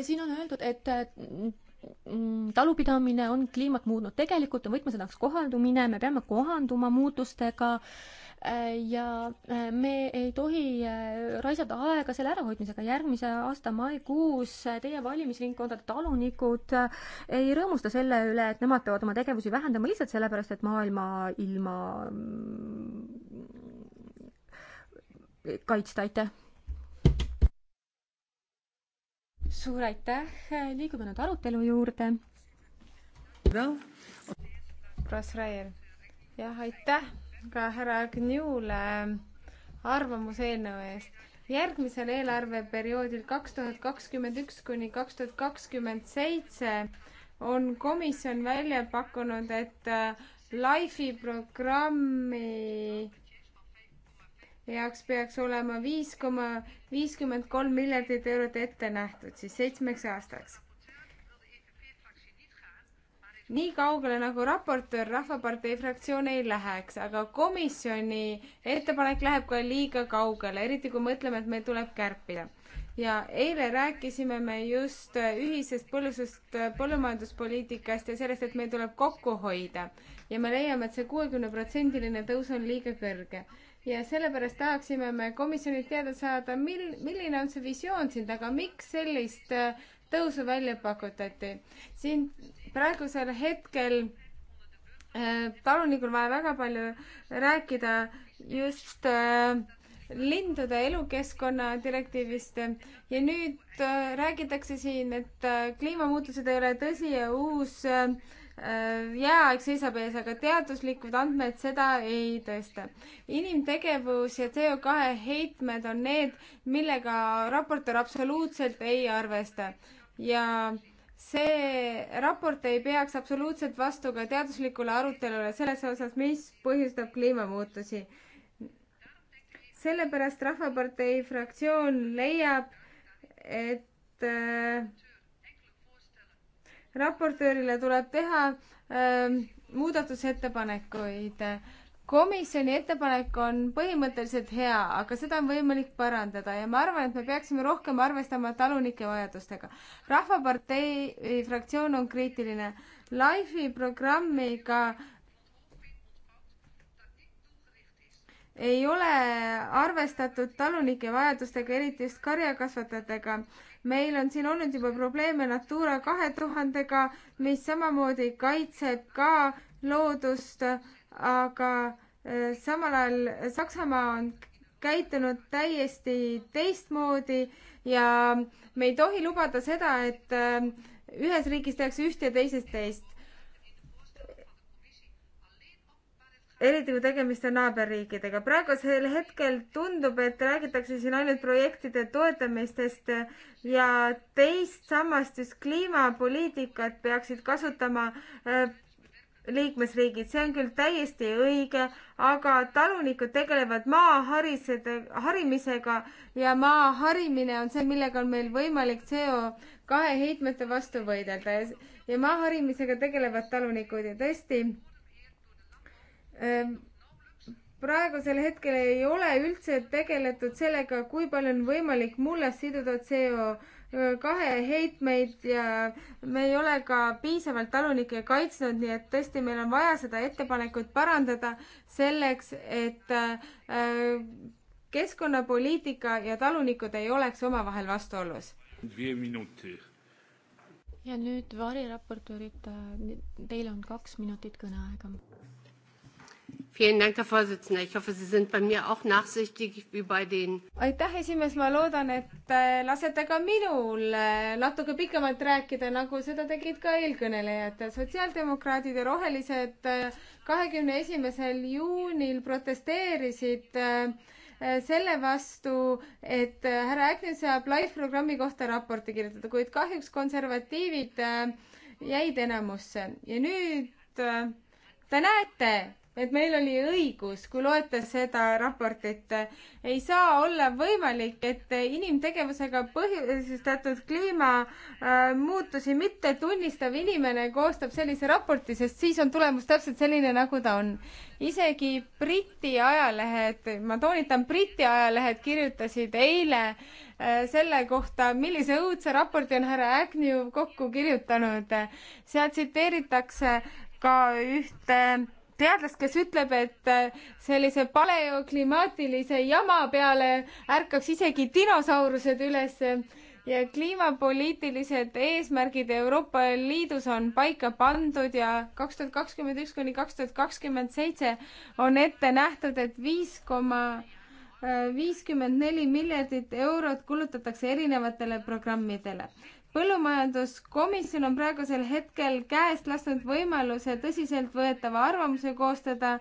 siin on öeldud, et mm, talupidamine on kliimat muutnud, tegelikult on võtmesõnaks kohaldumine, me peame kohanduma muutustega Äh, ja äh, me ei tohi äh, raisata aega selle ärahoidmisega. järgmise aasta maikuus teie valimisringkondade talunikud ei rõõmusta selle üle, et nemad peavad oma tegevusi vähendama lihtsalt sellepärast, et maailma ilma mm, kaitsta, aitäh! suur aitäh, liigume nüüd arutelu juurde. jah, aitäh ka härra Agnew'le arvamuse eelnõu eest. järgmisel eelarveperioodil kaks tuhat kakskümmend üks kuni kaks tuhat kakskümmend seitse on komisjon välja pakkunud, et äh, LIFE programmi jaoks peaks olema viis koma viiskümmend kolm miljardit eurot ette nähtud siis seitsmeks aastaks nii kaugele, nagu raportöör Rahvapartei fraktsioon ei läheks, aga komisjoni ettepanek läheb ka liiga kaugele, eriti kui mõtleme, et meil tuleb kärpida. ja eile rääkisime me just ühisest põllumajandusest, põllumajanduspoliitikast ja sellest, et meil tuleb kokku hoida. ja me leiame, et see kuuekümneprotsendiline tõus on liiga kõrge ja sellepärast tahaksime me komisjonilt teada saada, mil-, milline on see visioon siin taga, miks sellist tõusu välja pakutati. siin praegusel hetkel äh, talunikul vaja väga palju rääkida just äh, lindude elukeskkonna direktiivist ja nüüd äh, räägitakse siin, et kliimamuutused ei ole tõsi ja uus jääaeg seisab ees, aga teaduslikud andmed seda ei tõesta. inimtegevus ja CO2 heitmed on need, millega raportöör absoluutselt ei arvesta ja äh, see raport ei peaks absoluutselt vastu ka teaduslikule arutelule selles osas, mis põhjustab kliimamuutusi. sellepärast Rahvapartei fraktsioon leiab, et äh, raportöörile tuleb teha äh, muudatusettepanekuid äh, komisjoni ettepanek on põhimõtteliselt hea, aga seda on võimalik parandada ja ma arvan, et me peaksime rohkem arvestama talunike vajadustega. rahvapartei fraktsioon on kriitiline. Life'i programmiga ei ole arvestatud talunike vajadustega, eriti just karjakasvatajatega. meil on siin olnud juba probleeme Natura kahe tuhandega, mis samamoodi kaitseb ka loodust aga eh, samal ajal Saksamaa on käitunud täiesti teistmoodi ja me ei tohi lubada seda, et eh, ühes riigis tehakse üht ja teises teist. eriti kui tegemist on naaberriikidega. praegusel hetkel tundub, et räägitakse siin ainult projektide toetamistest ja teist sammast just kliimapoliitikat peaksid kasutama eh, liikmesriigid, see on küll täiesti õige, aga talunikud tegelevad maaharisede, harimisega ja maa harimine on see, millega on meil võimalik CO kahe heitmete vastu võidelda ja, ja maa harimisega tegelevad talunikud ja tõesti ähm, praegusel hetkel ei ole üldse tegeletud sellega, kui palju on võimalik mullast siduda CO kahe heitmeid ja me ei ole ka piisavalt talunikke kaitsnud, nii et tõesti, meil on vaja seda ettepanekut parandada selleks, et äh, keskkonnapoliitika ja talunikud ei oleks omavahel vastuolus. ja nüüd variraportöörid, äh, teil on kaks minutit kõneaega Vielen Dank, Herr Vorsitzender. Ich hoffe, Sie sind bei mir auch nachsichtig wie bei den. aitäh, esimees, ma loodan, et äh, lasete ka minul äh, natuke pikemalt rääkida, nagu seda tegid ka eelkõnelejad. sotsiaaldemokraadid ja rohelised äh, kahekümne esimesel juunil protesteerisid selle vastu, et härra Äkner saab live programmi kohta raporti kirjutada, kuid kahjuks konservatiivid jäid enamusse ja nüüd te näete, et meil oli õigus, kui loete seda raportit. ei saa olla võimalik, et inimtegevusega põhjustatud kliimamuutusi äh, mitte tunnistav inimene koostab sellise raporti, sest siis on tulemus täpselt selline, nagu ta on. isegi Briti ajalehed, ma toonitan, Briti ajalehed kirjutasid eile äh, selle kohta, millise õudse raporti on härra Agnew kokku kirjutanud. seal tsiteeritakse ka ühte teadlast, kes ütleb, et äh, sellise paleoklimaatilise jama peale ärkaks isegi dinosaurused üles ja kliimapoliitilised eesmärgid Euroopa Liidus on paika pandud ja kaks tuhat kakskümmend üks kuni kaks tuhat kakskümmend seitse on ette nähtud, et viis koma äh, viiskümmend neli miljardit eurot kulutatakse erinevatele programmidele põllumajanduskomisjon on praegusel hetkel käest lasknud võimaluse tõsiseltvõetava arvamuse koostada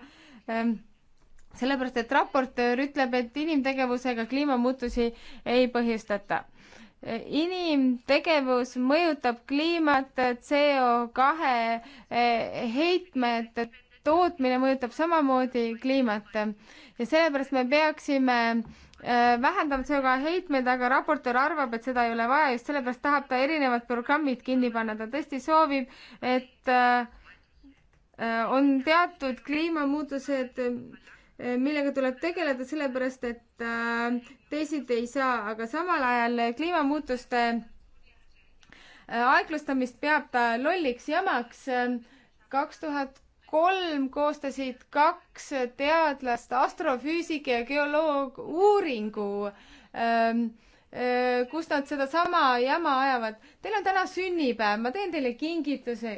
ähm, sellepärast, et raportöör ütleb, et inimtegevusega kliimamuutusi ei põhjustata. inimtegevus mõjutab kliimat, CO kahe e, heitmed, tootmine mõjutab samamoodi kliimat ja sellepärast me peaksime äh, Äh, vähendab CO2 heitmeid, aga raportöör arvab, et seda ei ole vaja, just sellepärast tahab ta erinevad programmid kinni panna, ta tõesti soovib, et äh, äh, on teatud kliimamuutused, millega tuleb tegeleda, sellepärast et teisiti ei saa, aga samal ajal kliimamuutuste aeglustamist peab ta lolliks jamaks. kaks tuhat kolm koostasid kaks teadlast, astrofüüsik ja geoloog, uuringu ähm, äh, kus nad sedasama jama ajavad. Teil on täna sünnipäev, ma teen teile kingituse.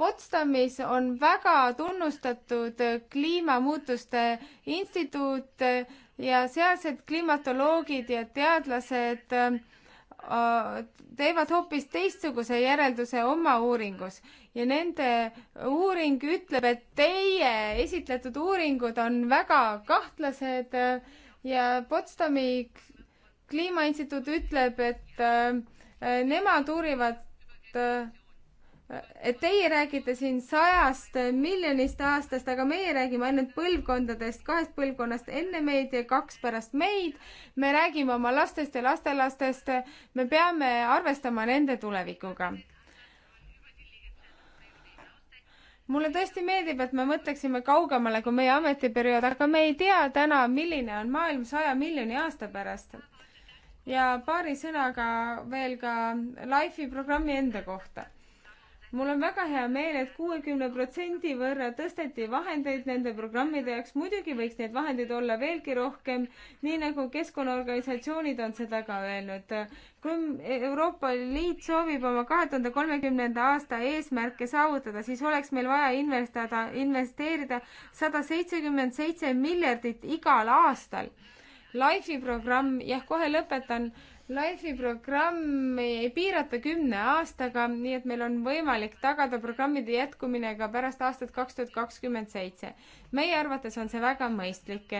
Potsdamis on väga tunnustatud kliimamuutuste instituut ja sealsed klimatoloogid ja teadlased äh, teevad hoopis teistsuguse järelduse oma uuringus ja nende uuring ütleb, et teie esitletud uuringud on väga kahtlased äh, ja Potsdami kliimainstituut ütleb, et äh, nemad uurivad, äh, et teie räägite siin sajast miljonist aastast, aga meie räägime ainult põlvkondadest, kahest põlvkonnast enne meid ja kaks pärast meid. me räägime oma lastest ja lastelastest. me peame arvestama nende tulevikuga mulle tõesti meeldib, et me mõtleksime kaugemale kui meie ametiperiood, aga me ei tea täna, milline on maailm saja miljoni aasta pärast. ja paari sõnaga veel ka Life'i programmi enda kohta mul on väga hea meel et, et kuuekümne protsendi võrra tõsteti vahendeid nende programmide jaoks, muidugi võiks neid vahendeid olla veelgi rohkem, nii nagu keskkonnaorganisatsioonid on seda ka öelnud. kui Euroopa Liit soovib oma kahe tuhande kolmekümnenda aasta eesmärke saavutada, siis oleks meil vaja investada, investeerida sada seitsekümmend seitse miljardit igal aastal. Life'i programm, jah, kohe lõpetan Life'i programmi ei piirata kümne aastaga, nii et meil on võimalik tagada programmide jätkumine ka pärast aastat kaks tuhat kakskümmend seitse. meie arvates on see väga mõistlik.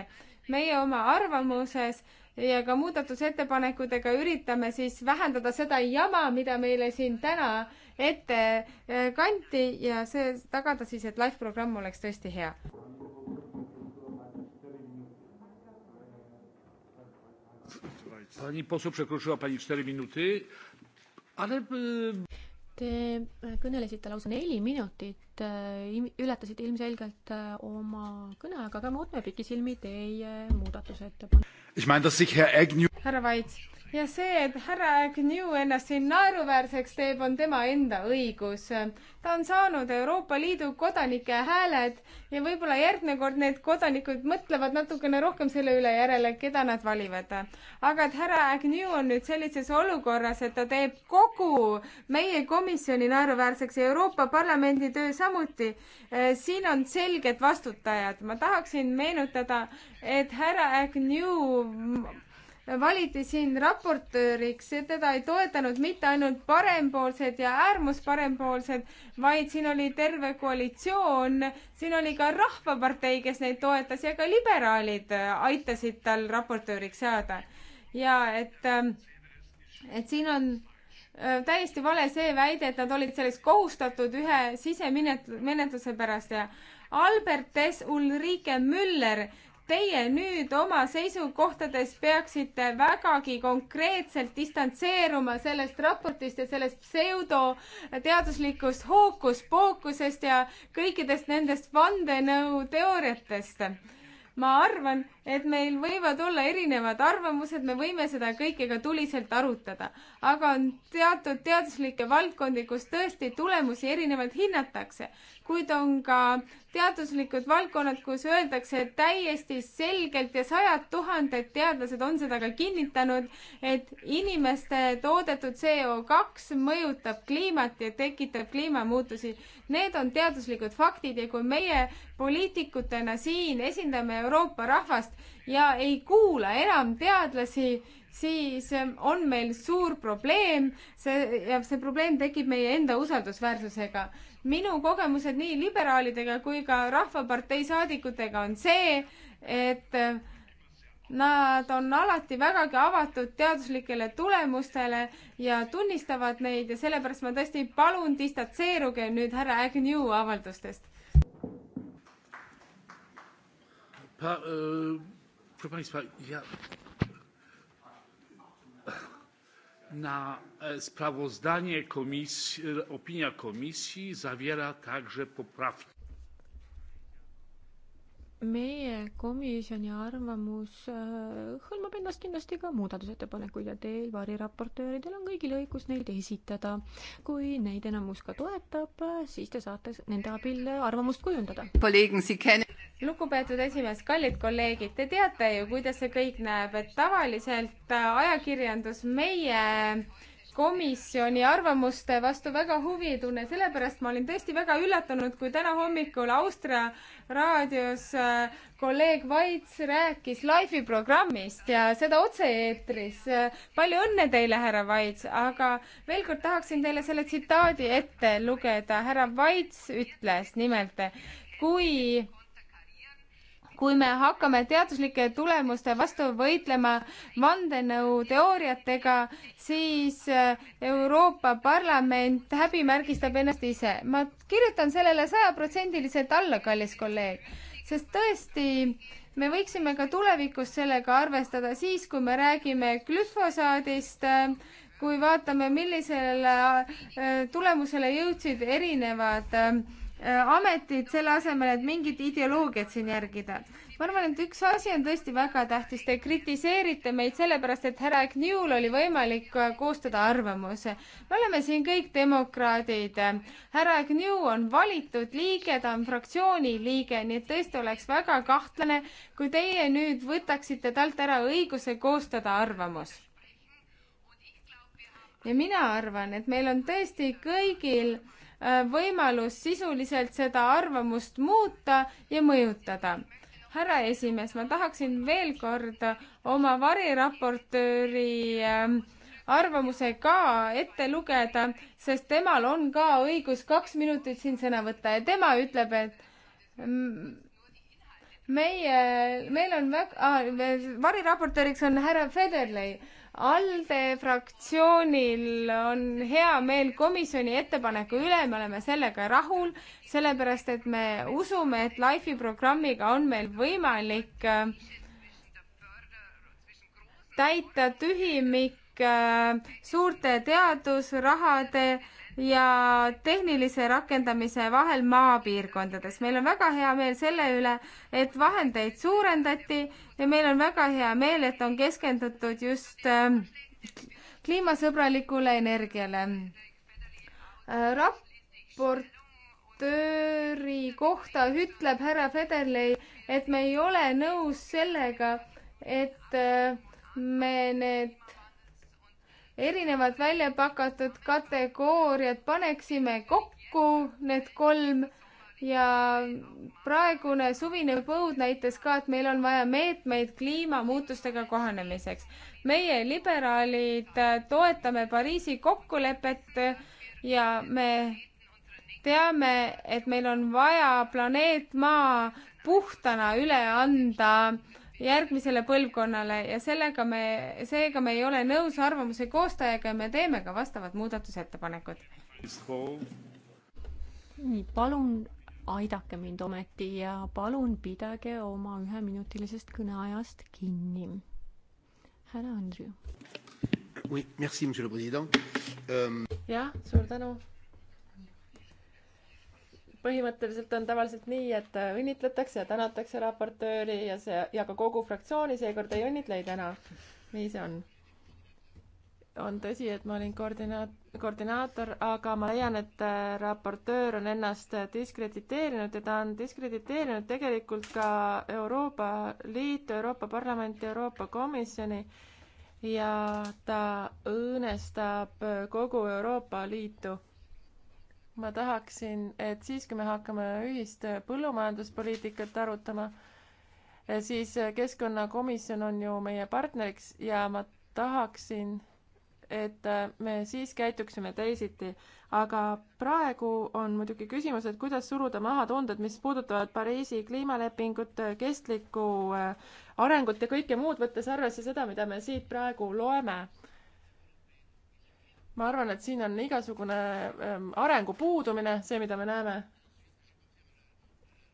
meie oma arvamuses ja ka muudatusettepanekutega üritame siis vähendada seda jama, mida meile siin täna ette eh, kanti ja see tagada siis, et Life programm oleks tõesti hea. Pani poseł przekroczyła pani cztery minuty, ale e, Te e, kõnelesite lausa neli minutit, e, ületasite ilmselgelt oma kõneaega, aga me ootame pikisilmi teie muudatusettepanekut. härra Vaits ja see, et härra Agnew ennast siin naeruväärseks teeb, on tema enda õigus. ta on saanud Euroopa Liidu kodanike hääled ja võib-olla järgmine kord need kodanikud mõtlevad natukene rohkem selle üle järele, keda nad valivad. aga et härra Agnew on nüüd sellises olukorras, et ta teeb kogu meie komisjoni naeruväärseks ja Euroopa Parlamendi töö samuti. Eh, siin on selged vastutajad. ma tahaksin meenutada, et härra Agnew valiti siin raportööriks, teda ei toetanud mitte ainult parempoolsed ja äärmusparempoolsed, vaid siin oli terve koalitsioon, siin oli ka Rahvapartei, kes neid toetas ja ka liberaalid äh, aitasid tal raportööriks saada. ja et, ähm, et siin on äh, täiesti vale see väide, et nad olid selleks kohustatud ühe sisemenetluse pärast ja Albert S. Ulrike Müller, teie nüüd oma seisukohtades peaksite vägagi konkreetselt distantseeruma sellest raportist ja sellest pseudoteaduslikust hookuspookusest ja kõikidest nendest vandenõuteooriatest. ma arvan, et meil võivad olla erinevad arvamused, me võime seda kõike ka tuliselt arutada, aga on teatud teaduslikke valdkondi, kus tõesti tulemusi erinevalt hinnatakse, kuid on ka teaduslikud valdkonnad, kus öeldakse täiesti selgelt ja sajad tuhanded teadlased on seda ka kinnitanud, et inimeste toodetud CO2 mõjutab kliimat ja tekitab kliimamuutusi. Need on teaduslikud faktid ja kui meie poliitikutena siin esindame Euroopa rahvast, ja ei kuula enam teadlasi, siis on meil suur probleem, see, ja see probleem tekib meie enda usaldusväärsusega. minu kogemused nii liberaalidega kui ka Rahvapartei saadikutega on see, et nad on alati vägagi avatud teaduslikele tulemustele ja tunnistavad neid ja sellepärast ma tõesti palun distantseeruge nüüd härra Agnew avaldustest. Pa, öö äh, Proszę Państwa, ja na e, sprawozdanie komisji, opinia komisji zawiera także poprawki meie komisjoni arvamus äh, hõlmab endast kindlasti ka muudatusettepanekuid ja teil, variraportööridel, on kõigil õigus neid esitada. kui neid enamus ka toetab, siis te saate nende abil arvamust kujundada. lugupeetud esimees, kallid kolleegid, te teate ju, kuidas see kõik näeb, et tavaliselt ajakirjandus meie komisjoni arvamuste vastu väga huvi ei tunne, sellepärast ma olin tõesti väga üllatunud, kui täna hommikul Austria raadios äh, kolleeg Vaits rääkis live'i programmist ja seda otse-eetris. palju õnne teile, härra Vaits, aga veel kord tahaksin teile selle tsitaadi ette lugeda. härra Vaits ütles nimelt, kui kui me hakkame teaduslike tulemuste vastu võitlema vandenõuteooriatega, siis äh, Euroopa Parlament häbimärgistab ennast ise. ma kirjutan sellele sajaprotsendiliselt alla, kallis kolleeg, sest tõesti, me võiksime ka tulevikus sellega arvestada siis, kui me räägime glüfosaadist, äh, kui vaatame, millisele äh, tulemusele jõudsid erinevad äh, Äh, ametit selle asemel, et mingit ideoloogiat siin järgida. ma arvan, et üks asi on tõesti väga tähtis, te kritiseerite meid sellepärast, et härra Agnew'l oli võimalik äh, koostada arvamus. me oleme siin kõik demokraadid. härra Agnew on valitud liige, ta on fraktsiooni liige, nii et tõesti oleks väga kahtlane, kui teie nüüd võtaksite talt ära õiguse koostada arvamus ja mina arvan, et meil on tõesti kõigil äh, Äh, võimalus sisuliselt seda arvamust muuta ja mõjutada. härra esimees, ma tahaksin veel kord oma variraportööri ähm, arvamuse ka ette lugeda, sest temal on ka õigus kaks minutit siin sõna võtta ja tema ütleb, et mm, meie, meil on väga ah,, variraportööriks on härra Federley ALDE fraktsioonil on hea meel komisjoni ettepaneku üle, me oleme sellega rahul, sellepärast et me usume, et LIFE-i programmiga on meil võimalik äh, täita tühimik äh, suurte teadusrahade ja tehnilise rakendamise vahel maapiirkondades. meil on väga hea meel selle üle, et vahendeid suurendati ja meil on väga hea meel, et on keskendutud just ähm, kliimasõbralikule energiale. Äh, raportööri kohta ütleb härra Federley, et me ei ole nõus sellega, et äh, me need erinevad välja pakatud kategooriad paneksime kokku, need kolm, ja praegune suvine põud näitas ka, et meil on vaja meetmeid kliimamuutustega kohanemiseks. meie, liberaalid, toetame Pariisi kokkulepet ja me teame, et meil on vaja planeet Maa puhtana üle anda äh, järgmisele põlvkonnale ja sellega me, seega me ei ole nõus arvamuse koostajaga ja me teeme ka vastavad muudatusettepanekud. nii, palun aidake mind ometi ja palun pidage oma üheminutilisest kõneajast kinni. härra Andrew. Euh, jah, suur tänu põhimõtteliselt on tavaliselt nii, et äh, õnnitletakse ja tänatakse raportööri ja see ja ka kogu fraktsiooni, seekord ei õnnitle, ei täna. nii see on. on tõsi, et ma olin koordinaat-, koordinaator, aga ma leian, et äh, raportöör on ennast äh, diskrediteerinud ja ta on diskrediteerinud tegelikult ka Euroopa Liitu, Euroopa Parlamenti, Euroopa Komisjoni ja ta õõnestab kogu Euroopa Liitu ma tahaksin, et siis, kui me hakkame ühist põllumajanduspoliitikat arutama, siis Keskkonnakomisjon on ju meie partneriks ja ma tahaksin, et me siis käituksime teisiti. aga praegu on muidugi küsimus, et kuidas suruda maha tunded, mis puudutavad Pariisi kliimalepingut, kestlikku äh, arengut ja kõike muud, võttes arvesse seda, mida me siit praegu loeme ma arvan, et siin on igasugune ähm, arengu puudumine, see, mida me näeme.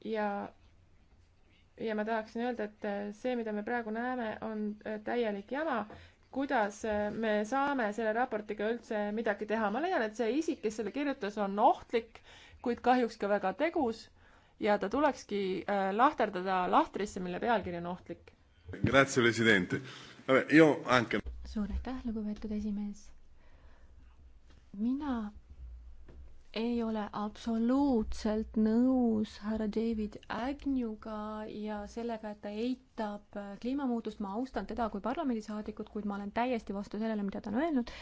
ja, ja ma tahaksin öelda, et äh, see, mida me praegu näeme, on äh, täielik jama. kuidas äh, me saame selle raportiga üldse midagi teha? ma leian, et see isik, kes selle kirjutas, on ohtlik, kuid kahjuks ka väga tegus ja ta tulekski lahterdada lahtrisse, mille pealkiri on ohtlik. suur aitäh, lugupeetud esimees mina ei ole absoluutselt nõus härra David Agnew'ga ja sellega, et ta eitab äh, kliimamuutust, ma austan teda kui parlamendisaadikut, kuid ma olen täiesti vastu sellele, mida ta on öelnud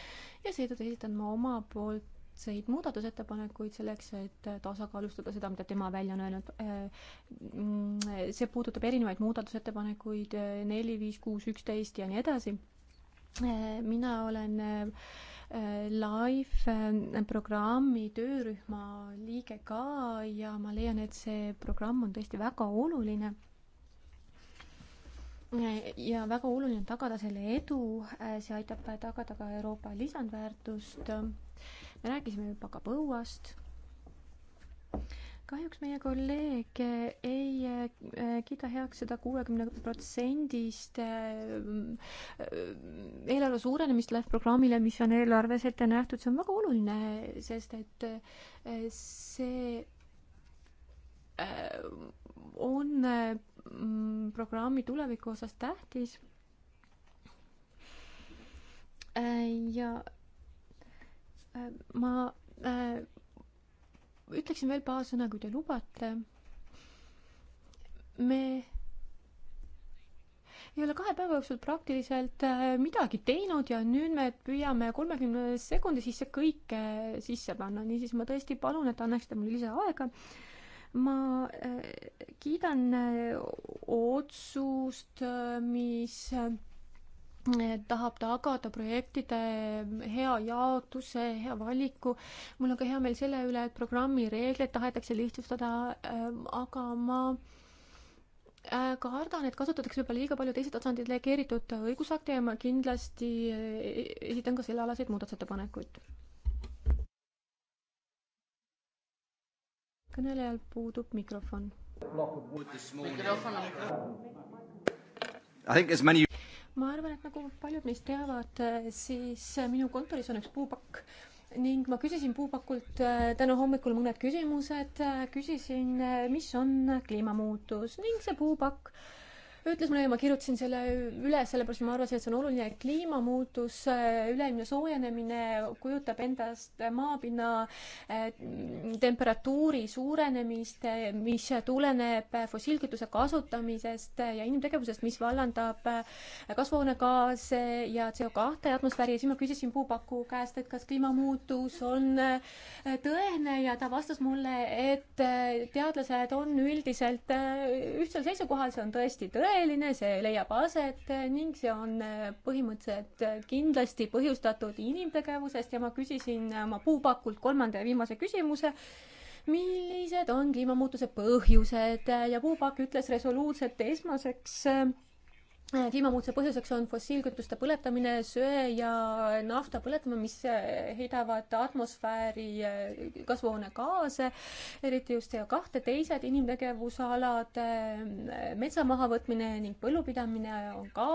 ja seetõttu esitan ma oma pooltseid muudatusettepanekuid selleks, et äh, tasakaalustada seda, mida tema välja on öelnud. Äh, mm, see puudutab erinevaid muudatusettepanekuid neli, viis, kuus, üksteist ja nii edasi. mina olen äh, live eh, programmi töörühma liige ka ja ma leian, et see programm on tõesti väga oluline. ja väga oluline on tagada selle edu, eh, see aitab tagada ka Euroopa lisandväärtust. me rääkisime juba ka põuast kahjuks meie kolleeg ei äh, kiida heaks seda kuuekümne protsendist äh, äh, eelarve suurenemist LIFE programmile, mis on eelarves ette nähtud, see on väga oluline, sest et see on mm, programmi tuleviku osas tähtis. ja ma ütleksin veel paar sõna, kui te lubate. me ei ole kahe päeva jooksul praktiliselt äh, midagi teinud ja nüüd me püüame kolmekümne sekundi sisse kõike sisse panna, niisiis ma tõesti palun, et annaksite mulle lisaaega. ma äh, kiidan äh, otsust, mis tahab tagada projektide hea jaotuse, hea valiku. mul on ka hea meel selle üle, et programmi reegleid tahetakse lihtsustada, ähm, aga ma äh, kardan, et kasutatakse võib-olla liiga palju teise tasandi delegeeritud õigusakte ja ma kindlasti äh, esitan ka sellealaseid muudatusettepanekuid. kõnelejal puudub mikrofon. mikrofon on ma arvan, et nagu paljud meist teavad, eh, siis eh, minu kontoris on üks puupakk ning ma küsisin puupakult eh, täna hommikul mõned küsimused, küsisin, mis on kliimamuutus ning see puupakk ütles mulle ja ma kirjutasin selle üles, sellepärast ma arvasin, et see on oluline, et kliimamuutus, üleilmne soojenemine kujutab endast maapinna eh, temperatuuri suurenemist, eh, mis tuleneb fossiilkütuse kasutamisest ja inimtegevusest, mis vallandab eh, kasvuhoonegaase ja CO kahte atmosfääri ja siis ma küsisin puupaku käest, et kas kliimamuutus on tõene ja ta vastas mulle, et teadlased on üldiselt ühtsel seisukohal, see on tõesti tõene, tõeline, see leiab aset eh, ning see on eh, põhimõtteliselt eh, kindlasti põhjustatud inimtegevusest ja ma küsisin oma puupakult kolmanda ja viimase küsimuse millised on kliimamuutuse põhjused ja Puupakk ütles resoluutselt esmaseks kliimamuutuse põhjuseks on fossiilkütuste põletamine, söe ja nafta põletamine, mis eh, heidavad atmosfääri eh, kasvuhoonegaase, eriti just CO kahte, teised inimtegevusalad, eh, metsa mahavõtmine ning põllupidamine on ka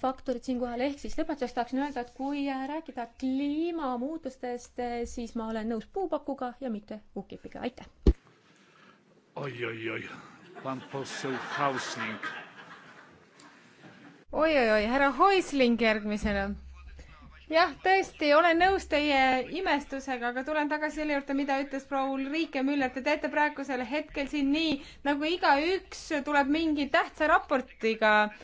faktorid siinkohal, ehk siis lõpetuseks tahaksin öelda, et kui rääkida kliimamuutustest, siis ma olen nõus puupakuga ja mitte UKIP-iga, aitäh! oi-oi-oi, pan poseł Hausling oi-oi-oi, härra Häusling järgmisena. jah, tõesti, olen nõus teie imestusega, aga tulen tagasi selle juurde, mida ütles proua Ulrike Müller. Te teete praegusel hetkel siin nii, nagu igaüks tuleb mingi tähtsa raportiga äh,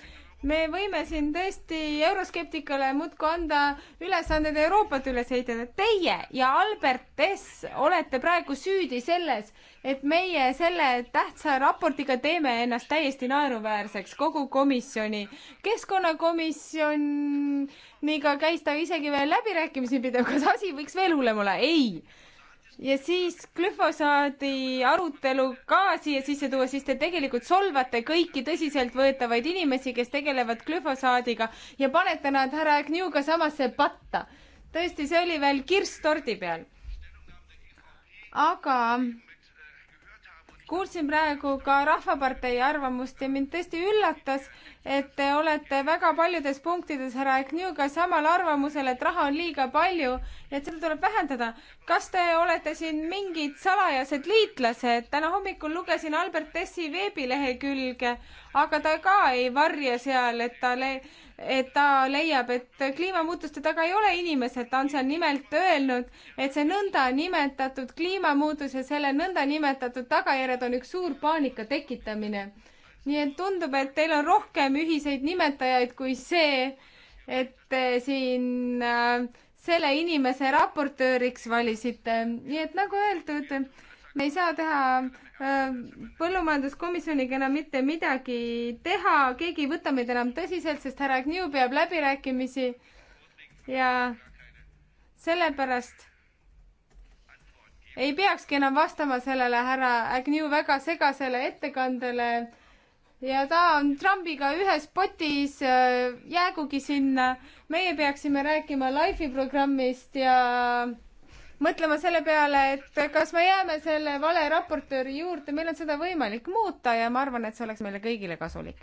me võime siin tõesti euroskeptikale muudkui anda ülesanded Euroopat üles ehitada. Teie ja Albert Tess olete praegu süüdi selles, et meie selle tähtsa raportiga teeme ennast täiesti naeruväärseks, kogu komisjoni. keskkonnakomisjoniga käis ta isegi veel läbirääkimisi pidav, kas asi võiks veel hullem olla? ei ja siis glüfosaadi arutelu ka siia sisse tuua, siis te tegelikult solvate kõiki tõsiseltvõetavaid inimesi, kes tegelevad glüfosaadiga ja panete nad härra Agniuga samasse patta. tõesti, see oli veel kirss tordi peal. aga kuulsin praegu ka Rahvapartei arvamust ja mind tõesti üllatas, et te olete väga paljudes punktides härra Agniuga samal arvamusel, et raha on liiga palju ja et seda tuleb vähendada. kas te olete siin mingid salajased liitlased? täna hommikul lugesin Albert Tessi veebilehekülge, aga ta ka ei varja seal, et ta le-, et ta leiab, et kliimamuutuste taga ei ole inimesed, ta on seal nimelt öelnud, et see nõndanimetatud kliimamuutus ja selle nõndanimetatud tagajärjed on üks suur paanika tekitamine. nii et tundub, et teil on rohkem ühiseid nimetajaid kui see, et siin äh, selle inimese raportööriks valisite, nii et nagu öeldud, me ei saa teha ähm, põllumajanduskomisjoniga enam mitte midagi teha, keegi ei võta meid enam tõsiselt, sest härra Agnew peab läbirääkimisi ja sellepärast ei peakski enam vastama sellele härra Agnew väga segasele ettekandele ja ta on Trumpiga ühes potis, äh, jäägugi sinna. meie peaksime rääkima Life'i programmist ja mõtlema selle peale, et kas me jääme selle vale raportööri juurde, meil on seda võimalik muuta ja ma arvan, et see oleks meile kõigile kasulik.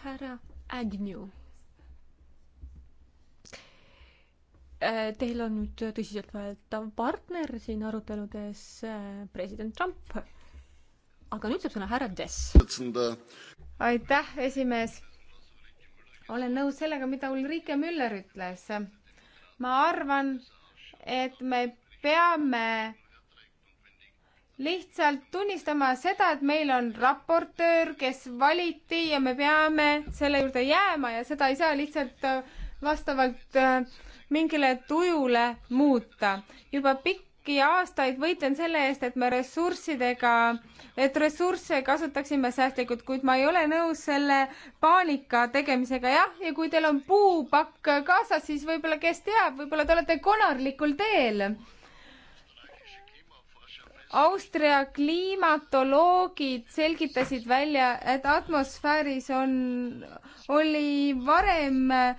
härra Agnew. Teil on nüüd tõsiseltvõetav partner siin aruteludes, e, president Trump. aga nüüd saab sõna härra Dess aitäh, esimees. olen nõus sellega, mida Ulrike Müller ütles. ma arvan, et me peame lihtsalt tunnistama seda, et meil on raportöör, kes valiti ja me peame selle juurde jääma ja seda ei saa lihtsalt äh, vastavalt äh, mingile tujule muuta. juba pikk pikki aastaid võitlen selle eest, et me ressurssidega, et ressursse kasutaksime säästlikult, kuid ma ei ole nõus selle paanika tegemisega, jah, ja kui teil on puupakk kaasas, siis võib-olla, kes teab, võib-olla te olete konarlikul teel Austria kliimatoloogid selgitasid välja, et atmosfääris on, oli varem äh,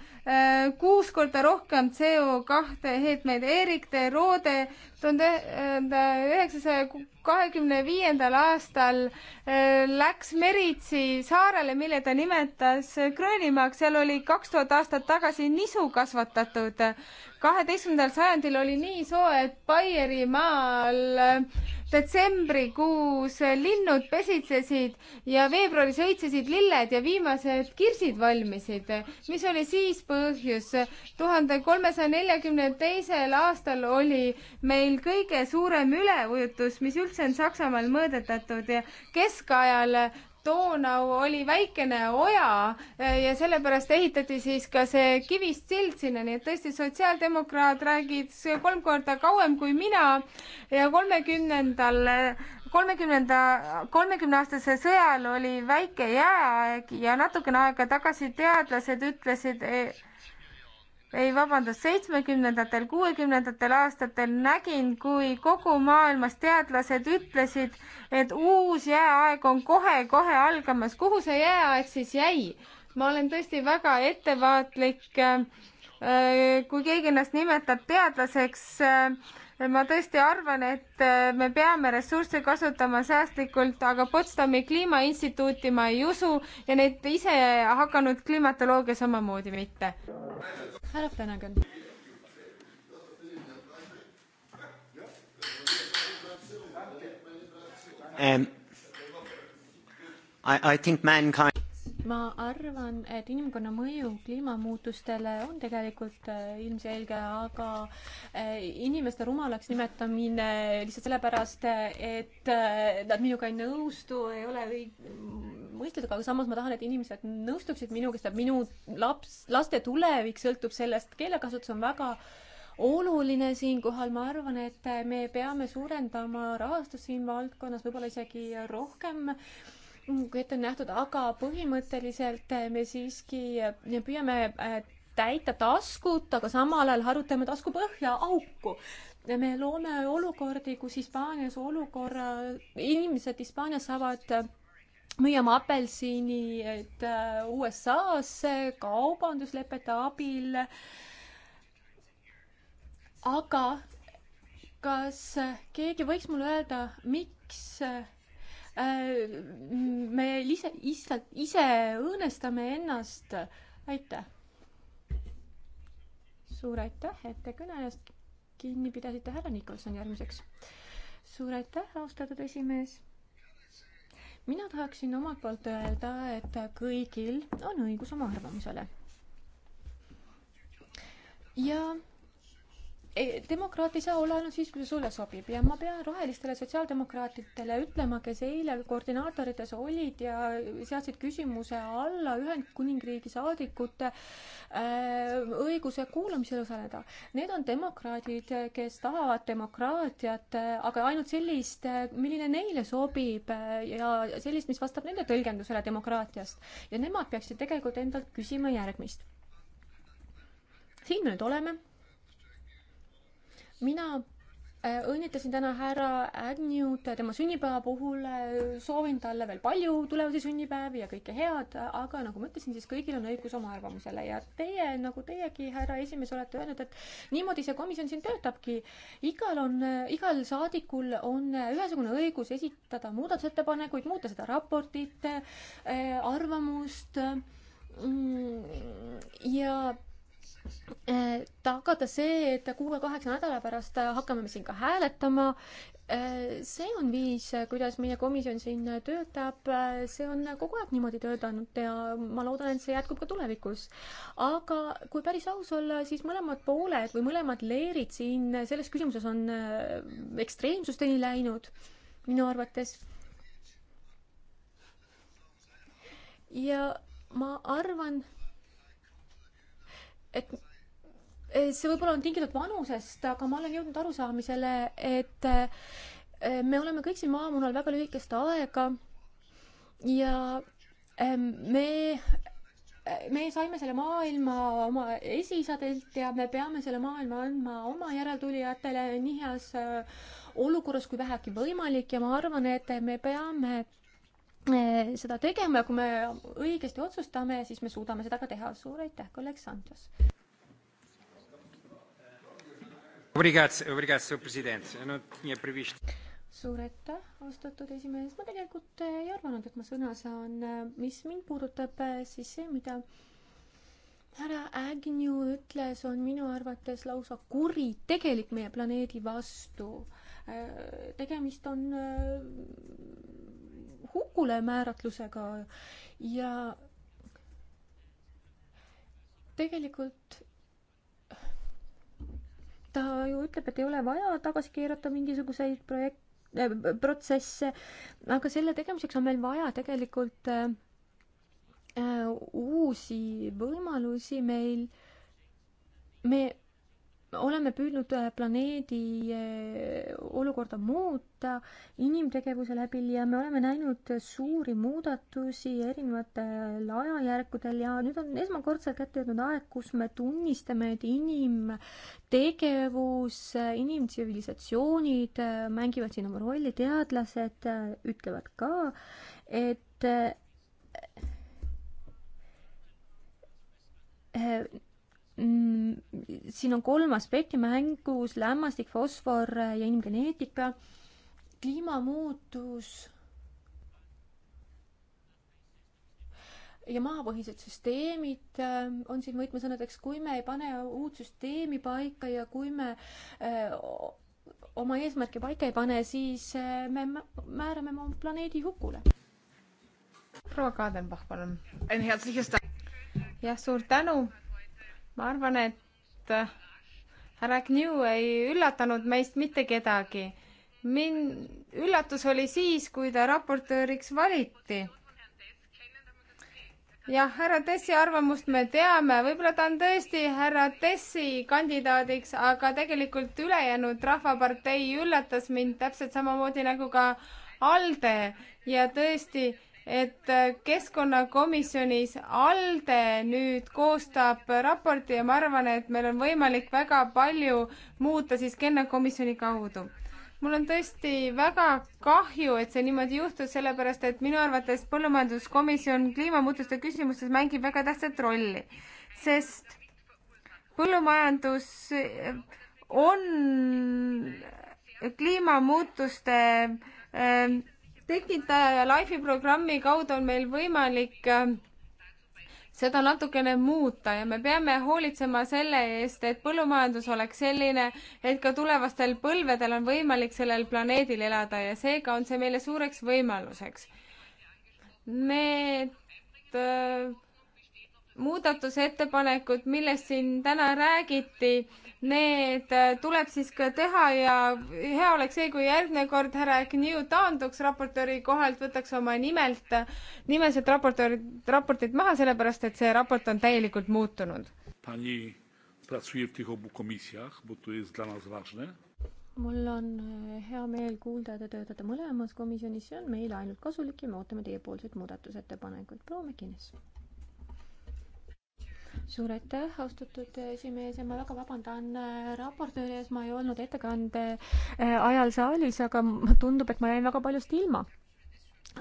kuus korda rohkem CO kahte heitmeid. Erik de Rode tuhande äh, üheksasaja kahekümne viiendal aastal äh, läks Meritsi saarele, mille ta nimetas Gröönimaaks, seal oli kaks tuhat aastat tagasi nisu kasvatatud kaheteistkümnendal sajandil oli nii soe, et Baierimaal äh, detsembrikuus äh, linnud pesitsesid ja veebruaris õitsesid lilled ja viimased kirsid valmisid. mis oli siis põhjus? tuhande kolmesaja neljakümne teisel aastal oli meil kõige suurem üleujutus, mis üldse on Saksamaal mõõdetatud ja keskajal Doonau oli väikene oja eh, ja sellepärast ehitati siis ka see kivist sild sinna, nii et tõesti, sotsiaaldemokraat räägib kolm korda kauem kui mina ja kolmekümnendal, kolmekümnenda, kolmekümneaastase sõjal oli väike jääaeg ja natukene aega tagasi teadlased ütlesid, ei vabandust, seitsmekümnendatel, kuuekümnendatel aastatel nägin, kui kogu maailmas teadlased ütlesid, et uus jääaeg on kohe-kohe algamas. kuhu see jääaeg siis jäi? ma olen tõesti väga ettevaatlik. Äh, äh, kui keegi ennast nimetab teadlaseks, äh, ma tõesti arvan, et äh, me peame ressursse kasutama säästlikult, aga Potsdami kliimainstituuti ma ei usu ja neid ise hakanud kliimatoloogia samamoodi mitte. härra Flanagan. Um, I, I think mankind ma arvan, et inimkonna mõju kliimamuutustele on tegelikult äh, ilmselge, aga äh, inimeste rumalaks nimetamine lihtsalt sellepärast, et äh, nad minuga ei nõustu, ei ole mõistetud, aga samas ma tahan, et inimesed nõustuksid minuga, sest minu laps, laste tulevik sõltub sellest, keelekasutus on väga oluline siinkohal, ma arvan, et me peame suurendama rahastust siin valdkonnas võib-olla isegi rohkem äh, kui ette on nähtud, aga põhimõtteliselt eh, me siiski eh, püüame eh, täita taskut, aga samal ajal harutame tasku põhja auku. me loome olukordi, kus Hispaanias olukorra, inimesed Hispaanias saavad müüa oma apelsinid USA-sse kaubanduslepete abil. aga kas keegi võiks mulle öelda, miks Äh, me ise, ise, ise õõnestame ennast. aitäh! suur aitäh, et te kõne eest kinni pidasite, härra Nikolson järgmiseks. suur aitäh, austatud esimees. mina tahaksin omalt poolt öelda, et kõigil on õigus oma arvamusele. ja demokraat ei saa olla ainult siis, kui see sulle sobib ja ma pean rohelistele sotsiaaldemokraatidele ütlema, kes eile koordinaatorites olid ja seadsid küsimuse alla Ühendkuningriigi saadikute äh, õiguse kuulamisel osaleda. Need on demokraadid, kes tahavad demokraatiat, äh, aga ainult sellist, äh, milline neile sobib ja sellist, mis vastab nende tõlgendusele demokraatiast. ja nemad peaksid tegelikult endalt küsima järgmist. siin me nüüd oleme mina äh, õnnitlesin täna härra Agnewt tema sünnipäeva puhul, äh, soovin talle veel palju tulevasi sünnipäevi ja kõike head, aga nagu ma ütlesin, siis kõigil on õigus oma arvamusele ja teie, nagu teiegi, härra esimees, olete öelnud, et niimoodi see komisjon siin töötabki. igal on, igal saadikul on ühesugune õigus esitada muudatusettepanekuid, muuta seda raportit, äh, arvamust mm, ja Äh, tagada see, et kuue-kaheksa nädala pärast hakkame me siin ka hääletama. Äh, see on viis, kuidas meie komisjon siin töötab, äh, see on kogu aeg niimoodi töötanud ja ma loodan, et see jätkub ka tulevikus. aga kui päris aus olla, siis mõlemad pooled või mõlemad leerid siin selles küsimuses on ekstreemsusteni läinud minu arvates. ja ma arvan, et see võib-olla on tingitud vanusest, aga ma olen jõudnud arusaamisele, et eh, me oleme kõik siin maamunal väga lühikest aega ja eh, me, me saime selle maailma oma esiisadelt ja me peame selle maailma andma oma järeltulijatele nii heas eh, olukorras kui vähegi võimalik ja ma arvan, et me peame seda tegema ja kui me õigesti otsustame, siis me suudame seda ka teha. suur aitäh, kolleeg Santos! suur aitäh, austatud esimees. ma tegelikult ei arvanud, et ma sõna saan. mis mind puudutab, siis see, mida härra Agnew ütles, on minu arvates lausa kuritegelik meie planeedi vastu. tegemist on hukule määratlusega ja tegelikult ta ju ütleb, et ei ole vaja tagasi keerata mingisuguseid projekt-, äh, protsesse, aga selle tegemiseks on meil vaja tegelikult äh, äh uusi võimalusi meil, me oleme püüdnud äh, planeedi äh, olukorda muuta inimtegevuse läbi ja me oleme näinud suuri muudatusi erinevatel ajajärkudel ja nüüd on esmakordselt kätte jõudnud aeg, kus me tunnistame, et inimtegevus, inimtsivilisatsioonid äh, mängivad siin oma rolli, teadlased ütlevad ka, et Mm, siin on kolm aspekti mängus, lämmastik, fosfor ja inimgeneetika. kliimamuutus ja maapõhised süsteemid ähm, on siin võtmesõnadeks, kui me ei pane uut süsteemi paika ja kui me äh, oma eesmärke paika ei pane, siis äh, me määrame oma planeedi hukule. proua Kadenbach, palun. jah, suur tänu ma arvan, et äh, härra Gnu ei üllatanud meist mitte kedagi. min-, üllatus oli siis, kui ta raportööriks valiti. jah, härra Tessi arvamust me teame, võib-olla ta on tõesti härra Tessi kandidaadiks, aga tegelikult ülejäänud Rahvapartei üllatas mind täpselt samamoodi nagu ka ALDE ja tõesti et keskkonnakomisjonis ALDE nüüd koostab raporti ja ma arvan, et meil on võimalik väga palju muuta siis keskkonnakomisjoni kaudu. mul on tõesti väga kahju, et see niimoodi juhtus, sellepärast et minu arvates põllumajanduskomisjon kliimamuutuste küsimustes mängib väga tähtsat rolli, sest põllumajandus on kliimamuutuste äh, tekitaja ja Life'i programmi kaudu on meil võimalik äh, seda natukene muuta ja me peame hoolitsema selle eest, et põllumajandus oleks selline, et ka tulevastel põlvedel on võimalik sellel planeedil elada ja seega on see meile suureks võimaluseks. Need äh, muudatusettepanekud, millest siin täna räägiti, need tuleb siis ka teha ja hea oleks see, kui järgmine kord härra Agnew taanduks raportööri kohalt, võtaks oma nimelt, nimeselt raportööri, raportit maha, sellepärast et see raport on täielikult muutunud. mul on e, hea meel kuulda, te töötate mõlemas komisjonis, see on meile ainult kasulik ja me ootame teiepoolseid muudatusettepanekuid. proovime kinnis suur aitäh, austatud esimees ja ma väga vabandan äh, raportööri ees, ma ei olnud ettekande äh, ajal saalis, aga tundub, et ma jäin väga paljust ilma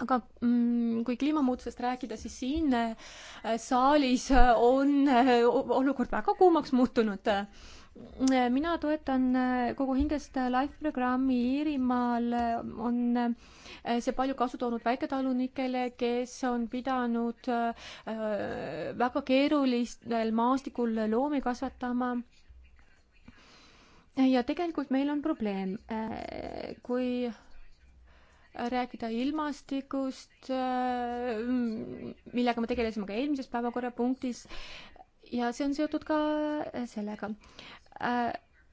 aga mm, kui kliimamuutusest rääkida, siis siin äh, saalis on olukord väga kuumaks muutunud mina toetan äh, kogu hingest live programmi Iirimaal, äh, on äh, see palju kasu toonud väiketalunikele, kes on pidanud väga keerulisel maastikul loomi kasvatama ja tegelikult meil on probleem, kui rääkida ilmastikust, millega me tegelesime ka eelmises päevakorrapunktis, ja see on seotud ka sellega. Äh,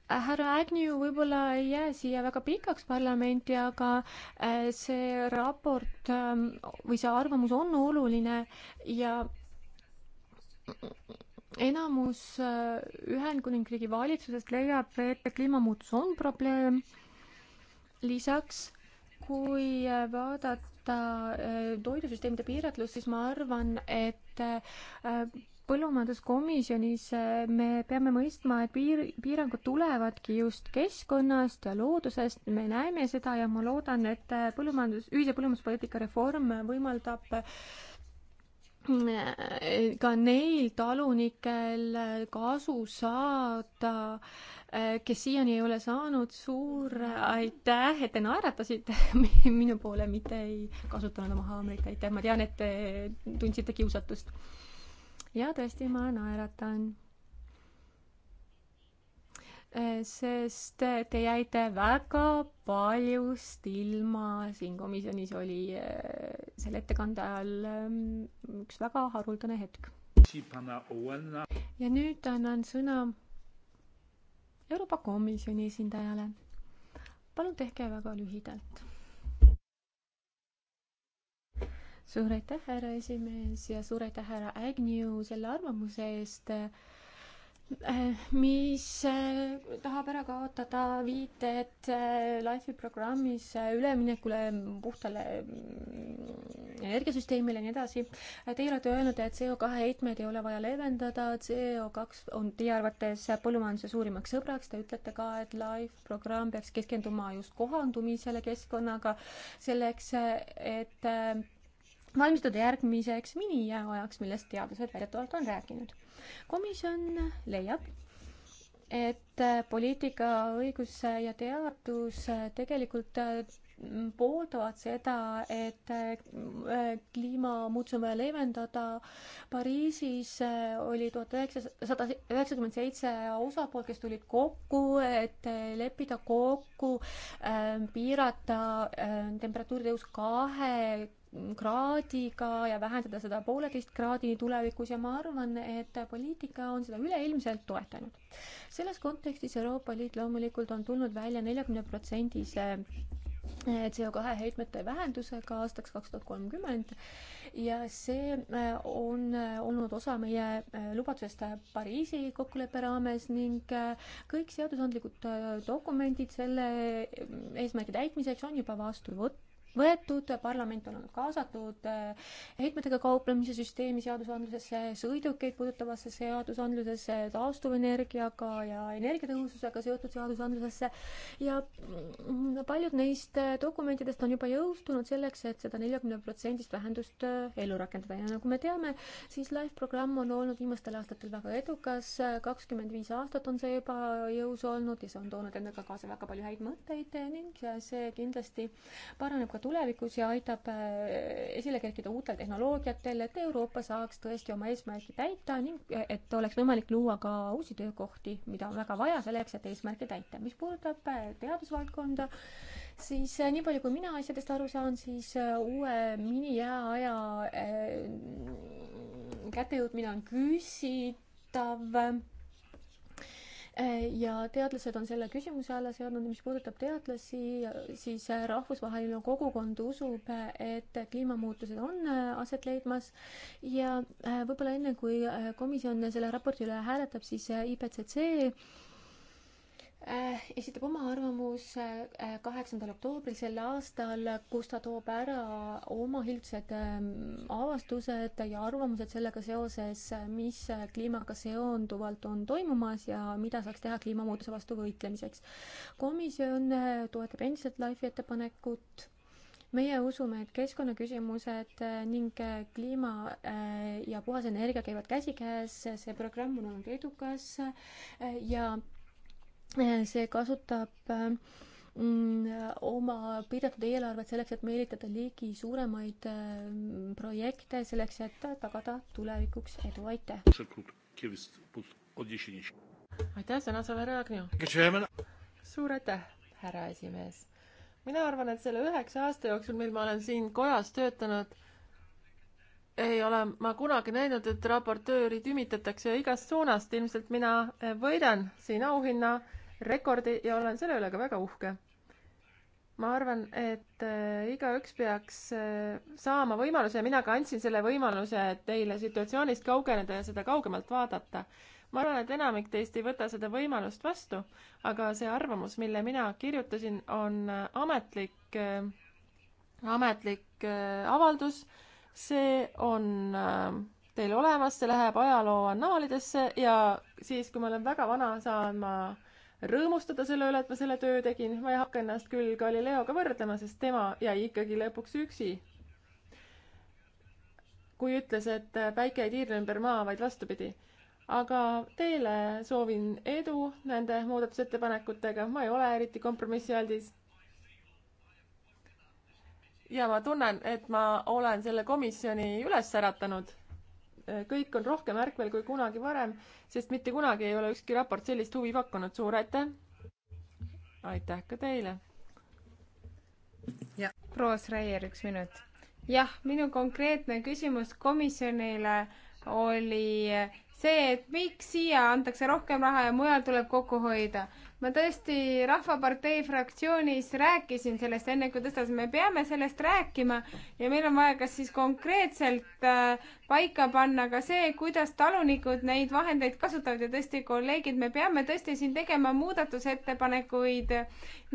äh, härra Agnew võib-olla ei jää siia väga pikaks parlamenti, aga äh, see raport ähm, või see arvamus on oluline ja enamus Ühendkuningriigi valitsusest leiab, et kliimamuutus on probleem. lisaks, kui vaadata toidusüsteemide piiratlust, siis ma arvan, et põllumajanduskomisjonis eh, me peame mõistma, et piir, piirangud tulevadki just keskkonnast ja loodusest, me näeme seda ja ma loodan, et eh, põllumajandus, ühise põllumajanduspoliitika reform võimaldab eh, ka neil talunikel kasu saada, kes siiani ei ole saanud, suur aitäh, et te naeratasite minu poole, mitte ei kasutanud oma haamrit, aitäh, ma tean, et te tundsite kiusatust ja tõesti, ma naeratan äh, sest äh, te jäite väga paljust ilma, siin komisjonis oli äh, selle ettekande ajal ähm, üks väga haruldane hetk. ja nüüd annan sõna Euroopa Komisjoni esindajale. palun tehke väga lühidalt suur aitäh, härra esimees ja suur aitäh, härra Agnew selle arvamuse eest äh, mis äh, tahab ära kaotada viited äh, Life'i programmis üleminekule puhtale mm, energiasüsteemile ja nii edasi. Teie olete öelnud, et CO2 heitmeid ei ole vaja leevendada, CO2 on teie arvates põllumajanduse suurimaks sõbraks, te ütlete ka, et Life programm peaks keskenduma just kohandumisele keskkonnaga, selleks et valmistuda järgmiseks minijääajaks, millest teadlased väidetavalt on rääkinud. komisjon leiab, et poliitika, õigus ja teadus tegelikult pooldavad seda, et äh, kliimamuutusi on vaja leevendada. Pariisis äh, oli tuhat üheksasada üheksakümmend seitse osapoolt, kes tulid kokku, et äh, leppida kokku, piirata temperatuuri tõus kahe kraadiga ja vähendada seda pooleteist kraadini tulevikus ja ma arvan, et poliitika on seda üleilmselt toetanud. selles kontekstis Euroopa Liit loomulikult on tulnud välja neljakümne protsendise eh, CO2 heitmete vähendusega aastaks kaks tuhat kolmkümmend ja see eh, on eh, olnud osa meie lubadusest Pariisi kokkuleppe raames ning kõik seadusandlikud dokumendid selle eesmärgi täitmiseks on juba vastu võetud võetud, parlament on olnud kaasatud eh, heitmetega kauplemise süsteemi seadusandlusesse, sõidukeid puudutavasse seadusandlusesse, taastuvenergiaga ja energiatõhususega seotud seadusandlusesse ja mm, paljud neist eh, dokumentidest on juba jõustunud selleks, et seda neljakümne protsendist vähendust eh, ellu rakendada ja nagu me teame, siis LIFE programm on olnud viimastel aastatel väga edukas, kakskümmend viis aastat on see juba jõus olnud ja see on toonud endaga kaasa väga palju häid mõtteid ning see kindlasti paraneb ka tulevikus ja aitab äh, esile kerkida uutel tehnoloogiatel, et Euroopa saaks tõesti oma eesmärki täita ning äh, et oleks võimalik luua ka uusi töökohti, mida on väga vaja selleks, et eesmärke täita. mis puudutab äh, teadusvaldkonda, siis nii palju, kui mina asjadest aru saan, siis uue minijääaja kättejõudmine on küsitav Äh, ja teadlased on selle küsimuse alla seadnud, mis puudutab teadlasi, siis äh, rahvusvaheline kogukond usub, äh, et kliimamuutused on aset leidmas ja võib-olla enne, kui komisjon selle raporti üle hääletab, siis IPCC Äh, esitab oma arvamuse äh, kaheksandal oktoobril sel aastal, kus ta toob ära oma hiljutised ähm, avastused ja arvamused sellega seoses, mis kliimaga seonduvalt on toimumas ja mida saaks teha kliimamuutuse vastu võitlemiseks. komisjon äh, toetab endiselt LIFE ettepanekut meie usume, et keskkonnaküsimused ning kliima ja puhas energia käivad käsikäes, see programm on olnud edukas ja Äh, see kasutab äh, mm, oma piiratud eelarvet selleks, et meelitada ligi suuremaid äh, projekte, selleks et tagada tulevikuks edu, aitäh! aitäh, sõna saab härra Agnew. suur aitäh, härra esimees. mina arvan, et selle üheksa aasta jooksul, mil ma olen siin kojas töötanud, ei ole ma kunagi näinud, et raportööri tümitatakse igast suunast, ilmselt mina võidan siin auhinna rekordi ja olen selle üle ka väga uhke. ma arvan, et äh, igaüks peaks äh, saama võimaluse ja mina ka andsin selle võimaluse teile situatsioonist kaugeneda ja seda kaugemalt vaadata ma arvan, et enamik teist ei võta seda võimalust vastu, aga see arvamus, mille mina kirjutasin, on äh, ametlik, ametlik avaldus. see on teil olemas, see läheb ajaloo annaalidesse ja siis, kui ma olen väga vana, saan ma rõõmustada selle üle, et ma selle töö tegin, ma ei hakka ennast küll Galileoga võrdlema, sest tema jäi ikkagi lõpuks üksi. kui ütles, et päike ei tiirle ümber maa, vaid vastupidi. aga teile soovin edu nende muudatusettepanekutega, ma ei ole eriti kompromissialdis. ja ma tunnen, et ma olen selle komisjoni üles äratanud Äh, kõik on rohkem ärkvel kui kunagi varem, sest mitte kunagi ei ole ükski raport sellist huvi pakkunud. suur aitäh! aitäh ka teile! proua Schreier, üks minut. jah, minu konkreetne küsimus komisjonile oli see, et miks siia antakse rohkem raha ja mujal tuleb kokku hoida ma tõesti Rahvapartei fraktsioonis rääkisin sellest enne, kui tõstas, me peame sellest rääkima ja meil on vaja kas siis konkreetselt äh, paika panna ka see, kuidas talunikud neid vahendeid kasutavad ja tõesti, kolleegid, me peame tõesti siin tegema muudatusettepanekuid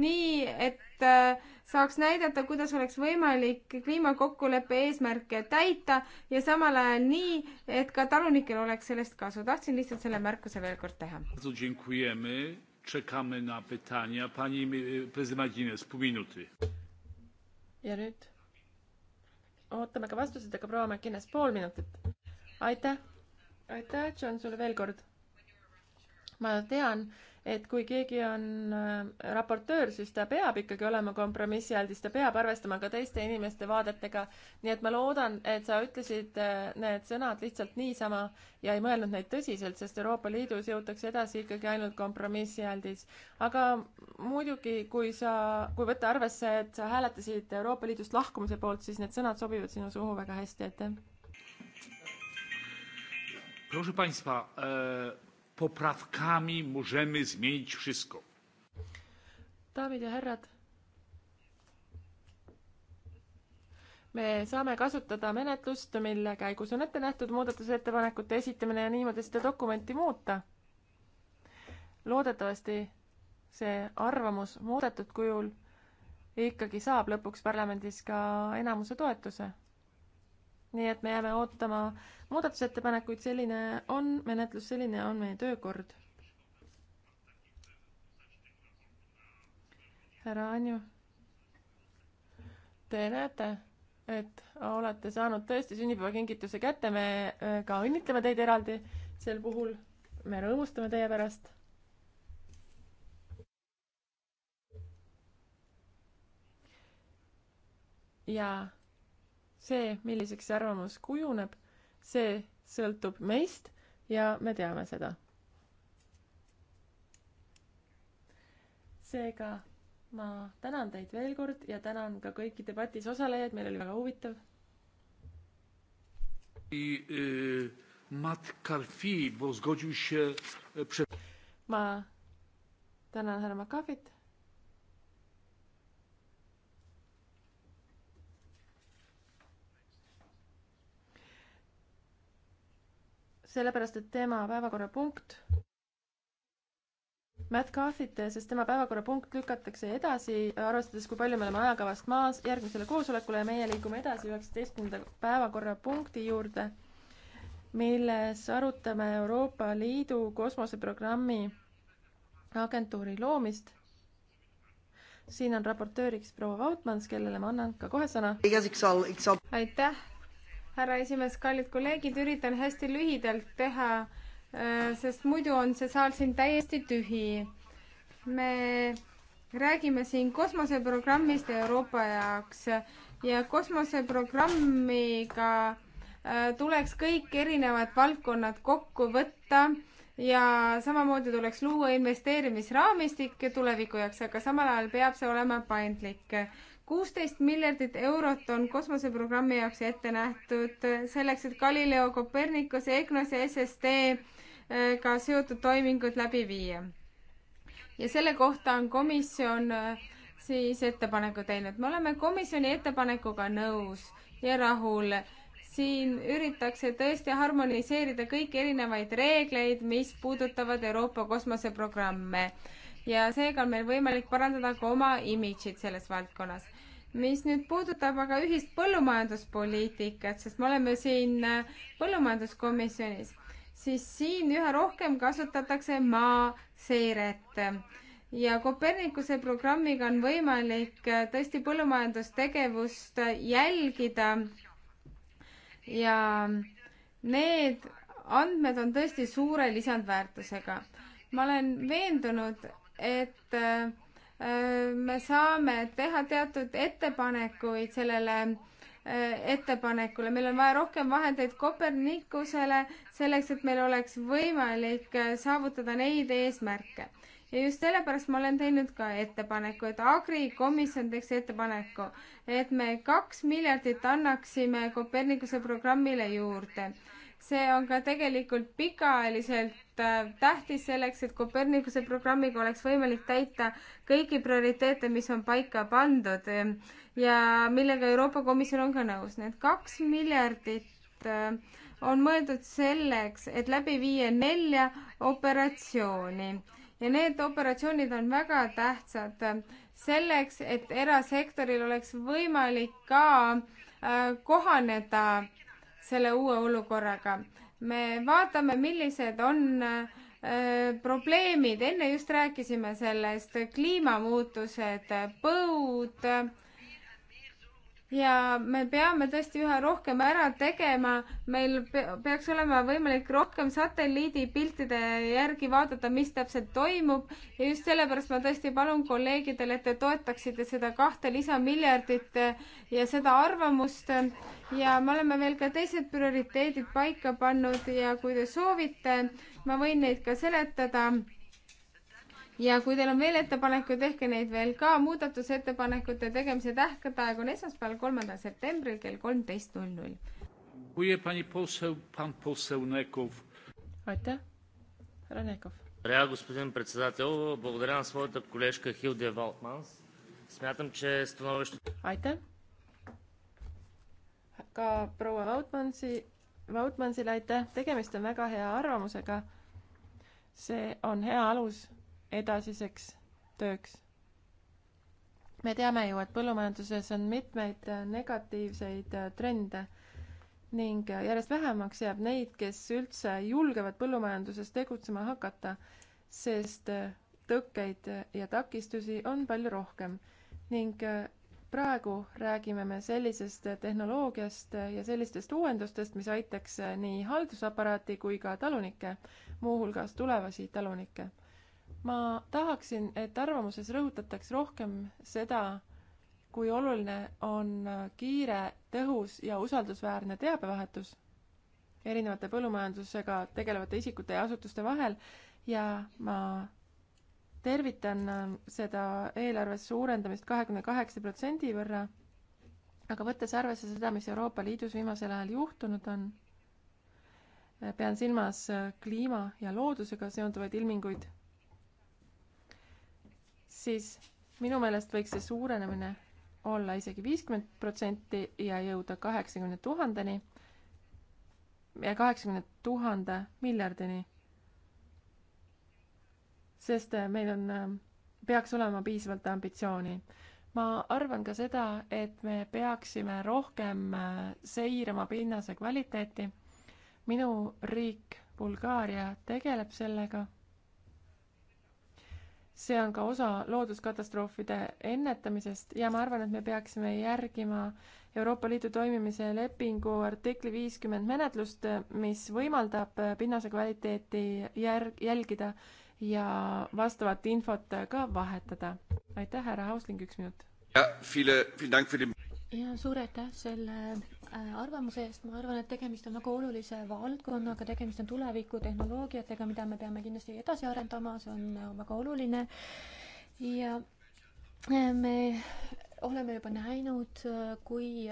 nii, et äh, saaks näidata, kuidas oleks võimalik kliimakokkuleppe eesmärke täita ja samal ajal nii, et ka talunikel oleks sellest kasu. tahtsin lihtsalt selle märkuse veel kord teha. Czekamy na pytania. Pani president Magines, pool minuti. ja nüüd ootame ka vastuseid, aga proua Magines, pool minutit. aitäh, aitäh, John, sulle veel kord. ma tean, et kui keegi on äh, raportöör, siis ta peab ikkagi olema kompromissialdis, ta peab arvestama ka teiste inimeste vaadetega. nii et ma loodan, et sa ütlesid äh, need sõnad lihtsalt niisama ja ei mõelnud neid tõsiselt, sest Euroopa Liidus jõutakse edasi ikkagi ainult kompromissialdis. aga muidugi, kui sa, kui võtta arvesse, et sa hääletasid Euroopa Liidust lahkumise poolt, siis need sõnad sobivad sinu suhu väga hästi, aitäh. Proszę Państwa, e poprawkami możemy zmienić wszystko. daamid ja härrad. me saame kasutada menetlust, mille käigus on ette nähtud muudatusettepanekute esitamine ja niimoodi seda dokumenti muuta. loodetavasti see arvamus muudetud kujul ikkagi saab lõpuks parlamendis ka enamuse toetuse nii et me jääme ootama muudatusettepanekuid, selline on menetlus, selline on meie töökord. härra Anju, te näete, et olete saanud tõesti sünnipäevakingituse kätte, me äh, ka õnnitleme teid eraldi sel puhul, me rõõmustame teie pärast ja see, milliseks see arvamus kujuneb, see sõltub meist ja me teame seda. seega ma tänan teid veel kord ja tänan ka kõiki debatis osalejaid, meil oli väga huvitav. E, ma tänan härra Makafit sellepärast et tema päevakorrapunkt Matt Carthy't, sest tema päevakorrapunkt lükatakse edasi, arvestades, kui palju me oleme ajakavast maas järgmisele koosolekule ja meie liigume edasi üheksateistkümnenda päevakorrapunkti juurde, milles arutame Euroopa Liidu kosmoseprogrammi agentuuri loomist. siin on raportööriks proua Vautmans, kellele ma annan ka kohe sõna. aitäh härra esimees, kallid kolleegid, üritan hästi lühidalt teha, äh, sest muidu on see saal siin täiesti tühi. me räägime siin kosmoseprogrammist Euroopa jaoks ja kosmoseprogrammiga äh, tuleks kõik erinevad valdkonnad kokku võtta ja samamoodi tuleks luua investeerimisraamistik tuleviku jaoks, aga samal ajal peab see olema paindlik kuusteist miljardit eurot on kosmoseprogrammi jaoks ette nähtud selleks, et Galileo Copernicus, EGNOS ja SST-ga äh, seotud toimingud läbi viia. ja selle kohta on komisjon äh, siis ettepaneku teinud. me oleme komisjoni ettepanekuga nõus ja rahul siin üritatakse tõesti harmoniseerida kõiki erinevaid reegleid, mis puudutavad Euroopa kosmoseprogramme ja seega on meil võimalik parandada ka oma imidžit selles valdkonnas. mis nüüd puudutab aga ühist põllumajanduspoliitikat, sest me oleme siin äh, põllumajanduskomisjonis, siis siin üha rohkem kasutatakse maaseiret ja Kopernikuse programmiga on võimalik äh, tõesti põllumajandustegevust jälgida ja need andmed on tõesti suure lisandväärtusega. ma olen veendunud, et äh, me saame teha teatud ettepanekuid sellele äh, ettepanekule, meil on vaja rohkem vahendeid Kopernikusele, selleks et meil oleks võimalik äh, saavutada neid eesmärke ja just sellepärast ma olen teinud ka ettepaneku, et agrikomisjon teeks ettepaneku, et me kaks miljardit annaksime Kopernikuse programmile juurde see on ka tegelikult pikaajaliselt äh, tähtis selleks, et Kopernikuse programmiga oleks võimalik täita kõiki prioriteete, mis on paika pandud ähm, ja millega Euroopa Komisjon on ka nõus. Need kaks miljardit äh, on mõeldud selleks, et läbi viia nelja operatsiooni ja need operatsioonid on väga tähtsad äh, selleks, et erasektoril oleks võimalik ka äh, kohaneda selle uue olukorraga. me vaatame, millised on äh, probleemid, enne just rääkisime sellest, kliimamuutused, põud ja me peame tõesti üha rohkem ära tegema, meil peaks olema võimalik rohkem satelliidipiltide järgi vaadata, mis täpselt toimub ja just sellepärast ma tõesti palun kolleegidele, et te toetaksite seda kahte lisamiljardit eh, ja seda arvamust ja me oleme veel ka teised prioriteedid paika pannud ja kui te soovite, ma võin neid ka seletada ja kui teil on veel ettepanekuid, tehke neid veel ka. muudatusettepanekute tegemise tähtaeg on esmaspäeval, kolmandal septembril kell kolmteist null null. aitäh, härra Nekov. Благодаря, господин председател. Благодаря на своята колежка Хилдия Валтманс. Смятам, че становището... Aitäh! Ka proua Vautmansi, Vautmansile aitäh. Tegemist on väga hea arvamusega. See on hea alus edasiseks tööks. me teame ju, et põllumajanduses on mitmeid negatiivseid trende ning järjest vähemaks jääb neid, kes üldse julgevad põllumajanduses tegutsema hakata, sest tõkkeid ja takistusi on palju rohkem ning praegu räägime me sellisest tehnoloogiast ja sellistest uuendustest, mis aitaks nii haldusaparaati kui ka talunikke, muuhulgas tulevasi talunikke ma tahaksin, et arvamuses rõhutataks rohkem seda, kui oluline on kiire, tõhus ja usaldusväärne teabevahetus erinevate põllumajandusega tegelevate isikute ja asutuste vahel ja ma tervitan seda eelarves suurendamist kahekümne kaheksa protsendi võrra, aga võttes arvesse seda, mis Euroopa Liidus viimasel ajal juhtunud on, pean silmas kliima ja loodusega seonduvaid ilminguid siis minu meelest võiks see suurenemine olla isegi viiskümmend protsenti ja jõuda kaheksakümne tuhandeni ja kaheksakümne tuhande miljardini. sest äh, meil on, ähm, peaks olema piisavalt ambitsiooni. ma arvan ka seda, et me peaksime rohkem äh, seirama pinnase kvaliteeti. minu riik, Bulgaaria, tegeleb sellega see on ka osa looduskatastroofide ennetamisest ja ma arvan, et me peaksime järgima Euroopa Liidu toimimise lepingu artikli viiskümmend menetlust, mis võimaldab pinnase kvaliteeti järg, jälgida ja vastavat infot ka vahetada. aitäh, härra Hausling, üks minut. ja, ja suur aitäh selle Äh, arvamuse eest, ma arvan, et tegemist on väga nagu olulise valdkonnaga, tegemist on tulevikutehnoloogiatega, mida me peame kindlasti edasi arendama, see on äh, väga oluline. ja äh, me oleme juba näinud, kui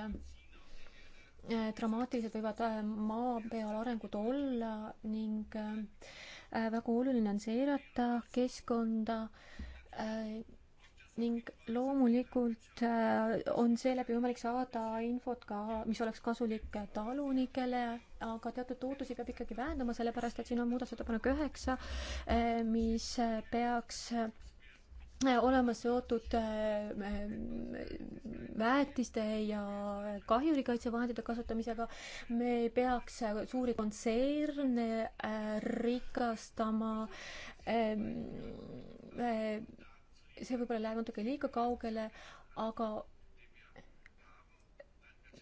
dramaatilised võivad maa peal arengud olla ning väga oluline on seirata keskkonda ning loomulikult äh, on seeläbi võimalik saada infot ka, mis oleks kasulik talunikele, aga teatud ootusi peab ikkagi vähendama, sellepärast et siin on muudatusettepanek üheksa, äh, mis peaks äh, olema seotud väetiste ja kahjurikaitsevahendite kasutamisega. me ei peaks suuri kontserne rikastama ähm, see võib-olla läheb natuke liiga kaugele, aga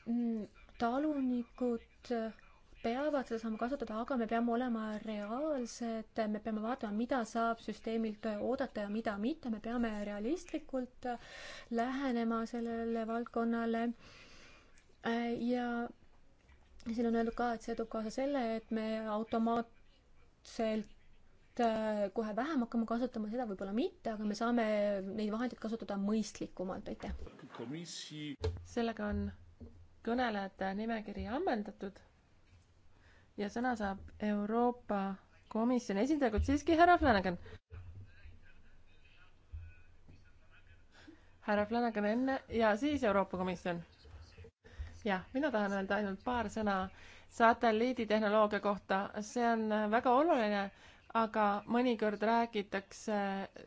mm, talunikud peavad seda saama kasutada, aga me peame olema reaalsed, me peame vaatama, mida saab süsteemilt oodata ja mida mitte, me peame realistlikult lähenema sellele valdkonnale. ja siin on öeldud ka, et see toob kaasa selle, et me automaatselt vahendeid äh, kohe vähem hakkama kasutama, seda võib-olla mitte, aga me saame neid vahendeid kasutada mõistlikumalt, aitäh. sellega on kõnelejate nimekiri ammendatud ja sõna saab Euroopa Komisjoni esindaja, kuid siiski härra Flanagan. härra Flanagan enne ja siis Euroopa Komisjon. jah, mina tahan öelda ainult paar sõna satelliiditehnoloogia kohta, see on väga oluline aga mõnikord räägitakse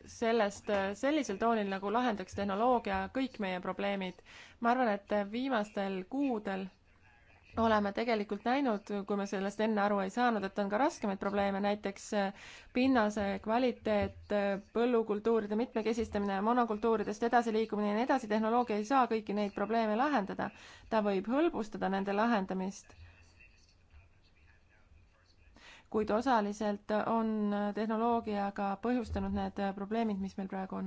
sellest sellisel toonil, nagu lahendaks tehnoloogia kõik meie probleemid. ma arvan, et viimastel kuudel oleme tegelikult näinud, kui me sellest enne aru ei saanud, et on ka raskemaid probleeme, näiteks pinnase kvaliteet, põllukultuuride mitmekesistamine, monokultuuridest edasiliikumine ja nii edasi, tehnoloogia ei saa kõiki neid probleeme lahendada. ta võib hõlbustada nende lahendamist kuid osaliselt on tehnoloogiaga põhjustanud need probleemid, mis meil praegu on.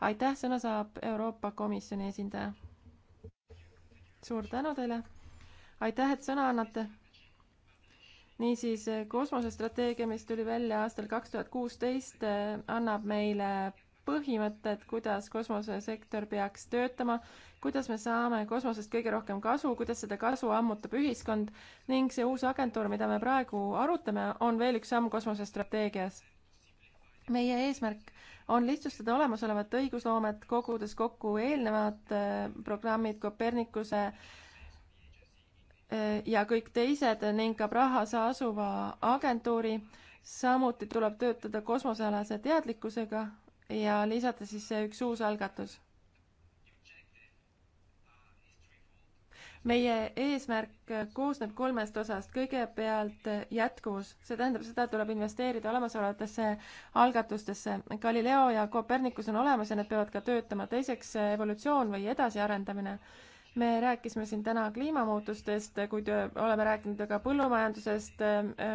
aitäh, sõna saab Euroopa Komisjoni esindaja. suur tänu teile. aitäh, et sõna annate. niisiis, kosmosestrateegia, mis tuli välja aastal kaks tuhat kuusteist, annab meile põhimõtted, kuidas kosmosesektor peaks töötama kuidas me saame kosmosest kõige rohkem kasu, kuidas seda kasu ammutab ühiskond ning see uus agentuur, mida me praegu arutame, on veel üks samm kosmosestrateegias. meie eesmärk on lihtsustada olemasolevat õigusloomet, kogudes kokku eelnevad äh, programmid Kopernikuse äh, ja kõik teised ning ka Prahas asuva agentuuri. samuti tuleb töötada kosmosealase teadlikkusega ja lisada siis see üks uus algatus meie eesmärk koosneb kolmest osast. kõigepealt jätkuvus, see tähendab seda, et tuleb investeerida olemasolevatesse algatustesse. Galileo ja Copernicus on olemas ja need peavad ka töötama. teiseks evolutsioon või edasiarendamine. me rääkisime siin täna kliimamuutustest, kuid oleme rääkinud ka põllumajandusest,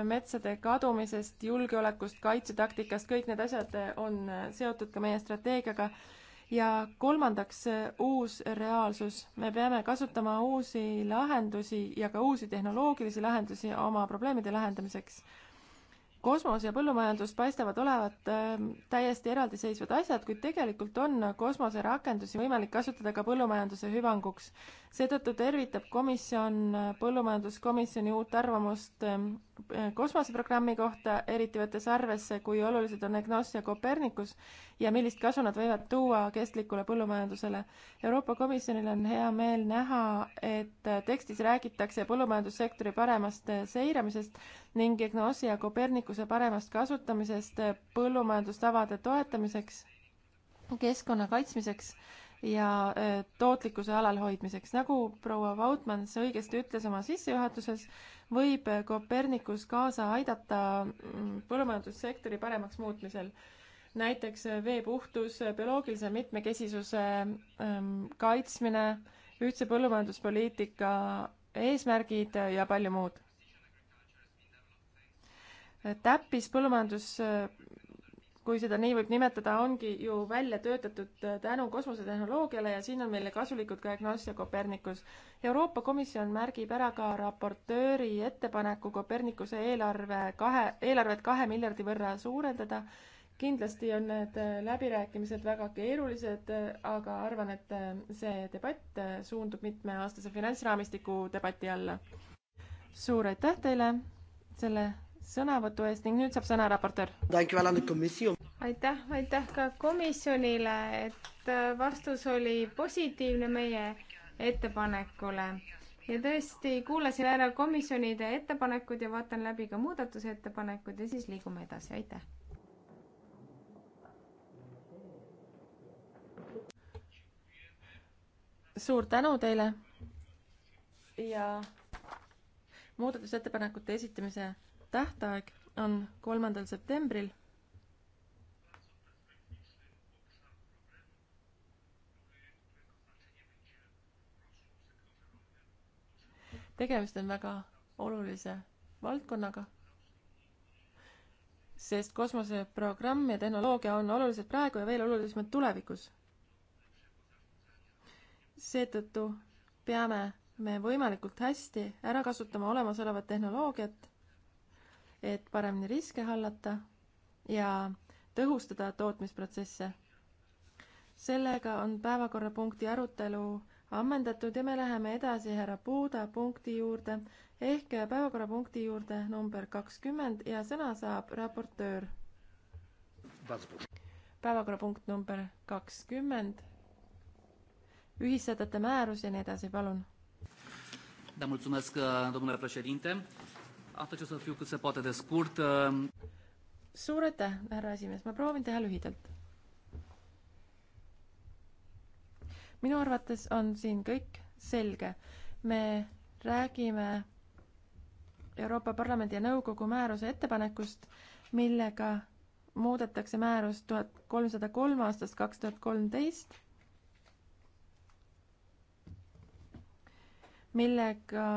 metsade kadumisest, julgeolekust, kaitsetaktikast, kõik need asjad on seotud ka meie strateegiaga ja kolmandaks, uus reaalsus. me peame kasutama uusi lahendusi ja ka uusi tehnoloogilisi lahendusi oma probleemide lahendamiseks. kosmos ja põllumajandus paistavad olevat ähm, täiesti eraldiseisvad asjad, kuid tegelikult on kosmoserakendusi võimalik kasutada ka põllumajanduse hüvanguks. seetõttu tervitab komisjon äh, põllumajanduskomisjoni uut arvamust ähm, Eh, kosmoseprogrammi kohta, eriti võttes arvesse, kui olulised on EGNOS ja Copernicus ja millist kasu nad võivad tuua kestlikule põllumajandusele. Euroopa Komisjonil on hea meel näha, et tekstis räägitakse põllumajandussektori paremast seiramisest ning EGNOS-i ja Copernicuse paremast kasutamisest põllumajandustavade toetamiseks, keskkonna kaitsmiseks ja eh, tootlikkuse alalhoidmiseks. nagu proua Vautmans õigesti ütles oma sissejuhatuses, võib Kopernikus kaasa aidata mm, põllumajandussektori paremaks muutmisel. näiteks vee puhtus, bioloogilise mitmekesisuse mm, kaitsmine, ühtse põllumajanduspoliitika eesmärgid ja palju muud. täppispõllumajandus kui seda nii võib nimetada, ongi ju välja töötatud äh, tänu kosmosetehnoloogiale ja siin on meile kasulikud ka Egnos ja Copernicus. Euroopa Komisjon märgib ära ka raportööri ettepaneku Copernicuse eelarve kahe, eelarvet kahe miljardi võrra suurendada. kindlasti on need äh, läbirääkimised väga keerulised, äh, aga arvan, et see debatt suundub mitmeaastase finantsraamistiku debati alla. suur aitäh teile selle sõnavõtu eest ning nüüd saab sõna raportöör aitäh, aitäh ka komisjonile, et äh, vastus oli positiivne meie ettepanekule. ja tõesti, kuulasin ära komisjonide ettepanekud ja vaatan läbi ka muudatusettepanekud ja siis liigume edasi, aitäh. suur tänu teile ja muudatusettepanekute esitamise tähtaeg on kolmandal septembril tegemist on väga olulise valdkonnaga, sest kosmoseprogramm ja tehnoloogia on olulised praegu ja veel olulisemad tulevikus. seetõttu peame me võimalikult hästi ära kasutama olemasolevat tehnoloogiat, et paremini riske hallata ja tõhustada tootmisprotsesse. sellega on päevakorrapunkti arutelu ammendatud ja me läheme edasi härra Puuda punkti juurde ehk päevakorrapunkti juurde number kakskümmend ja sõna saab raportöör. päevakorrapunkt number kakskümmend, ühissätete määrus ja nii edasi, palun. suur aitäh, härra esimees, ma proovin teha lühidalt minu arvates on siin kõik selge. me räägime Euroopa Parlamendi ja Nõukogu määruse ettepanekust, millega muudetakse määrust tuhat kolmsada kolm aastast kaks tuhat kolmteist, millega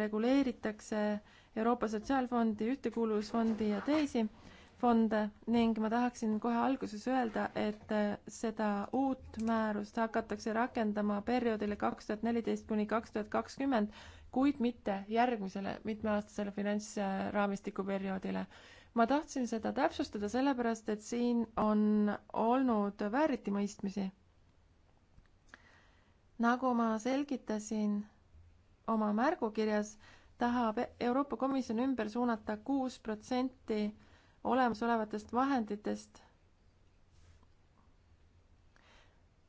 reguleeritakse Euroopa Sotsiaalfondi, Ühtekuuluvusfondi ja teisi fonde ning ma tahaksin kohe alguses öelda, et äh, seda uut määrust hakatakse rakendama perioodile kaks tuhat neliteist kuni kaks tuhat kakskümmend, kuid mitte järgmisele mitmeaastasele finantsraamistiku perioodile. ma tahtsin seda täpsustada sellepärast, et siin on olnud vääritimõistmisi. nagu ma selgitasin oma märgukirjas, tahab Euroopa Komisjon ümber suunata kuus protsenti olemasolevatest vahenditest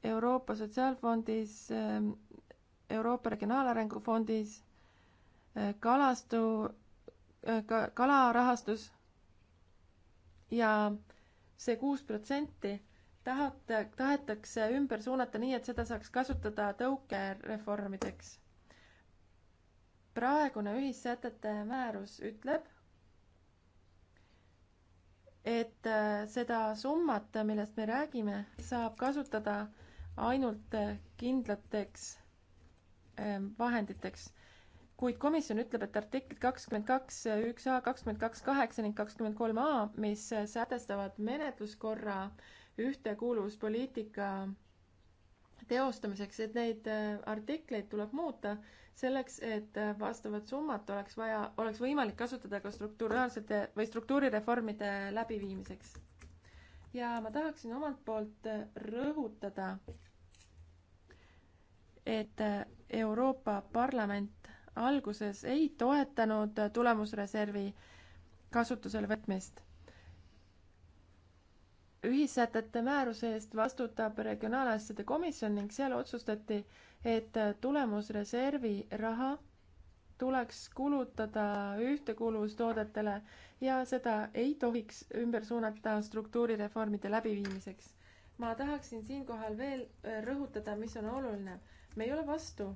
Euroopa Sotsiaalfondis, Euroopa Regionaalarengu Fondis, kalastu, ka kalarahastus ja see kuus protsenti tahate, tahetakse ümber suunata nii, et seda saaks kasutada tõukereformideks. praegune ühissätete määrus ütleb, et äh, seda summat, millest me räägime, saab kasutada ainult äh, kindlateks ähm, vahenditeks. kuid komisjon ütleb, et artiklid kakskümmend kaks äh, üks A, kakskümmend kaks kaheksa ning kakskümmend kolm A, mis sätestavad menetluskorra ühtekuuluvuspoliitika teostamiseks, et neid äh, artikleid tuleb muuta selleks, et äh, vastavat summat oleks vaja, oleks võimalik kasutada ka strukturaalsete või struktuurireformide läbiviimiseks. ja ma tahaksin omalt poolt äh, rõhutada, et Euroopa Parlament alguses ei toetanud tulemusreservi kasutusele võtmist ühissätete määruse eest vastutab Regionaalasjade Komisjon ning seal otsustati, et tulemusreservi raha tuleks kulutada ühtekuuluvustoodetele ja seda ei tohiks ümber suunata struktuurireformide läbiviimiseks. ma tahaksin siinkohal veel äh, rõhutada, mis on oluline. me ei ole vastu,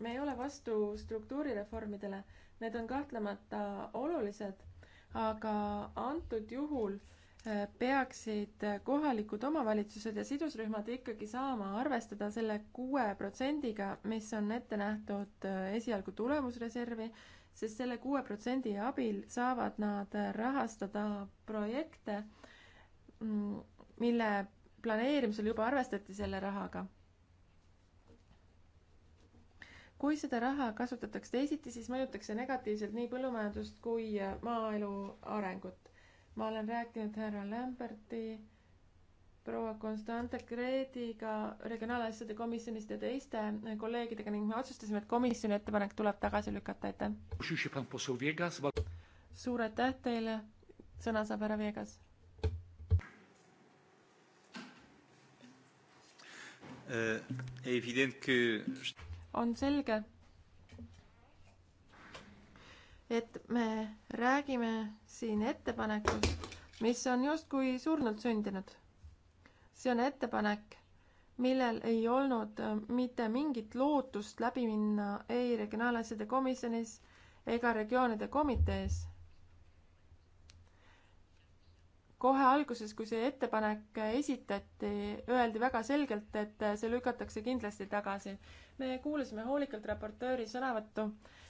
me ei ole vastu struktuurireformidele, need on kahtlemata olulised, aga antud juhul äh, peaksid kohalikud omavalitsused ja sidusrühmad ikkagi saama arvestada selle kuue protsendiga, mis on ette nähtud äh, esialgu tulemusreservi, sest selle kuue protsendi abil saavad nad rahastada projekte, mm, mille planeerimisel juba arvestati selle rahaga. kui seda raha kasutatakse teisiti, siis mõjutakse negatiivselt nii põllumajandust kui äh, maaelu arengut ma olen rääkinud härra Lamberti, proua Konstante Kreediga Regionaalasjade komisjonist ja teiste kolleegidega ning me otsustasime, et komisjoni ettepanek tuleb tagasi lükata, aitäh. suur aitäh teile, sõna saab härra Viegas. E, on selge et me räägime siin ettepanekust, mis on justkui surnult sündinud. see on ettepanek, millel ei olnud äh, mitte mingit lootust läbi minna ei regionaalasjade komisjonis ega regioonide komitees. kohe alguses, kui see ettepanek esitati, öeldi väga selgelt, et see lükatakse kindlasti tagasi. me kuulasime hoolikalt raportööri sõnavõttu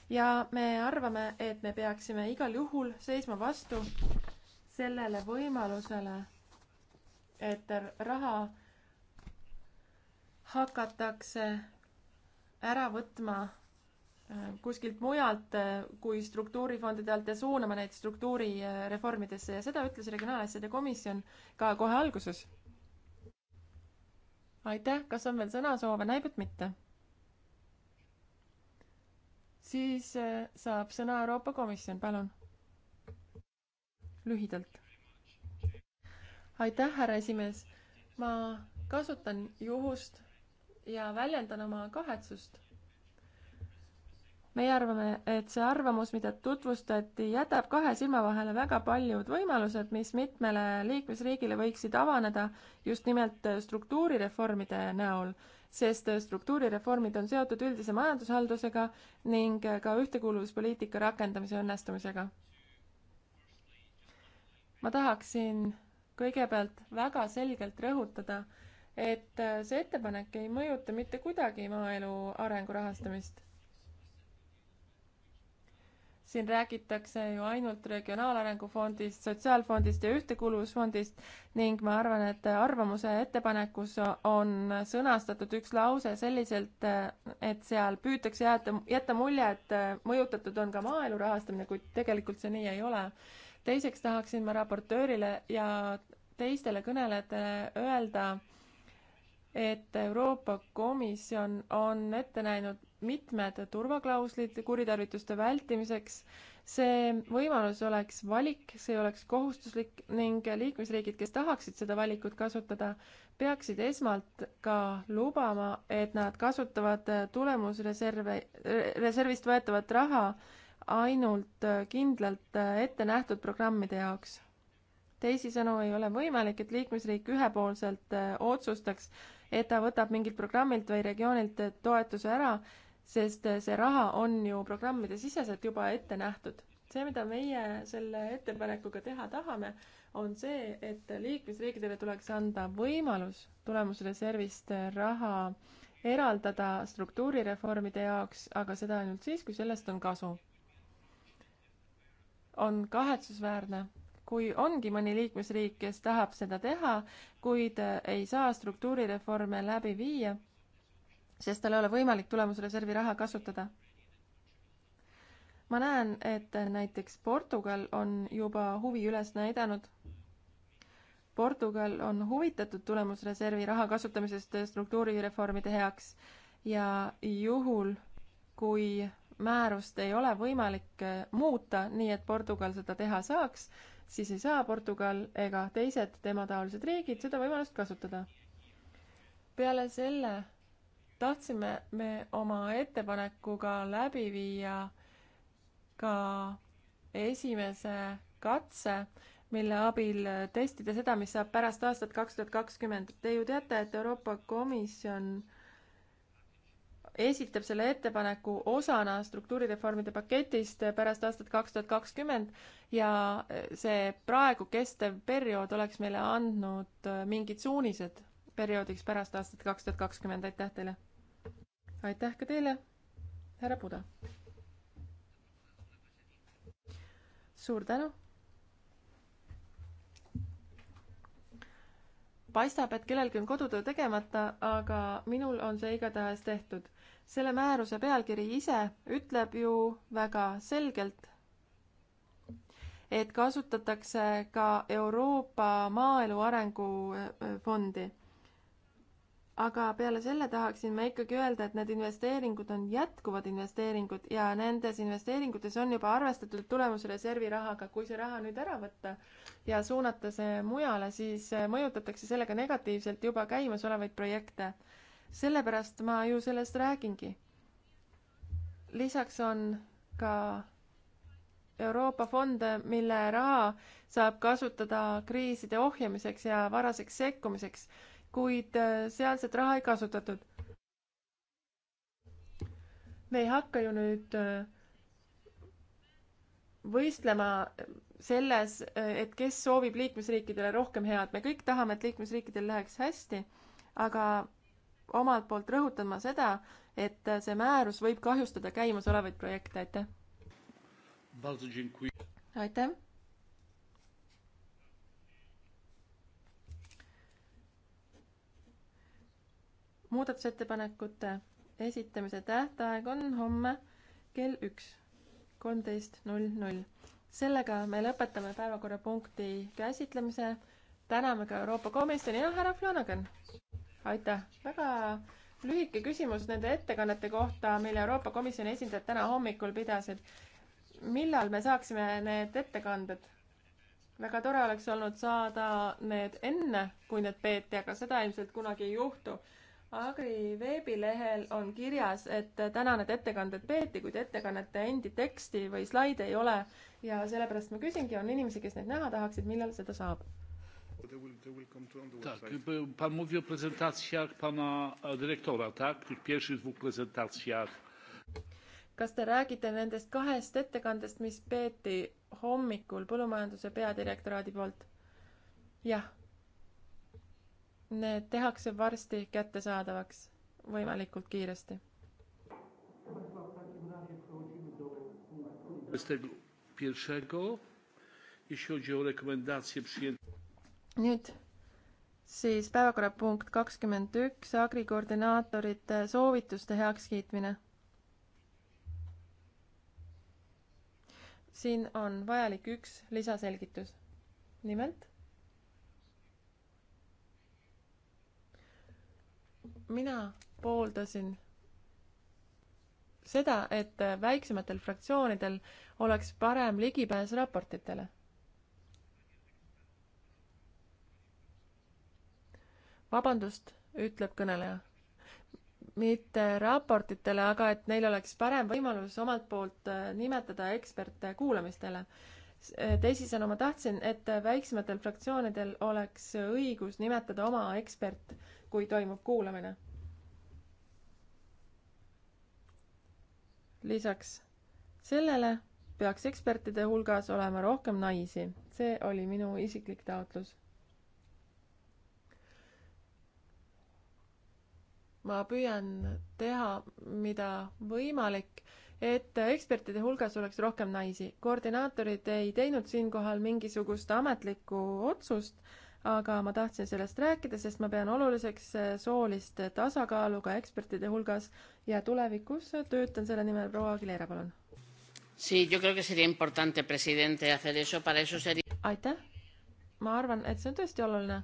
ja me arvame, et me peaksime igal juhul seisma vastu sellele võimalusele, et raha hakatakse ära võtma äh, kuskilt mujalt äh, kui struktuurifondide alt ja suunama neid struktuurireformidesse ja seda ütles Regionaalasjade Komisjon ka kohe alguses. aitäh, kas on veel sõnasoove, näib, et mitte siis äh, saab sõna Euroopa Komisjon, palun. lühidalt. aitäh, härra esimees. ma kasutan juhust ja väljendan oma kahetsust meie arvame, et see arvamus, mida tutvustati, jätab kahe silma vahele väga paljud võimalused, mis mitmele liikmesriigile võiksid avaneda just nimelt struktuurireformide näol, sest struktuurireformid on seotud üldise majandushaldusega ning ka ühtekuuluvuspoliitika rakendamise õnnestumisega. ma tahaksin kõigepealt väga selgelt rõhutada, et see ettepanek ei mõjuta mitte kuidagi maaelu arengu rahastamist siin räägitakse ju ainult Regionaalarengu Fondist, Sotsiaalfondist ja Ühtekuuluvusfondist ning ma arvan, et arvamuse ettepanekus on sõnastatud üks lause selliselt, et seal püütakse jätta, jätta mulje, et mõjutatud on ka maaelu rahastamine, kuid tegelikult see nii ei ole. teiseks tahaksin ma raportöörile ja teistele kõnelejatele öelda, et Euroopa Komisjon on ette näinud mitmed turvaklauslid kuritarvituste vältimiseks. see võimalus oleks valik, see oleks kohustuslik ning liikmesriigid, kes tahaksid seda valikut kasutada, peaksid esmalt ka lubama, et nad kasutavad tulemusreserve, reservist võetavat raha ainult kindlalt ette nähtud programmide jaoks teisisõnu ei ole võimalik, et liikmesriik ühepoolselt otsustaks, et ta võtab mingilt programmilt või regioonilt toetuse ära sest see raha on ju programmide siseselt juba ette nähtud. see, mida meie selle ettepanekuga teha tahame, on see, et liikmesriikidele tuleks anda võimalus tulemusreservist raha eraldada struktuurireformide jaoks, aga seda ainult siis, kui sellest on kasu. on kahetsusväärne, kui ongi mõni liikmesriik, kes tahab seda teha, kuid ei saa struktuurireforme läbi viia sest tal ei ole võimalik tulemusreservi raha kasutada. ma näen, et näiteks Portugal on juba huvi üles näidanud. Portugal on huvitatud tulemusreservi raha kasutamisest struktuurireformide heaks ja juhul, kui määrust ei ole võimalik muuta nii, et Portugal seda teha saaks, siis ei saa Portugal ega teised tema taolised riigid seda võimalust kasutada. peale selle tahtsime me oma ettepanekuga läbi viia ka esimese katse, mille abil testida seda, mis saab pärast aastat kaks tuhat kakskümmend. Te ju teate, et Euroopa Komisjon esitab selle ettepaneku osana struktuurireformide paketist pärast aastat kaks tuhat kakskümmend ja see praegu kestev periood oleks meile andnud mingid suunised perioodiks pärast aastat kaks tuhat kakskümmend. aitäh teile! aitäh ka teile, härra Puda. suur tänu. paistab, et kellelgi on kodutöö tegemata, aga minul on see igatahes tehtud. selle määruse pealkiri ise ütleb ju väga selgelt, et kasutatakse ka Euroopa Maaelu Arengu Fondi aga peale selle tahaksin ma ikkagi öelda, et need investeeringud on jätkuvad investeeringud ja nendes investeeringutes on juba arvestatud tulemusreservi rahaga. kui see raha nüüd ära võtta ja suunata see mujale, siis eh, mõjutatakse sellega negatiivselt juba käimasolevaid projekte. sellepärast ma ju sellest räägingi. lisaks on ka Euroopa fonde, mille raha saab kasutada kriiside ohjamiseks ja varaseks sekkumiseks kuid äh, sealset raha ei kasutatud. me ei hakka ju nüüd äh, võistlema selles, äh, et kes soovib liikmesriikidele rohkem head, me kõik tahame, et liikmesriikidel läheks hästi, aga omalt poolt rõhutan ma seda, et see määrus võib kahjustada käimasolevaid projekte, aitäh. aitäh muudatusettepanekute esitamise tähtaeg on homme kell üks, kolmteist null null. sellega me lõpetame päevakorrapunkti käsitlemise. täname ka Euroopa Komisjoni ja härra Flanagan. aitäh, väga lühike küsimus nende ettekannete kohta, mille Euroopa Komisjoni esindajad täna hommikul pidasid. millal me saaksime need ettekanded? väga tore oleks olnud saada need enne, kui need peeti, aga seda ilmselt kunagi ei juhtu Agri veebilehel on kirjas, et täna need ettekanded peeti, kuid ettekannete endi teksti või slaide ei ole ja sellepärast ma küsingi, on inimesi, kes neid näha tahaksid, millal seda saab? Tak, pan mówi o prezentacjach pana e, dyrektora, tak? Tych pierwszych dwóch prezentacjach. Kas te räägite nendest kahest ettekandest, mis peeti hommikul põllumajanduse peadirektoraadi poolt? jah Need tehakse varsti kättesaadavaks võimalikult kiiresti. nüüd siis päevakorrapunkt kakskümmend üks, agrikoordinaatorite soovituste heakskiitmine. siin on vajalik üks lisaselgitus. nimelt mina pooldasin seda, et väiksematel fraktsioonidel oleks parem ligipääs raportitele. vabandust, ütleb kõneleja. mitte raportitele, aga et neil oleks parem võimalus omalt poolt äh, nimetada eksperte kuulamistele. Äh, teisisõnu, ma tahtsin, et väiksematel fraktsioonidel oleks õigus nimetada oma ekspert kui toimub kuulamine. lisaks sellele peaks ekspertide hulgas olema rohkem naisi, see oli minu isiklik taotlus. ma püüan teha, mida võimalik et ekspertide hulgas oleks rohkem naisi. koordinaatorid ei teinud siinkohal mingisugust ametlikku otsust, aga ma tahtsin sellest rääkida, sest ma pean oluliseks eh, soolist tasakaalu ka ekspertide hulgas ja tulevikus töötan selle nimel, proua Aguilera, palun. aitäh, ma arvan, et see on tõesti oluline.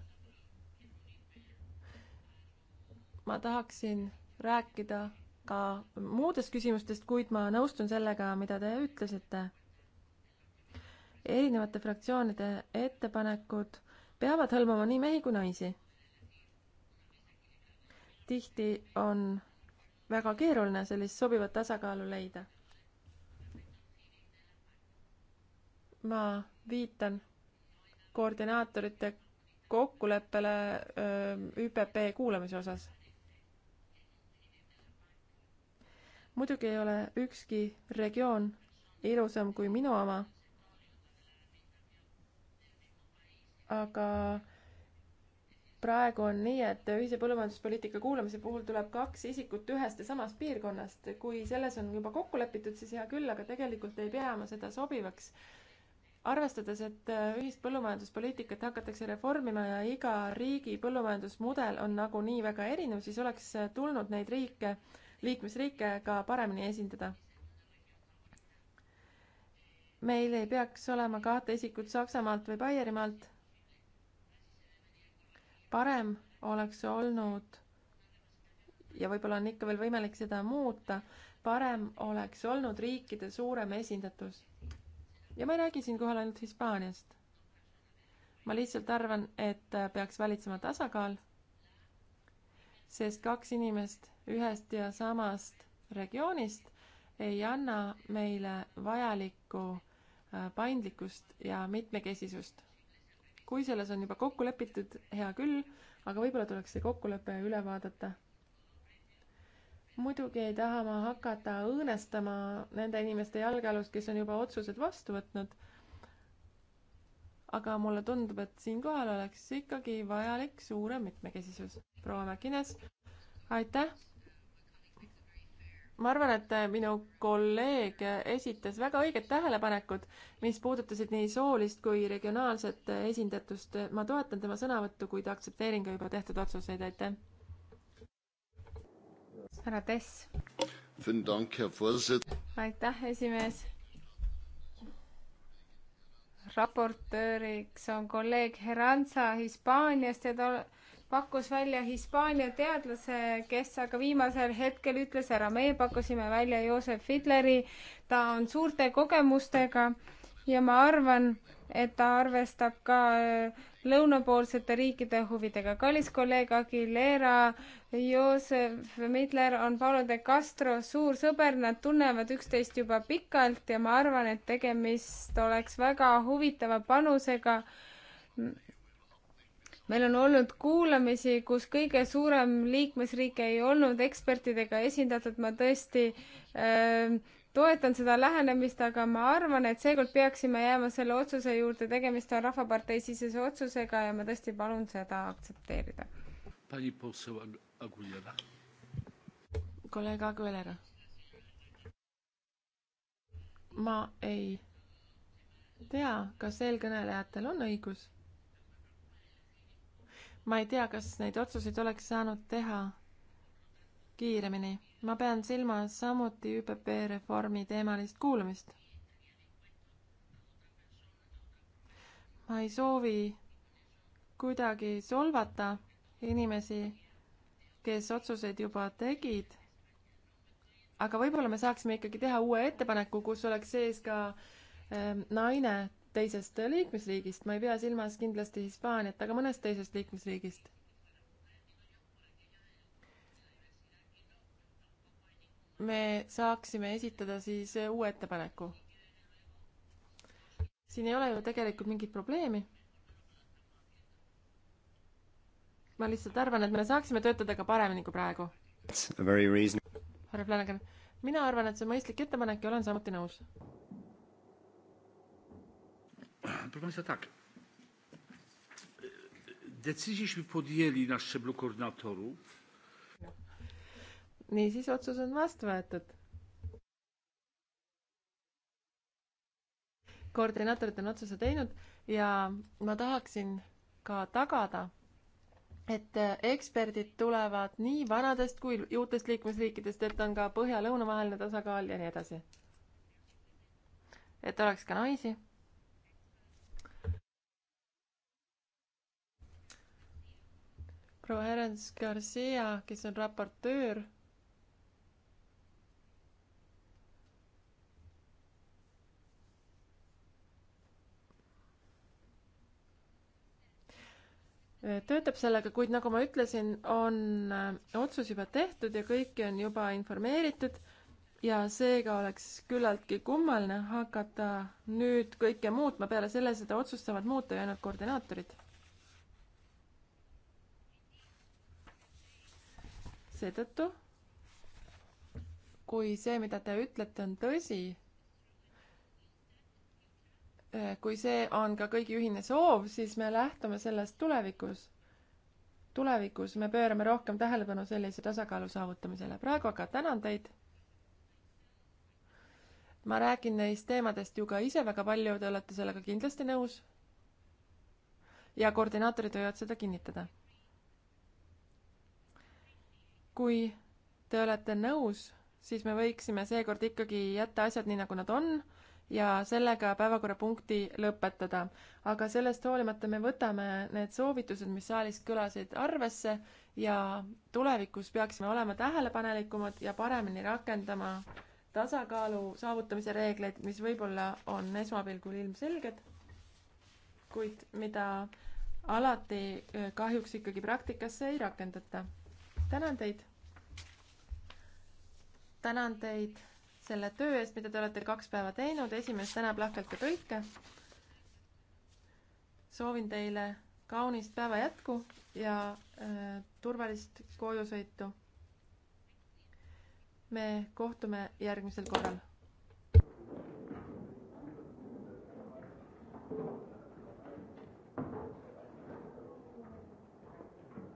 ma tahaksin rääkida ka muudest küsimustest, kuid ma nõustun sellega, mida te ütlesite. erinevate fraktsioonide ettepanekud peavad hõlmama nii mehi kui naisi. tihti on väga keeruline sellist sobivat tasakaalu leida. ma viitan koordinaatorite kokkuleppele ÜPP kuulamise osas. muidugi ei ole ükski regioon ilusam kui minu oma aga praegu on nii, et ühise põllumajanduspoliitika kuulamise puhul tuleb kaks isikut ühest ja samast piirkonnast. kui selles on juba kokku lepitud, siis hea küll, aga tegelikult ei pea ma seda sobivaks. arvestades, et äh, ühist põllumajanduspoliitikat hakatakse reformima ja iga riigi põllumajandusmudel on nagunii väga erinev, siis oleks äh, tulnud neid riike, liikmesriike ka paremini esindada meil ei peaks olema kahte isikut Saksamaalt või Baierimaalt parem oleks olnud ja võib-olla on ikka veel võimalik seda muuta, parem oleks olnud riikide suurem esindatus. ja ma ei räägi siinkohal ainult Hispaaniast. ma lihtsalt arvan, et peaks valitsema tasakaal, sest kaks inimest ühest ja samast regioonist ei anna meile vajalikku äh, paindlikkust ja mitmekesisust kui selles on juba kokku lepitud, hea küll, aga võib-olla tuleks see kokkulepe üle vaadata. muidugi ei taha ma hakata õõnestama nende inimeste jalgealust, kes on juba otsused vastu võtnud aga mulle tundub, et siinkohal oleks ikkagi vajalik suurem mitmekesisus. proua Mäkines, aitäh, ma arvan, et äh, minu kolleeg äh, esitas väga õiged tähelepanekud, mis puudutasid nii soolist kui regionaalset äh, esindatust. ma toetan tema sõnavõttu, kuid aktsepteerin ka juba tehtud otsuseid, aitäh. härra Tess. aitäh, esimees. raportööriks on kolleeg Heranza Hispaaniast ja ta pakkus välja Hispaania teadlase, kes aga viimasel hetkel ütles ära, meie pakkusime välja Joosep Fidleri, ta on suurte kogemustega ja ma arvan, et ta arvestab ka äh, lõunapoolsete riikide huvidega. kallis kolleeg Aguilera, Joosep Midler on Paolo de Castro suur sõber, nad tunnevad üksteist juba pikalt ja ma arvan, et tegemist oleks väga huvitava panusega meil on olnud kuulamisi, kus kõige suurem liikmesriik ei olnud ekspertidega esindatud, ma tõesti äh, toetan seda lähenemist, aga ma arvan, et seekord peaksime jääma selle otsuse juurde, tegemist on Rahvapartei sisese otsusega ja ma tõesti palun seda aktsepteerida. kolleeg Aguilera. ma ei tea, kas eelkõnelejatel on õigus ma ei tea, kas neid otsuseid oleks saanud teha kiiremini. ma pean silmas samuti ÜPP reformi teemalist kuulamist. ma ei soovi kuidagi solvata inimesi, kes otsuseid juba tegid. aga võib-olla me saaksime ikkagi teha uue ettepaneku, kus oleks sees ka ähm, naine teisest liikmesriigist, ma ei pea silmas kindlasti Hispaaniat, aga mõnest teisest liikmesriigist. me saaksime esitada siis uue ettepaneku. siin ei ole ju tegelikult mingit probleemi. ma lihtsalt arvan, et me saaksime töötada ka paremini kui praegu. härra Flanagan, mina arvan, et see on mõistlik ettepanek ja olen samuti nõus. Proszę Państwa, tak. Decyzjeśmy podjęli na szczeblu koordynatorów. niisiis otsus on vastu võetud. koordinaatorid on otsuse teinud ja ma tahaksin ka tagada, et eksperdid tulevad nii vanadest kui uutest liikmesriikidest, et on ka põhja-lõuna vaheline tasakaal ja nii edasi. et oleks ka naisi proua Herens Garcia, kes on raportöör, töötab sellega, kuid nagu ma ütlesin, on äh, otsus juba tehtud ja kõiki on juba informeeritud ja seega oleks küllaltki kummaline hakata nüüd kõike muutma peale selle, seda otsustavad muuta ju ainult koordinaatorid seetõttu, kui see, mida te ütlete, on tõsi, eh, kui see on ka kõigi ühine soov, siis me lähtume sellest tulevikus. tulevikus me pöörame rohkem tähelepanu sellise tasakaalu saavutamisele. praegu aga tänan teid. ma räägin neist teemadest ju ka ise väga palju, te olete sellega kindlasti nõus. ja koordinaatorid võivad seda kinnitada kui te olete nõus, siis me võiksime seekord ikkagi jätta asjad nii, nagu nad on ja sellega päevakorrapunkti lõpetada. aga sellest hoolimata me võtame need soovitused, mis saalis kõlasid, arvesse ja tulevikus peaksime olema tähelepanelikumad ja paremini rakendama tasakaalu saavutamise reegleid, mis võib-olla on esmapilgul ilmselged, kuid mida alati eh, kahjuks ikkagi praktikasse ei rakendata tänan teid. tänan teid selle töö eest, mida te olete kaks päeva teinud, esimees tänab lahkelt ka tõlke. soovin teile kaunist päeva jätku ja äh, turvalist kojusõitu. me kohtume järgmisel korral